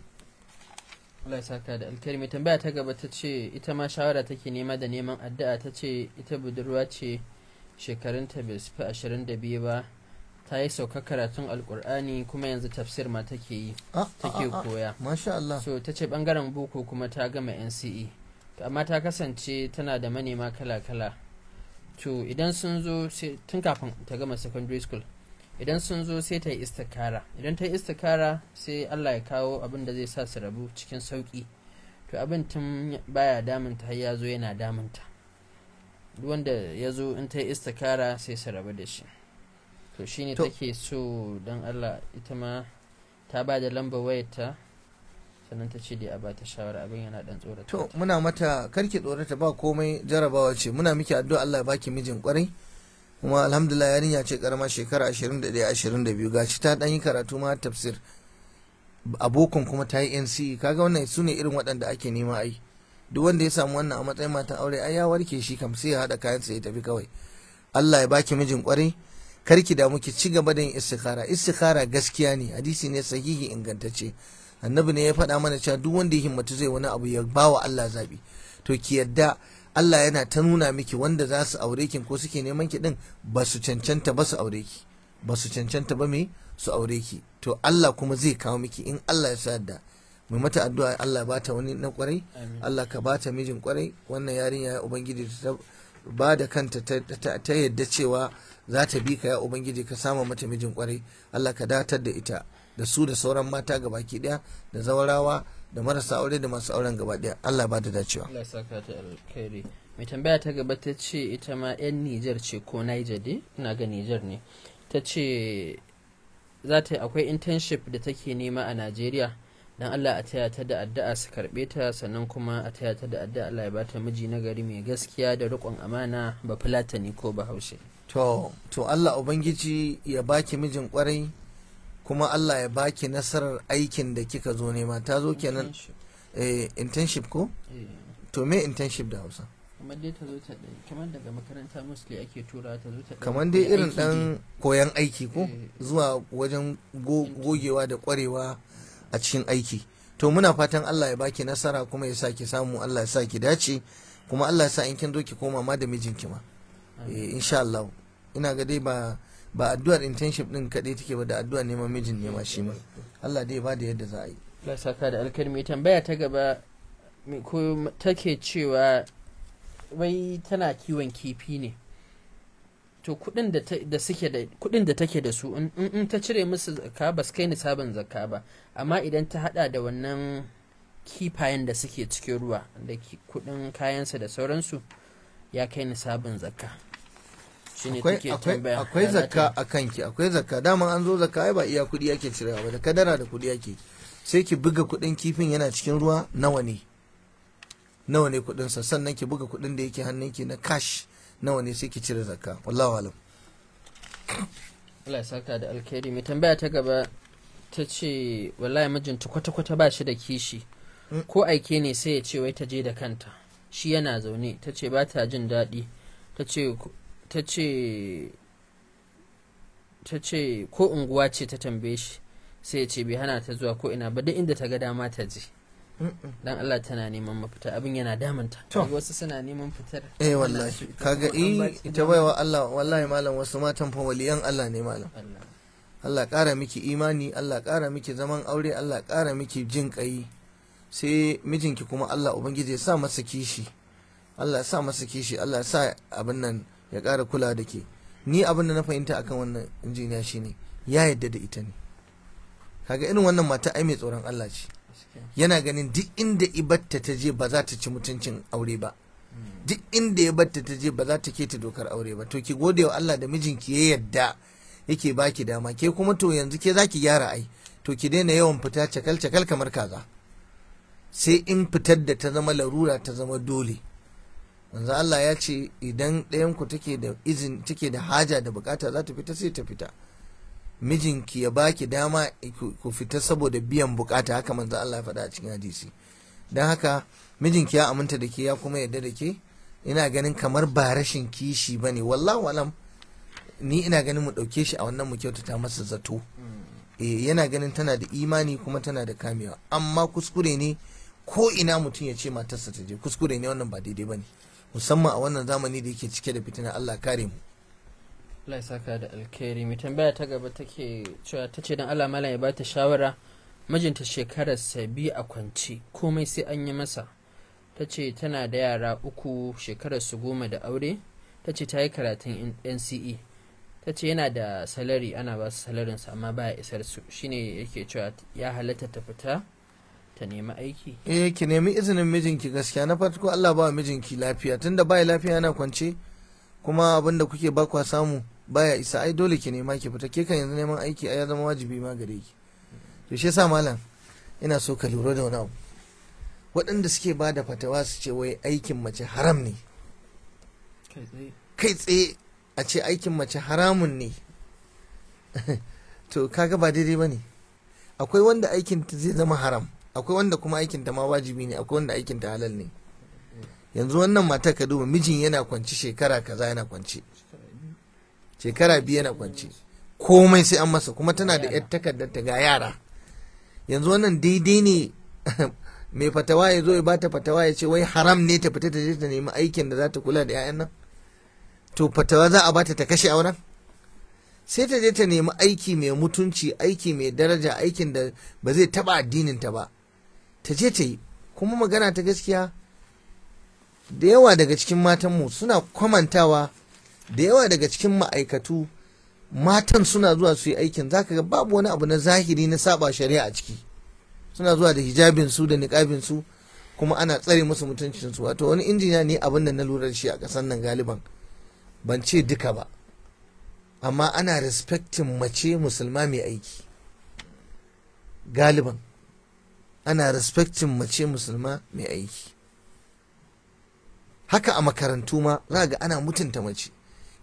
Allah ya saka da alkarmi tambaya ta gaba ta ce ita ma shawara take nema da neman addu'a ta ce ita budurwa ce shekarun ta bai su fi ashirin da biyu ba ta yi sauka karatun alkur'ani kuma yanzu tafsir ma take yi ah, ah, take ah, koya so ta ce bangaren boko kuma ta gama NCE amma ta kasance tana da manema kala-kala to idan sun zo tun kafin ta gama secondary school idan sun zo sai ta yi istikara idan ta yi istikara sai allah ya kawo abin da zai sa su rabu cikin sauki to abin tun baya damunta har ya zo yana damunta wanda ya zo in ta yi istikara sai su rabu da shi to shine take so don allah ita ma ta ba da lambar wayarta sannan ta ce dai a ba ta shawara abin yana dan tsorata to muna mata karki tsorata ba komai jarabawa ce muna miki addu'a Allah ya baki mijin kwarai kuma alhamdulillah yarinya ce karama shekara 21 22 gashi ta dan yi karatu ma tafsir abokan kuma ta yi NCE kaga wannan su ne irin waɗanda ake nema ai duk wanda ya samu wannan a matsayin matan aure ai ya warke shi kam sai ya haɗa kayan sa ya tafi kawai Allah ya baki mijin kwarai karki da muke ci gaba da yin istikhara istikhara gaskiya ne hadisi ne sahihi ingantacce annabi ne ya faɗa mana cewa duk wanda ya himmatu zai wani abu ya bawa Allah zabi to ki yadda Allah yana ta nuna miki wanda za su aure ki ko suke neman ki din ba su cancanta ba su aure ki ba su cancanta ba me su aure ki to Allah kuma zai kawo miki in Allah ya sa da mai mata addu'a Allah ba ta wani na kwarai Allah ka ba ta mijin kwarai wannan yarinya ya ubangiji ta ba da kanta ta yadda cewa za ta bi ka ya ubangiji ka sama mata mijin kwarai Allah ka datar da ita da su da sauran mata gabaki daya da zawarawa da marasa aure da masu auren gaba daya Allah ba ta dacewa Allah saka ta alkhairi mai tambaya ta gaba ta ce ita ma yan Niger ce ko Niger dai ina ga Niger ne ta ce za ta akwai internship da take nema a Najeriya dan Allah a taya ta da addu'a su karbe ta sannan kuma a taya ta da addu'a Allah ya bata miji na gari mai gaskiya da riƙon amana ba fulatani ko bahaushe to to Allah ubangiji ya baki mijin kwarai kuma Allah ya baki nasarar aikin da kika zo nema ta zo kenan internship eh, ko eh. to me internship da Hausa kamar dai ta zo ta kamar daga makaranta musli ake tura ta zo ta kamar dai irin dan koyan aiki ko eh. zuwa wajen gogewa da kwarewa a cikin aiki to muna fatan Allah ya baki nasara kuma ya saki samu Allah ya saki dace kuma Allah ya sa in kin zo ki koma ma da mijinki ma insha Allah ina ga dai ba ba addu'ar internship din kadai take ba da addu'ar neman mijin ne ma shi ma Allah dai ba da yadda za a yi Allah saka da alkalmi tambaya ta gaba ko take cewa wai tana kiwon kifi ne to kudin da da suke da da take da su in ta cire musu zakka ba su kai nisabin zakka ba amma idan ta hada da wannan kifayen da suke cikin ruwa da kudin kayansa da sauransu ya kai ni nisabin zakka akwai zakka a kanki akwai zakka dama an zo zakka ai ba iya kuɗi ake cirewa ba da kadara da kuɗi ake sai ki buga kuɗin kifin yana cikin ruwa nawa ne nawa ne kudin sa sannan ki buga kuɗin da yake hannunki na cash nawa ne sai ki cire zakka wallahi alam Allah ya saka da alkhairi mai tambaya ta gaba ta ce wallahi mijinta kwata-kwata ba shi da kishi mm. ko aike ne sai ya ce wai ta je da kanta shi yana zaune ta ce ba ta jin daɗi ta ce ta ce ta ce ko unguwa ce ta tambaye shi sai ya ce bai hana ta zuwa ko ina ba duk inda ta ga dama ta je dan Allah tana neman mafita abin yana damanta wasu suna neman fitar eh wallahi kaga eh ita baiwa Allah wallahi malam wasu matan fa waliyan Allah ne malam Allah ƙara miki imani Allah ƙara miki zaman aure Allah ƙara miki jin ƙai sai mijinki kuma Allah ubangiji ya sa masa kishi Allah ya sa masa kishi Allah ya sa abin nan ya ƙara kula da ke ni abin da na fahimta akan wannan injiniya shine ya yadda da ita ne kaga irin wannan mata ai mai tsoron Allah ce yana ganin duk inda ibatta ta je ba za ta ci mutuncin aure ba duk inda ya batta ta je ba za ta keta dokar aure ba to ki gode wa Allah da mijinki ya yadda yake baki dama ke kuma to yanzu ke za ki gyara ai to ki daina yawan fita cakal cakal kamar kaza sai in fitar da ta zama larura ta zama dole manza Allah ya ce idan ɗayan ku take da izin take da haja da bukata za ta fita sai ta fita mijinki ya baki dama ku fita saboda biyan bukata haka manzo Allah ya faɗa a cikin hadisi dan haka mijinki ya aminta da ke ya kuma yarda da ke ina ganin kamar ba rashin kishi ba ne wallahu ni ina ganin mu dauke shi a wannan mu kyautata masa zato eh yana ganin tana da imani kuma tana da kamewa amma kuskure ne ko ina mutum ya ce matarsa ta je kuskure ne wannan ba daidai bane musamman a wannan zamani da yake cike da fitina Allah kare mu Allah saka da alkhairi mai tambaya ta gaba take cewa ta ce dan Allah malam ya ba ta shawara mijinta shekarar sabi a kwance komai sai an yi masa ta ce tana da yara uku shekarar su goma da aure ta ce ta yi karatun nce ta ce yana da salari ana ba su salarinsa amma ba ya isar su shine yake cewa ya halatta ta fita ta nemi aiki eh ki nemi izinin mijinki gaskiya na farko Allah ba mijinki lafiya tunda baya lafiya yana kwance kuma abin da kuke ba kwa samu baya isa ai dole ki nema ki fita ke kan yanzu neman aiki a ya zama wajibi ma gare ki to shi yasa malam ina so ka lura da wani waɗanda suke ba da fatawa su ce wai aikin mace haram ne kai tsaye a ce aikin mace haramun ne to kaga ba daidai ba ne akwai wanda aikin zai zama haram akwai wanda kuma aikinta ma wajibi ne akwai wanda aikinta halal ne yanzu wannan mata ka duba mijin yana kwanci shekara kaza yana kwanci shekara biyu yana kwanci komai sai an masa kuma tana da yar takardar ta ga yara yanzu wannan daidai ne mai fatawa ya zo ya bata fatawa ya ce wai haram ne ta fita ta je ta nemi aikin da za ta kula da 'ya'yan nan to fatawa za a bata ta kashe auren sai ta je ta nemi aiki mai mutunci aiki mai daraja aikin da ba zai taba addinin ta ba ta je ta yi kuma magana ta gaskiya da yawa daga cikin matanmu suna kwamantawa da yawa daga cikin ma'aikatu matan suna zuwa su yi aikin za ga babu wani abu na zahiri na saba shari'a a ciki suna zuwa da hijabinsu da niƙabinsu kuma ana tsare musu mutuncinsu wato wani injiniya ne abin da na lura shi a ƙasar nan galiban ban ce duka ba amma ana respectin mace musulma mai aiki galiban ana respectin mace musulma mai aiki haka a makarantu ma za ga ana mutunta mace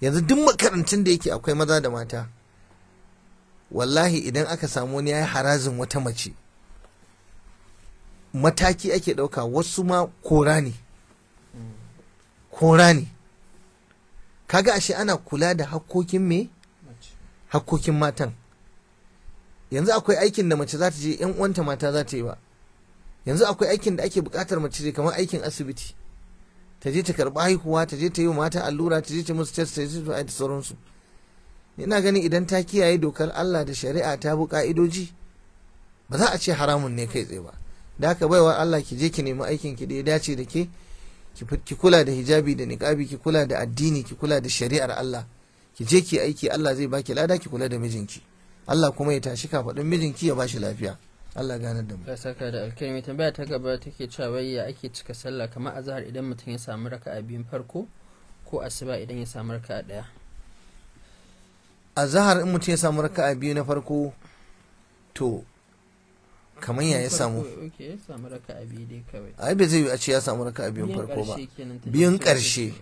yanzu duk makarantun da yake akwai maza da mata wallahi idan aka samu wani ya yi harazin wata mace mataki ake ɗauka wasu ma kora ne kora ne kaga ashe ana kula da hakkokin me hakkokin matan yanzu akwai aikin da mace za ta je yan uwanta mata za ta yi ba yanzu akwai aikin da ake bukatar mace kamar aikin asibiti ta je ta karba haihuwa ta je ta yi wa mata allura ta je ta musu test ta je ta da sauransu ina ganin idan ta kiyaye dokar Allah da shari'a ta bi ka'idoji ba za a ce haramun ne kai tsaye ba da haka baiwa Allah ki je ki nemi aikin ki da ya dace da ke ki kula da hijabi da niqabi ki kula da addini ki kula da shari'ar Allah ki je ki aiki Allah zai baki lada ki kula da mijinki Allah kuma ya tashi kafaɗin mijinki ya bashi lafiya Allah gane da mu ka saka da alkai ta baya ta gaba take cewa ya ake cika sallah kamar azhar idan mutum ya samu raka'a biyun farko ko asuba idan ya samu raka'a daya azhar in mutum ya samu raka'a biyu na farko to kamar ya ya samu ai bai zai yi a ce ya samu raka'a biyun farko ba biyun karshe eh.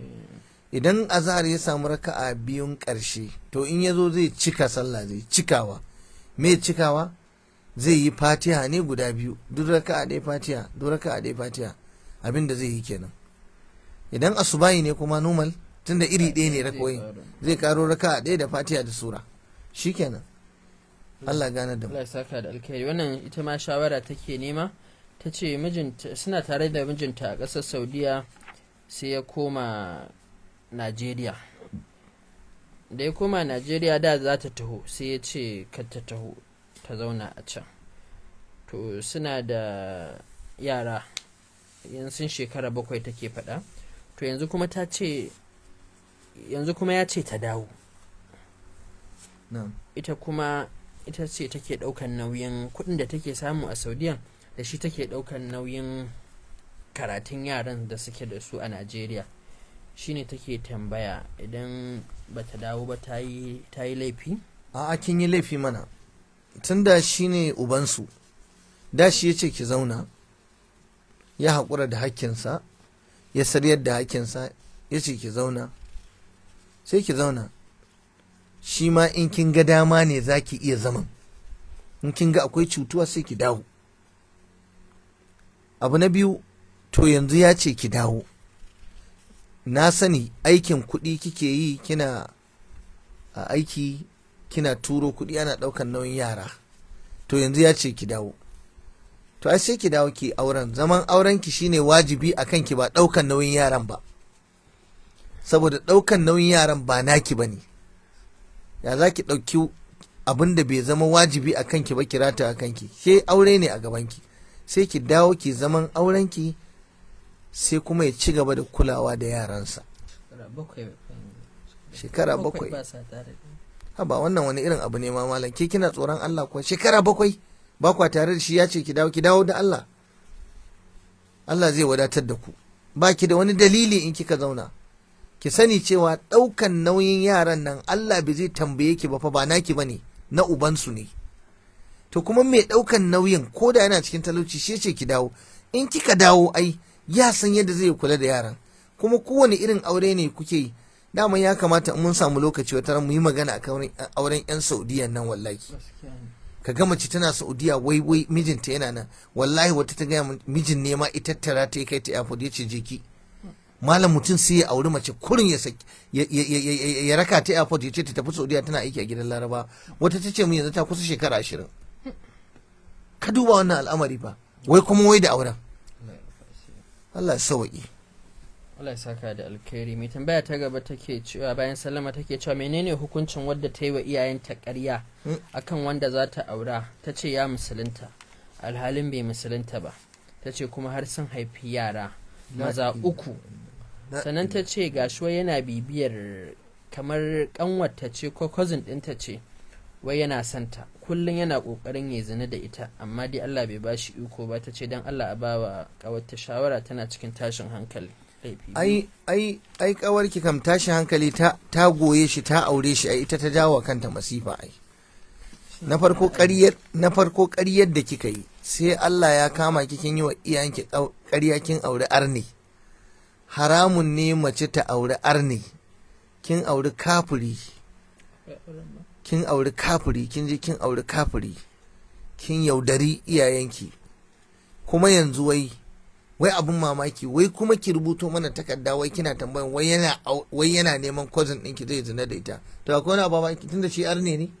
idan azhar ya samu raka'a biyun karshe to in ya zo zai cika sallah zai cikawa me cikawa zai yi fatiha ne guda biyu duk a ɗaya fatiha duk a ɗaya fatiha abin da zai yi kenan idan asubahi ne kuma numal tunda iri ɗaya ne rakawoyin zai karo a ɗaya da fatiha da sura shikenan Allah gane da Allah saka da alkhairi wannan ita ma shawara take nema ta ce suna tare da mijinta a ƙasar Saudiya sai ya koma Najeriya. Da ya koma Najeriya da za ta taho sai ya ce ka ta taho ta zauna a can to suna da yara sun shekara bakwai take faɗa to yanzu kuma ta ce yanzu kuma ya ce ta dawo ita kuma ita ce take ɗaukan nauyin kuɗin da take samu a saudiya da shi take ɗaukan nauyin karatun yaran da suke da su a najeriya shine take tambaya idan ba ta dawo ba ta yi laifi a'a kin yi laifi mana tun da shi ne ubansu da shi ya ce ki zauna ya haƙura da hakkinsa ya saryar da hakkinsa ya ce ki zauna sai ki zauna shi ma in kin ga dama ne za ki iya zaman in kin ga akwai cutuwa sai ki dawo abu na biyu to yanzu ya ce ki dawo na sani aikin kuɗi kike yi kina a aiki kina turo kuɗi ana ɗaukan nauyin yara to yanzu ya ce ki dawo to ai ce ki dawo ki auren zaman auren ki shine wajibi akan ki ba ɗaukan nauyin yaran ba saboda ɗaukan nauyin yaran ba naki bane ya za ki ɗauki abin da bai zama wajibi a kanki ba kira ta akan kanki she aure ne a gaban ki sai ki dawo ki zaman aurenki sai kuma ya ci gaba da kulawa da yaransa shekara bakwai Ba wannan wani irin abu ne ma malam ke kina tsoron Allah ko? shekara bakwai ba kwa tare da shi ya ce ki dawo ki dawo da Allah Allah zai wadatar da ku ba ki da wani dalili in kika zauna ki sani cewa ɗaukan nauyin yaran nan Allah bai zai tambaye ki ba fa ba naki bane na ubansu ne to kuma mai ɗaukan nauyin ko da yana cikin talauci shi ce ki dawo in kika dawo ai ya san yadda zai kula da yaran kuma kowane irin aure ne kuke yi daman ya kamata mun samu lokaci wata mu yi magana a auren yan saudiya nan wallahi ka ga mace tana saudiya wai wai mijinta yana nan wallahi wata ta gaya mijin ne ma ita tara ta kai ta airport ya ce je ki malam mutum sai ya auri mace kurin ya saki ya raka ta airport ya ce ta tafi saudiya tana aiki a gidan laraba wata ta ce mun yanzu ta kusa shekara ashirin ka duba wannan al'amari ba wai kuma wai da auren Allah ya sauwaƙe Allah ya saka da alkhairi mai tambaya ta gaba take cewa bayan sallama take cewa menene hukuncin wadda ta yi wa iyayen ta ƙarya akan wanda za ta aura ta ce ya musulunta alhalin bai musulunta ba ta ce kuma har sun haifi yara maza uku sannan ta ce gashuwa yana bibiyar kamar kanwata ce ko cousin ɗinta ce wai yana santa kullum yana kokarin ya zina da ita amma dai Allah bai bashi iko ba ta ce dan Allah a bawa kawarta shawara tana cikin tashin hankali ai ai ai kam tashi hankali ta goye shi ta aure shi A ita ta jawo kanta masifa ai na farko ƙaryar na da kika yi sai Allah ya kama kikin yi wa iyayenki ƙarya kin aure arne haramun ne mace ta aure arne kin aure kafiri kin aure kafiri kin je kin aure kafiri kin yaudari iyayenki kuma yanzu wai wai abun mamaki wai kuma ki rubuto mana takarda wai kina tambayan wai yana wai yana neman cousin ɗinki zai zina da ita to akwai wani baba ki tunda shi arne ne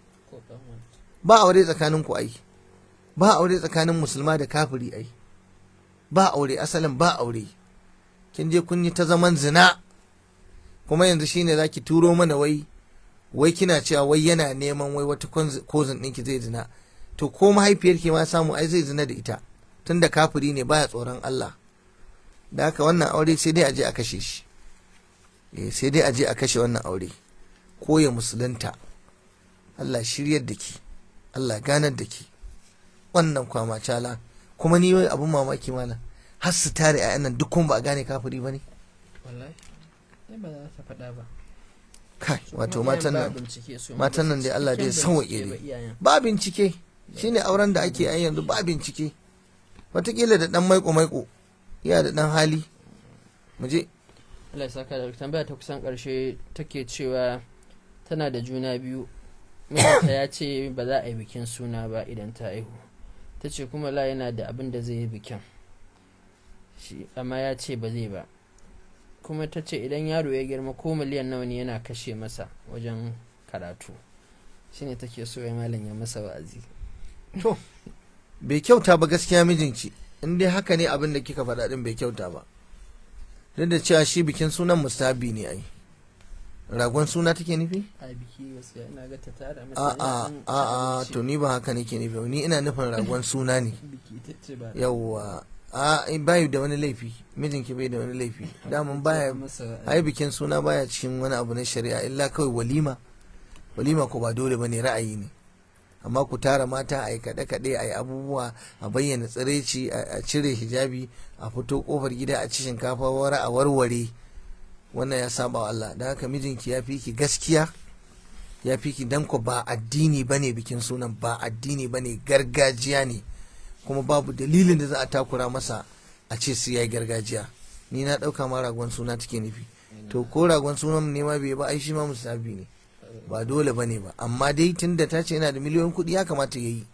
ba aure tsakanin ku ai ba aure tsakanin musulma da kafiri ai ba aure asalin ba aure kin je kun yi ta zaman zina kuma yanzu shine zaki turo mana wai wai kina cewa wai yana neman wai wata cousin ɗinki zai zina to ko mahaifiyarki ma samu ai zai zina da ita tunda kafiri ne baya tsoron Allah da haka wannan aure sai dai a je a kashe shi eh, sai dai a je a kashe wannan aure ko ya musulunta Allah shiryar da ke Allah ganar da ke wannan kwama cala kuma ni wai abun mamaki mana har su tare a yanan duk ba a gane kafiri ba ne kai wato matan nan matan nan dai Allah dai sauƙe ne ba bincike shine auren da ake yi yanzu ba bincike wataƙila da ɗan maiko maiko ya da dan hali mu je Allah ya saka da tambaya ta kusan karshe take cewa tana da juna biyu mijinta ya ce ba za a yi bikin suna ba idan ta aihu ta ce kuma la yana da abin da zai yi bikin shi amma ya ce ba zai ba kuma ta ce idan yaro ya girma ko miliyan nawa ne yana kashe masa wajen karatu shine take so ya malam ya masa wa'azi to bai kyauta ba gaskiya mijinki in dai haka ne abin da kika faɗa ɗin bai kyauta ba duk da cewa shi bikin sunan musabi ne ai ragon suna take nufi? a biki gaskiya ina ga ta tara a a to ni ba haka nake nufi ni ina nufin ragon suna ne yawwa a bayu da wani laifi mijinki bai da wani laifi damun baya eh. ai bikin suna baya cikin wani abu na shari'a illa kawai walima walima ko ba dole bane ra'ayi ne amma ku tara mata a yi kaɗe-kaɗe a yi abubuwa a bayyana tsiraici a cire hijabi a fito ƙofar gida a ci shinkafa wara a warware wannan ya saba wa Allah da haka mijinki ya fi ki gaskiya ya fi ki dan ba addini bane bikin sunan ba addini bane gargajiya ne kuma babu dalilin da za a takura masa a ce su yayi gargajiya ni na ɗauka ma ragon suna take nufi to ko ragon sunan ne ma bai ba ai shi ma musabi ne ba dole ba ne ba amma dai tun da ta ce yana da miliyoyin kuɗi ya kamata ya yi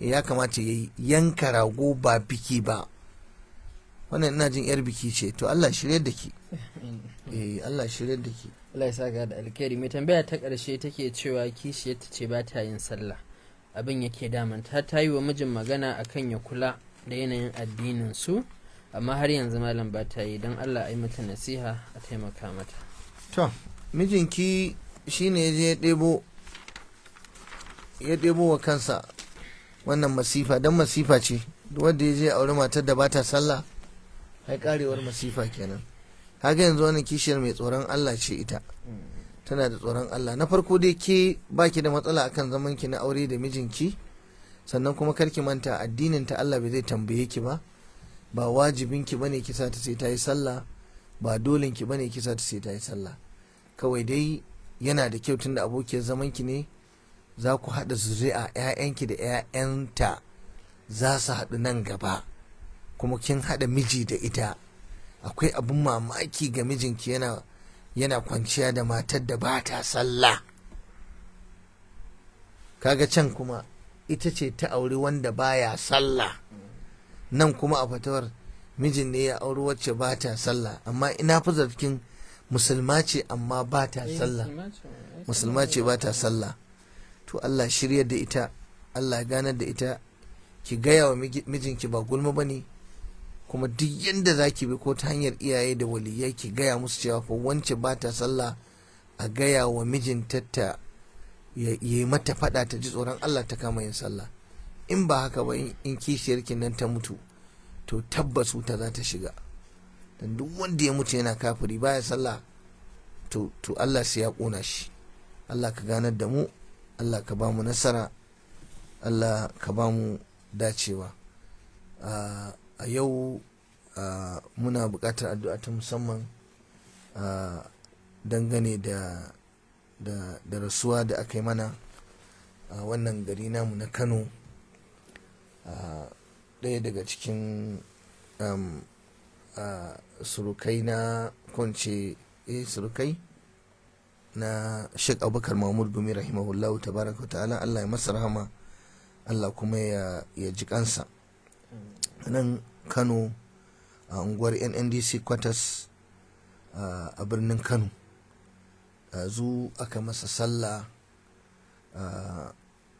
eh, ya kamata ya yi yanka rago ba biki ba wannan ina jin yar biki ce to Allah shirye da ke. eh Allah shirye da ke Allah ya saka da alkhairi mai tambaya ta karshe take cewa kishiyarta ta ce ba ta yin sallah abin yake daman ta yi wa mijin magana akan ya kula da yanayin addinin su amma har yanzu malam ba ta yi don Allah ai mata nasiha a taimaka mata to mijinki shine ne je ya ɗebo wa kansa wannan masifa don masifa ce wanda ya je aure matar da bata sallah ai karewar masifa kenan haka yanzu wani kishiyar mai tsoron Allah ce ita tana da tsoron Allah na farko dai ke baki da matsala akan zaman ki na aure da mijinki sannan kuma karki manta addinin ta Allah bai zai tambaye ki ba ba wajibin ki bane ki sa ta sai ta yi sallah ba dolin ki bane ki sa ta sai ta yi sallah kawai dai yana da kyau tunda abokiyar zamanki ne za ku haɗa zuri'a 'ya'yanki da 'ya'yanta za su haɗu nan gaba kuma kin haɗa miji da ita akwai abin mamaki ga mijinki yana yana kwanciya da matar da ba ta sallah kaga can kuma ita ce ta auri wanda baya sallah nan kuma a fatawar mijin ne ya auri wacce ba ta sallah amma ina fi zargin musulma ce amma ba ta eh, sallah eh, musulma ce ba ta sallah to Allah shiryar da ita Allah ganar da ita ki gaya wa mijinki ba gulma ba ne kuma duk yadda za ki bi ko ta hanyar iyaye da waliyai ki gaya musu cewa ko wance ba ta sallah a gaya wa mijinta ta yi mata fada ta ji tsoron Allah ta kama yin sallah in ba haka ba in kishiyarki nan ta mutu to tabbas wuta za ta shiga dan duk wanda ya mutu yana kafiri baya sallah to to Allah sai ya kona shi Allah ka ganar da mu Allah ka ba mu nasara Allah ka ba mu dacewa a yau muna buƙatar addu'a ta musamman dangane da da, da rasuwa da aka yi mana a wannan gari namu na kano ɗaya daga cikin um, surukai na eh surukai na Sheikh Abubakar Mahmud Gumi rahimahullahu tabaraka ta'ala Allah ya masa rahama Allah kuma ya ji kansa nan Kano a unguwar NNDC quarters a birnin Kano zu aka masa sallah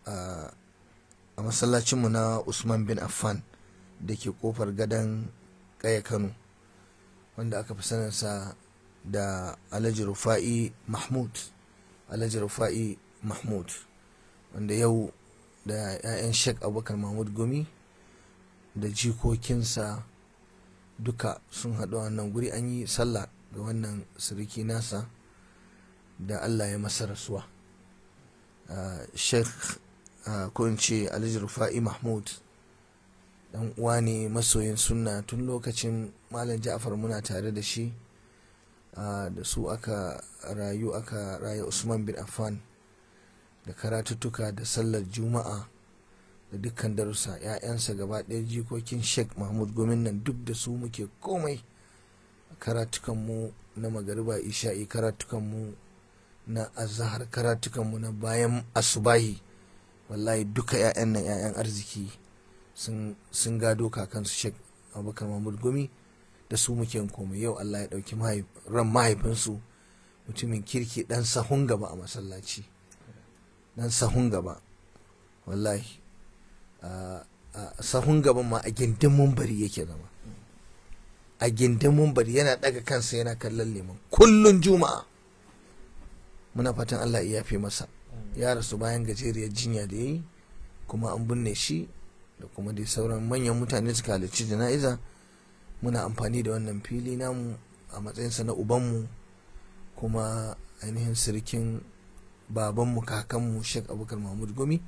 a masallacinmu na Usman bin Affan da ke kofar gadon kaya Kano wanda aka fi sanarsa da alhaji rufa'i mahmud alhaji rufa'i mahmud wanda yau da 'ya'yan sheik abubakar mahmud gumi da jikokinsa duka sun haɗu a wannan guri an yi sallah ga wannan siriki nasa da allah ya masa rasuwa sheik ko in ce alhaji rufa'i mahmud dan uwa ne masoyin sunna tun lokacin malam ja'far muna tare da shi da su aka rayu aka rayu usman bin affan da karatuttuka da sallar juma'a da dukkan darussa 'ya'yansa gaba ɗaya jikokin sheikh mahmud gomin nan duk da su muke komai karatukanmu na magariba isha'i karatukanmu na azahar karatukanmu na bayan asubahi wallahi duka 'ya'yan nan 'ya'yan arziki sun gado kakansu sheikh abubakar mahmud gumi da su muke komai yau Allah ya ɗauki ran mahaifinsu mutumin kirki ɗan sahun gaba a masallaci ɗan sahun gaba wallahi sahun gaba ma a gindin mumbari yake zama a gindin mumbari yana ɗaga kansa yana kallon neman kullun juma'a muna fatan Allah ya fi masa ya rasu bayan gajeriyar jinya da ya yi kuma an binne shi da kuma dai sauran manyan mutane suka halarci jana'iza muna amfani da wannan fili namu a matsayinsa na ubanmu kuma ainihin sirkin babanmu kakanmu sheik abubakar mahmud gumi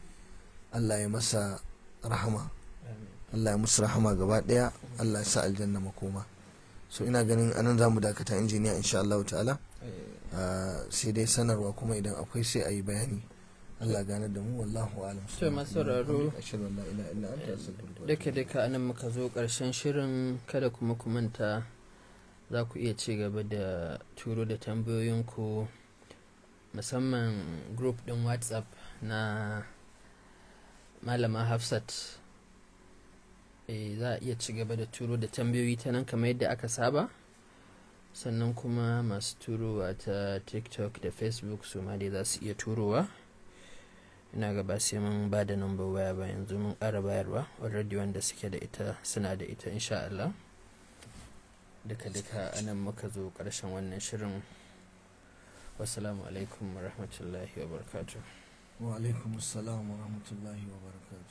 allah ya masa rahama allah ya musu rahama gaba daya allah ya sa aljanna makoma so ina ganin anan za mu dakata injiniya insha allahu ta'ala ah, sai dai sanarwa kuma idan akwai sai a yi bayani Allah gane da mu wallahu alam anan muka zo karshen shirin kada kuma ku manta za ku iya ci gaba da turo da tambayoyinku musamman group din whatsapp na malama hafsat eh, za a iya ci gaba da turo da tambayoyi ta nan kamar yadda aka saba sannan kuma masu turowa ta tiktok da facebook su ma dai za su iya turowa ina gaba sai mun ba da number waya ba yanzu mun ƙara bayarwa already wanda suke da ita suna da ita insha Allah duka-duka anan muka zo ƙarshen wannan shirin wasalamu alaikum wa rahmatullahi wa barakatuh wa alaikum wa rahmatullahi wa barakatuh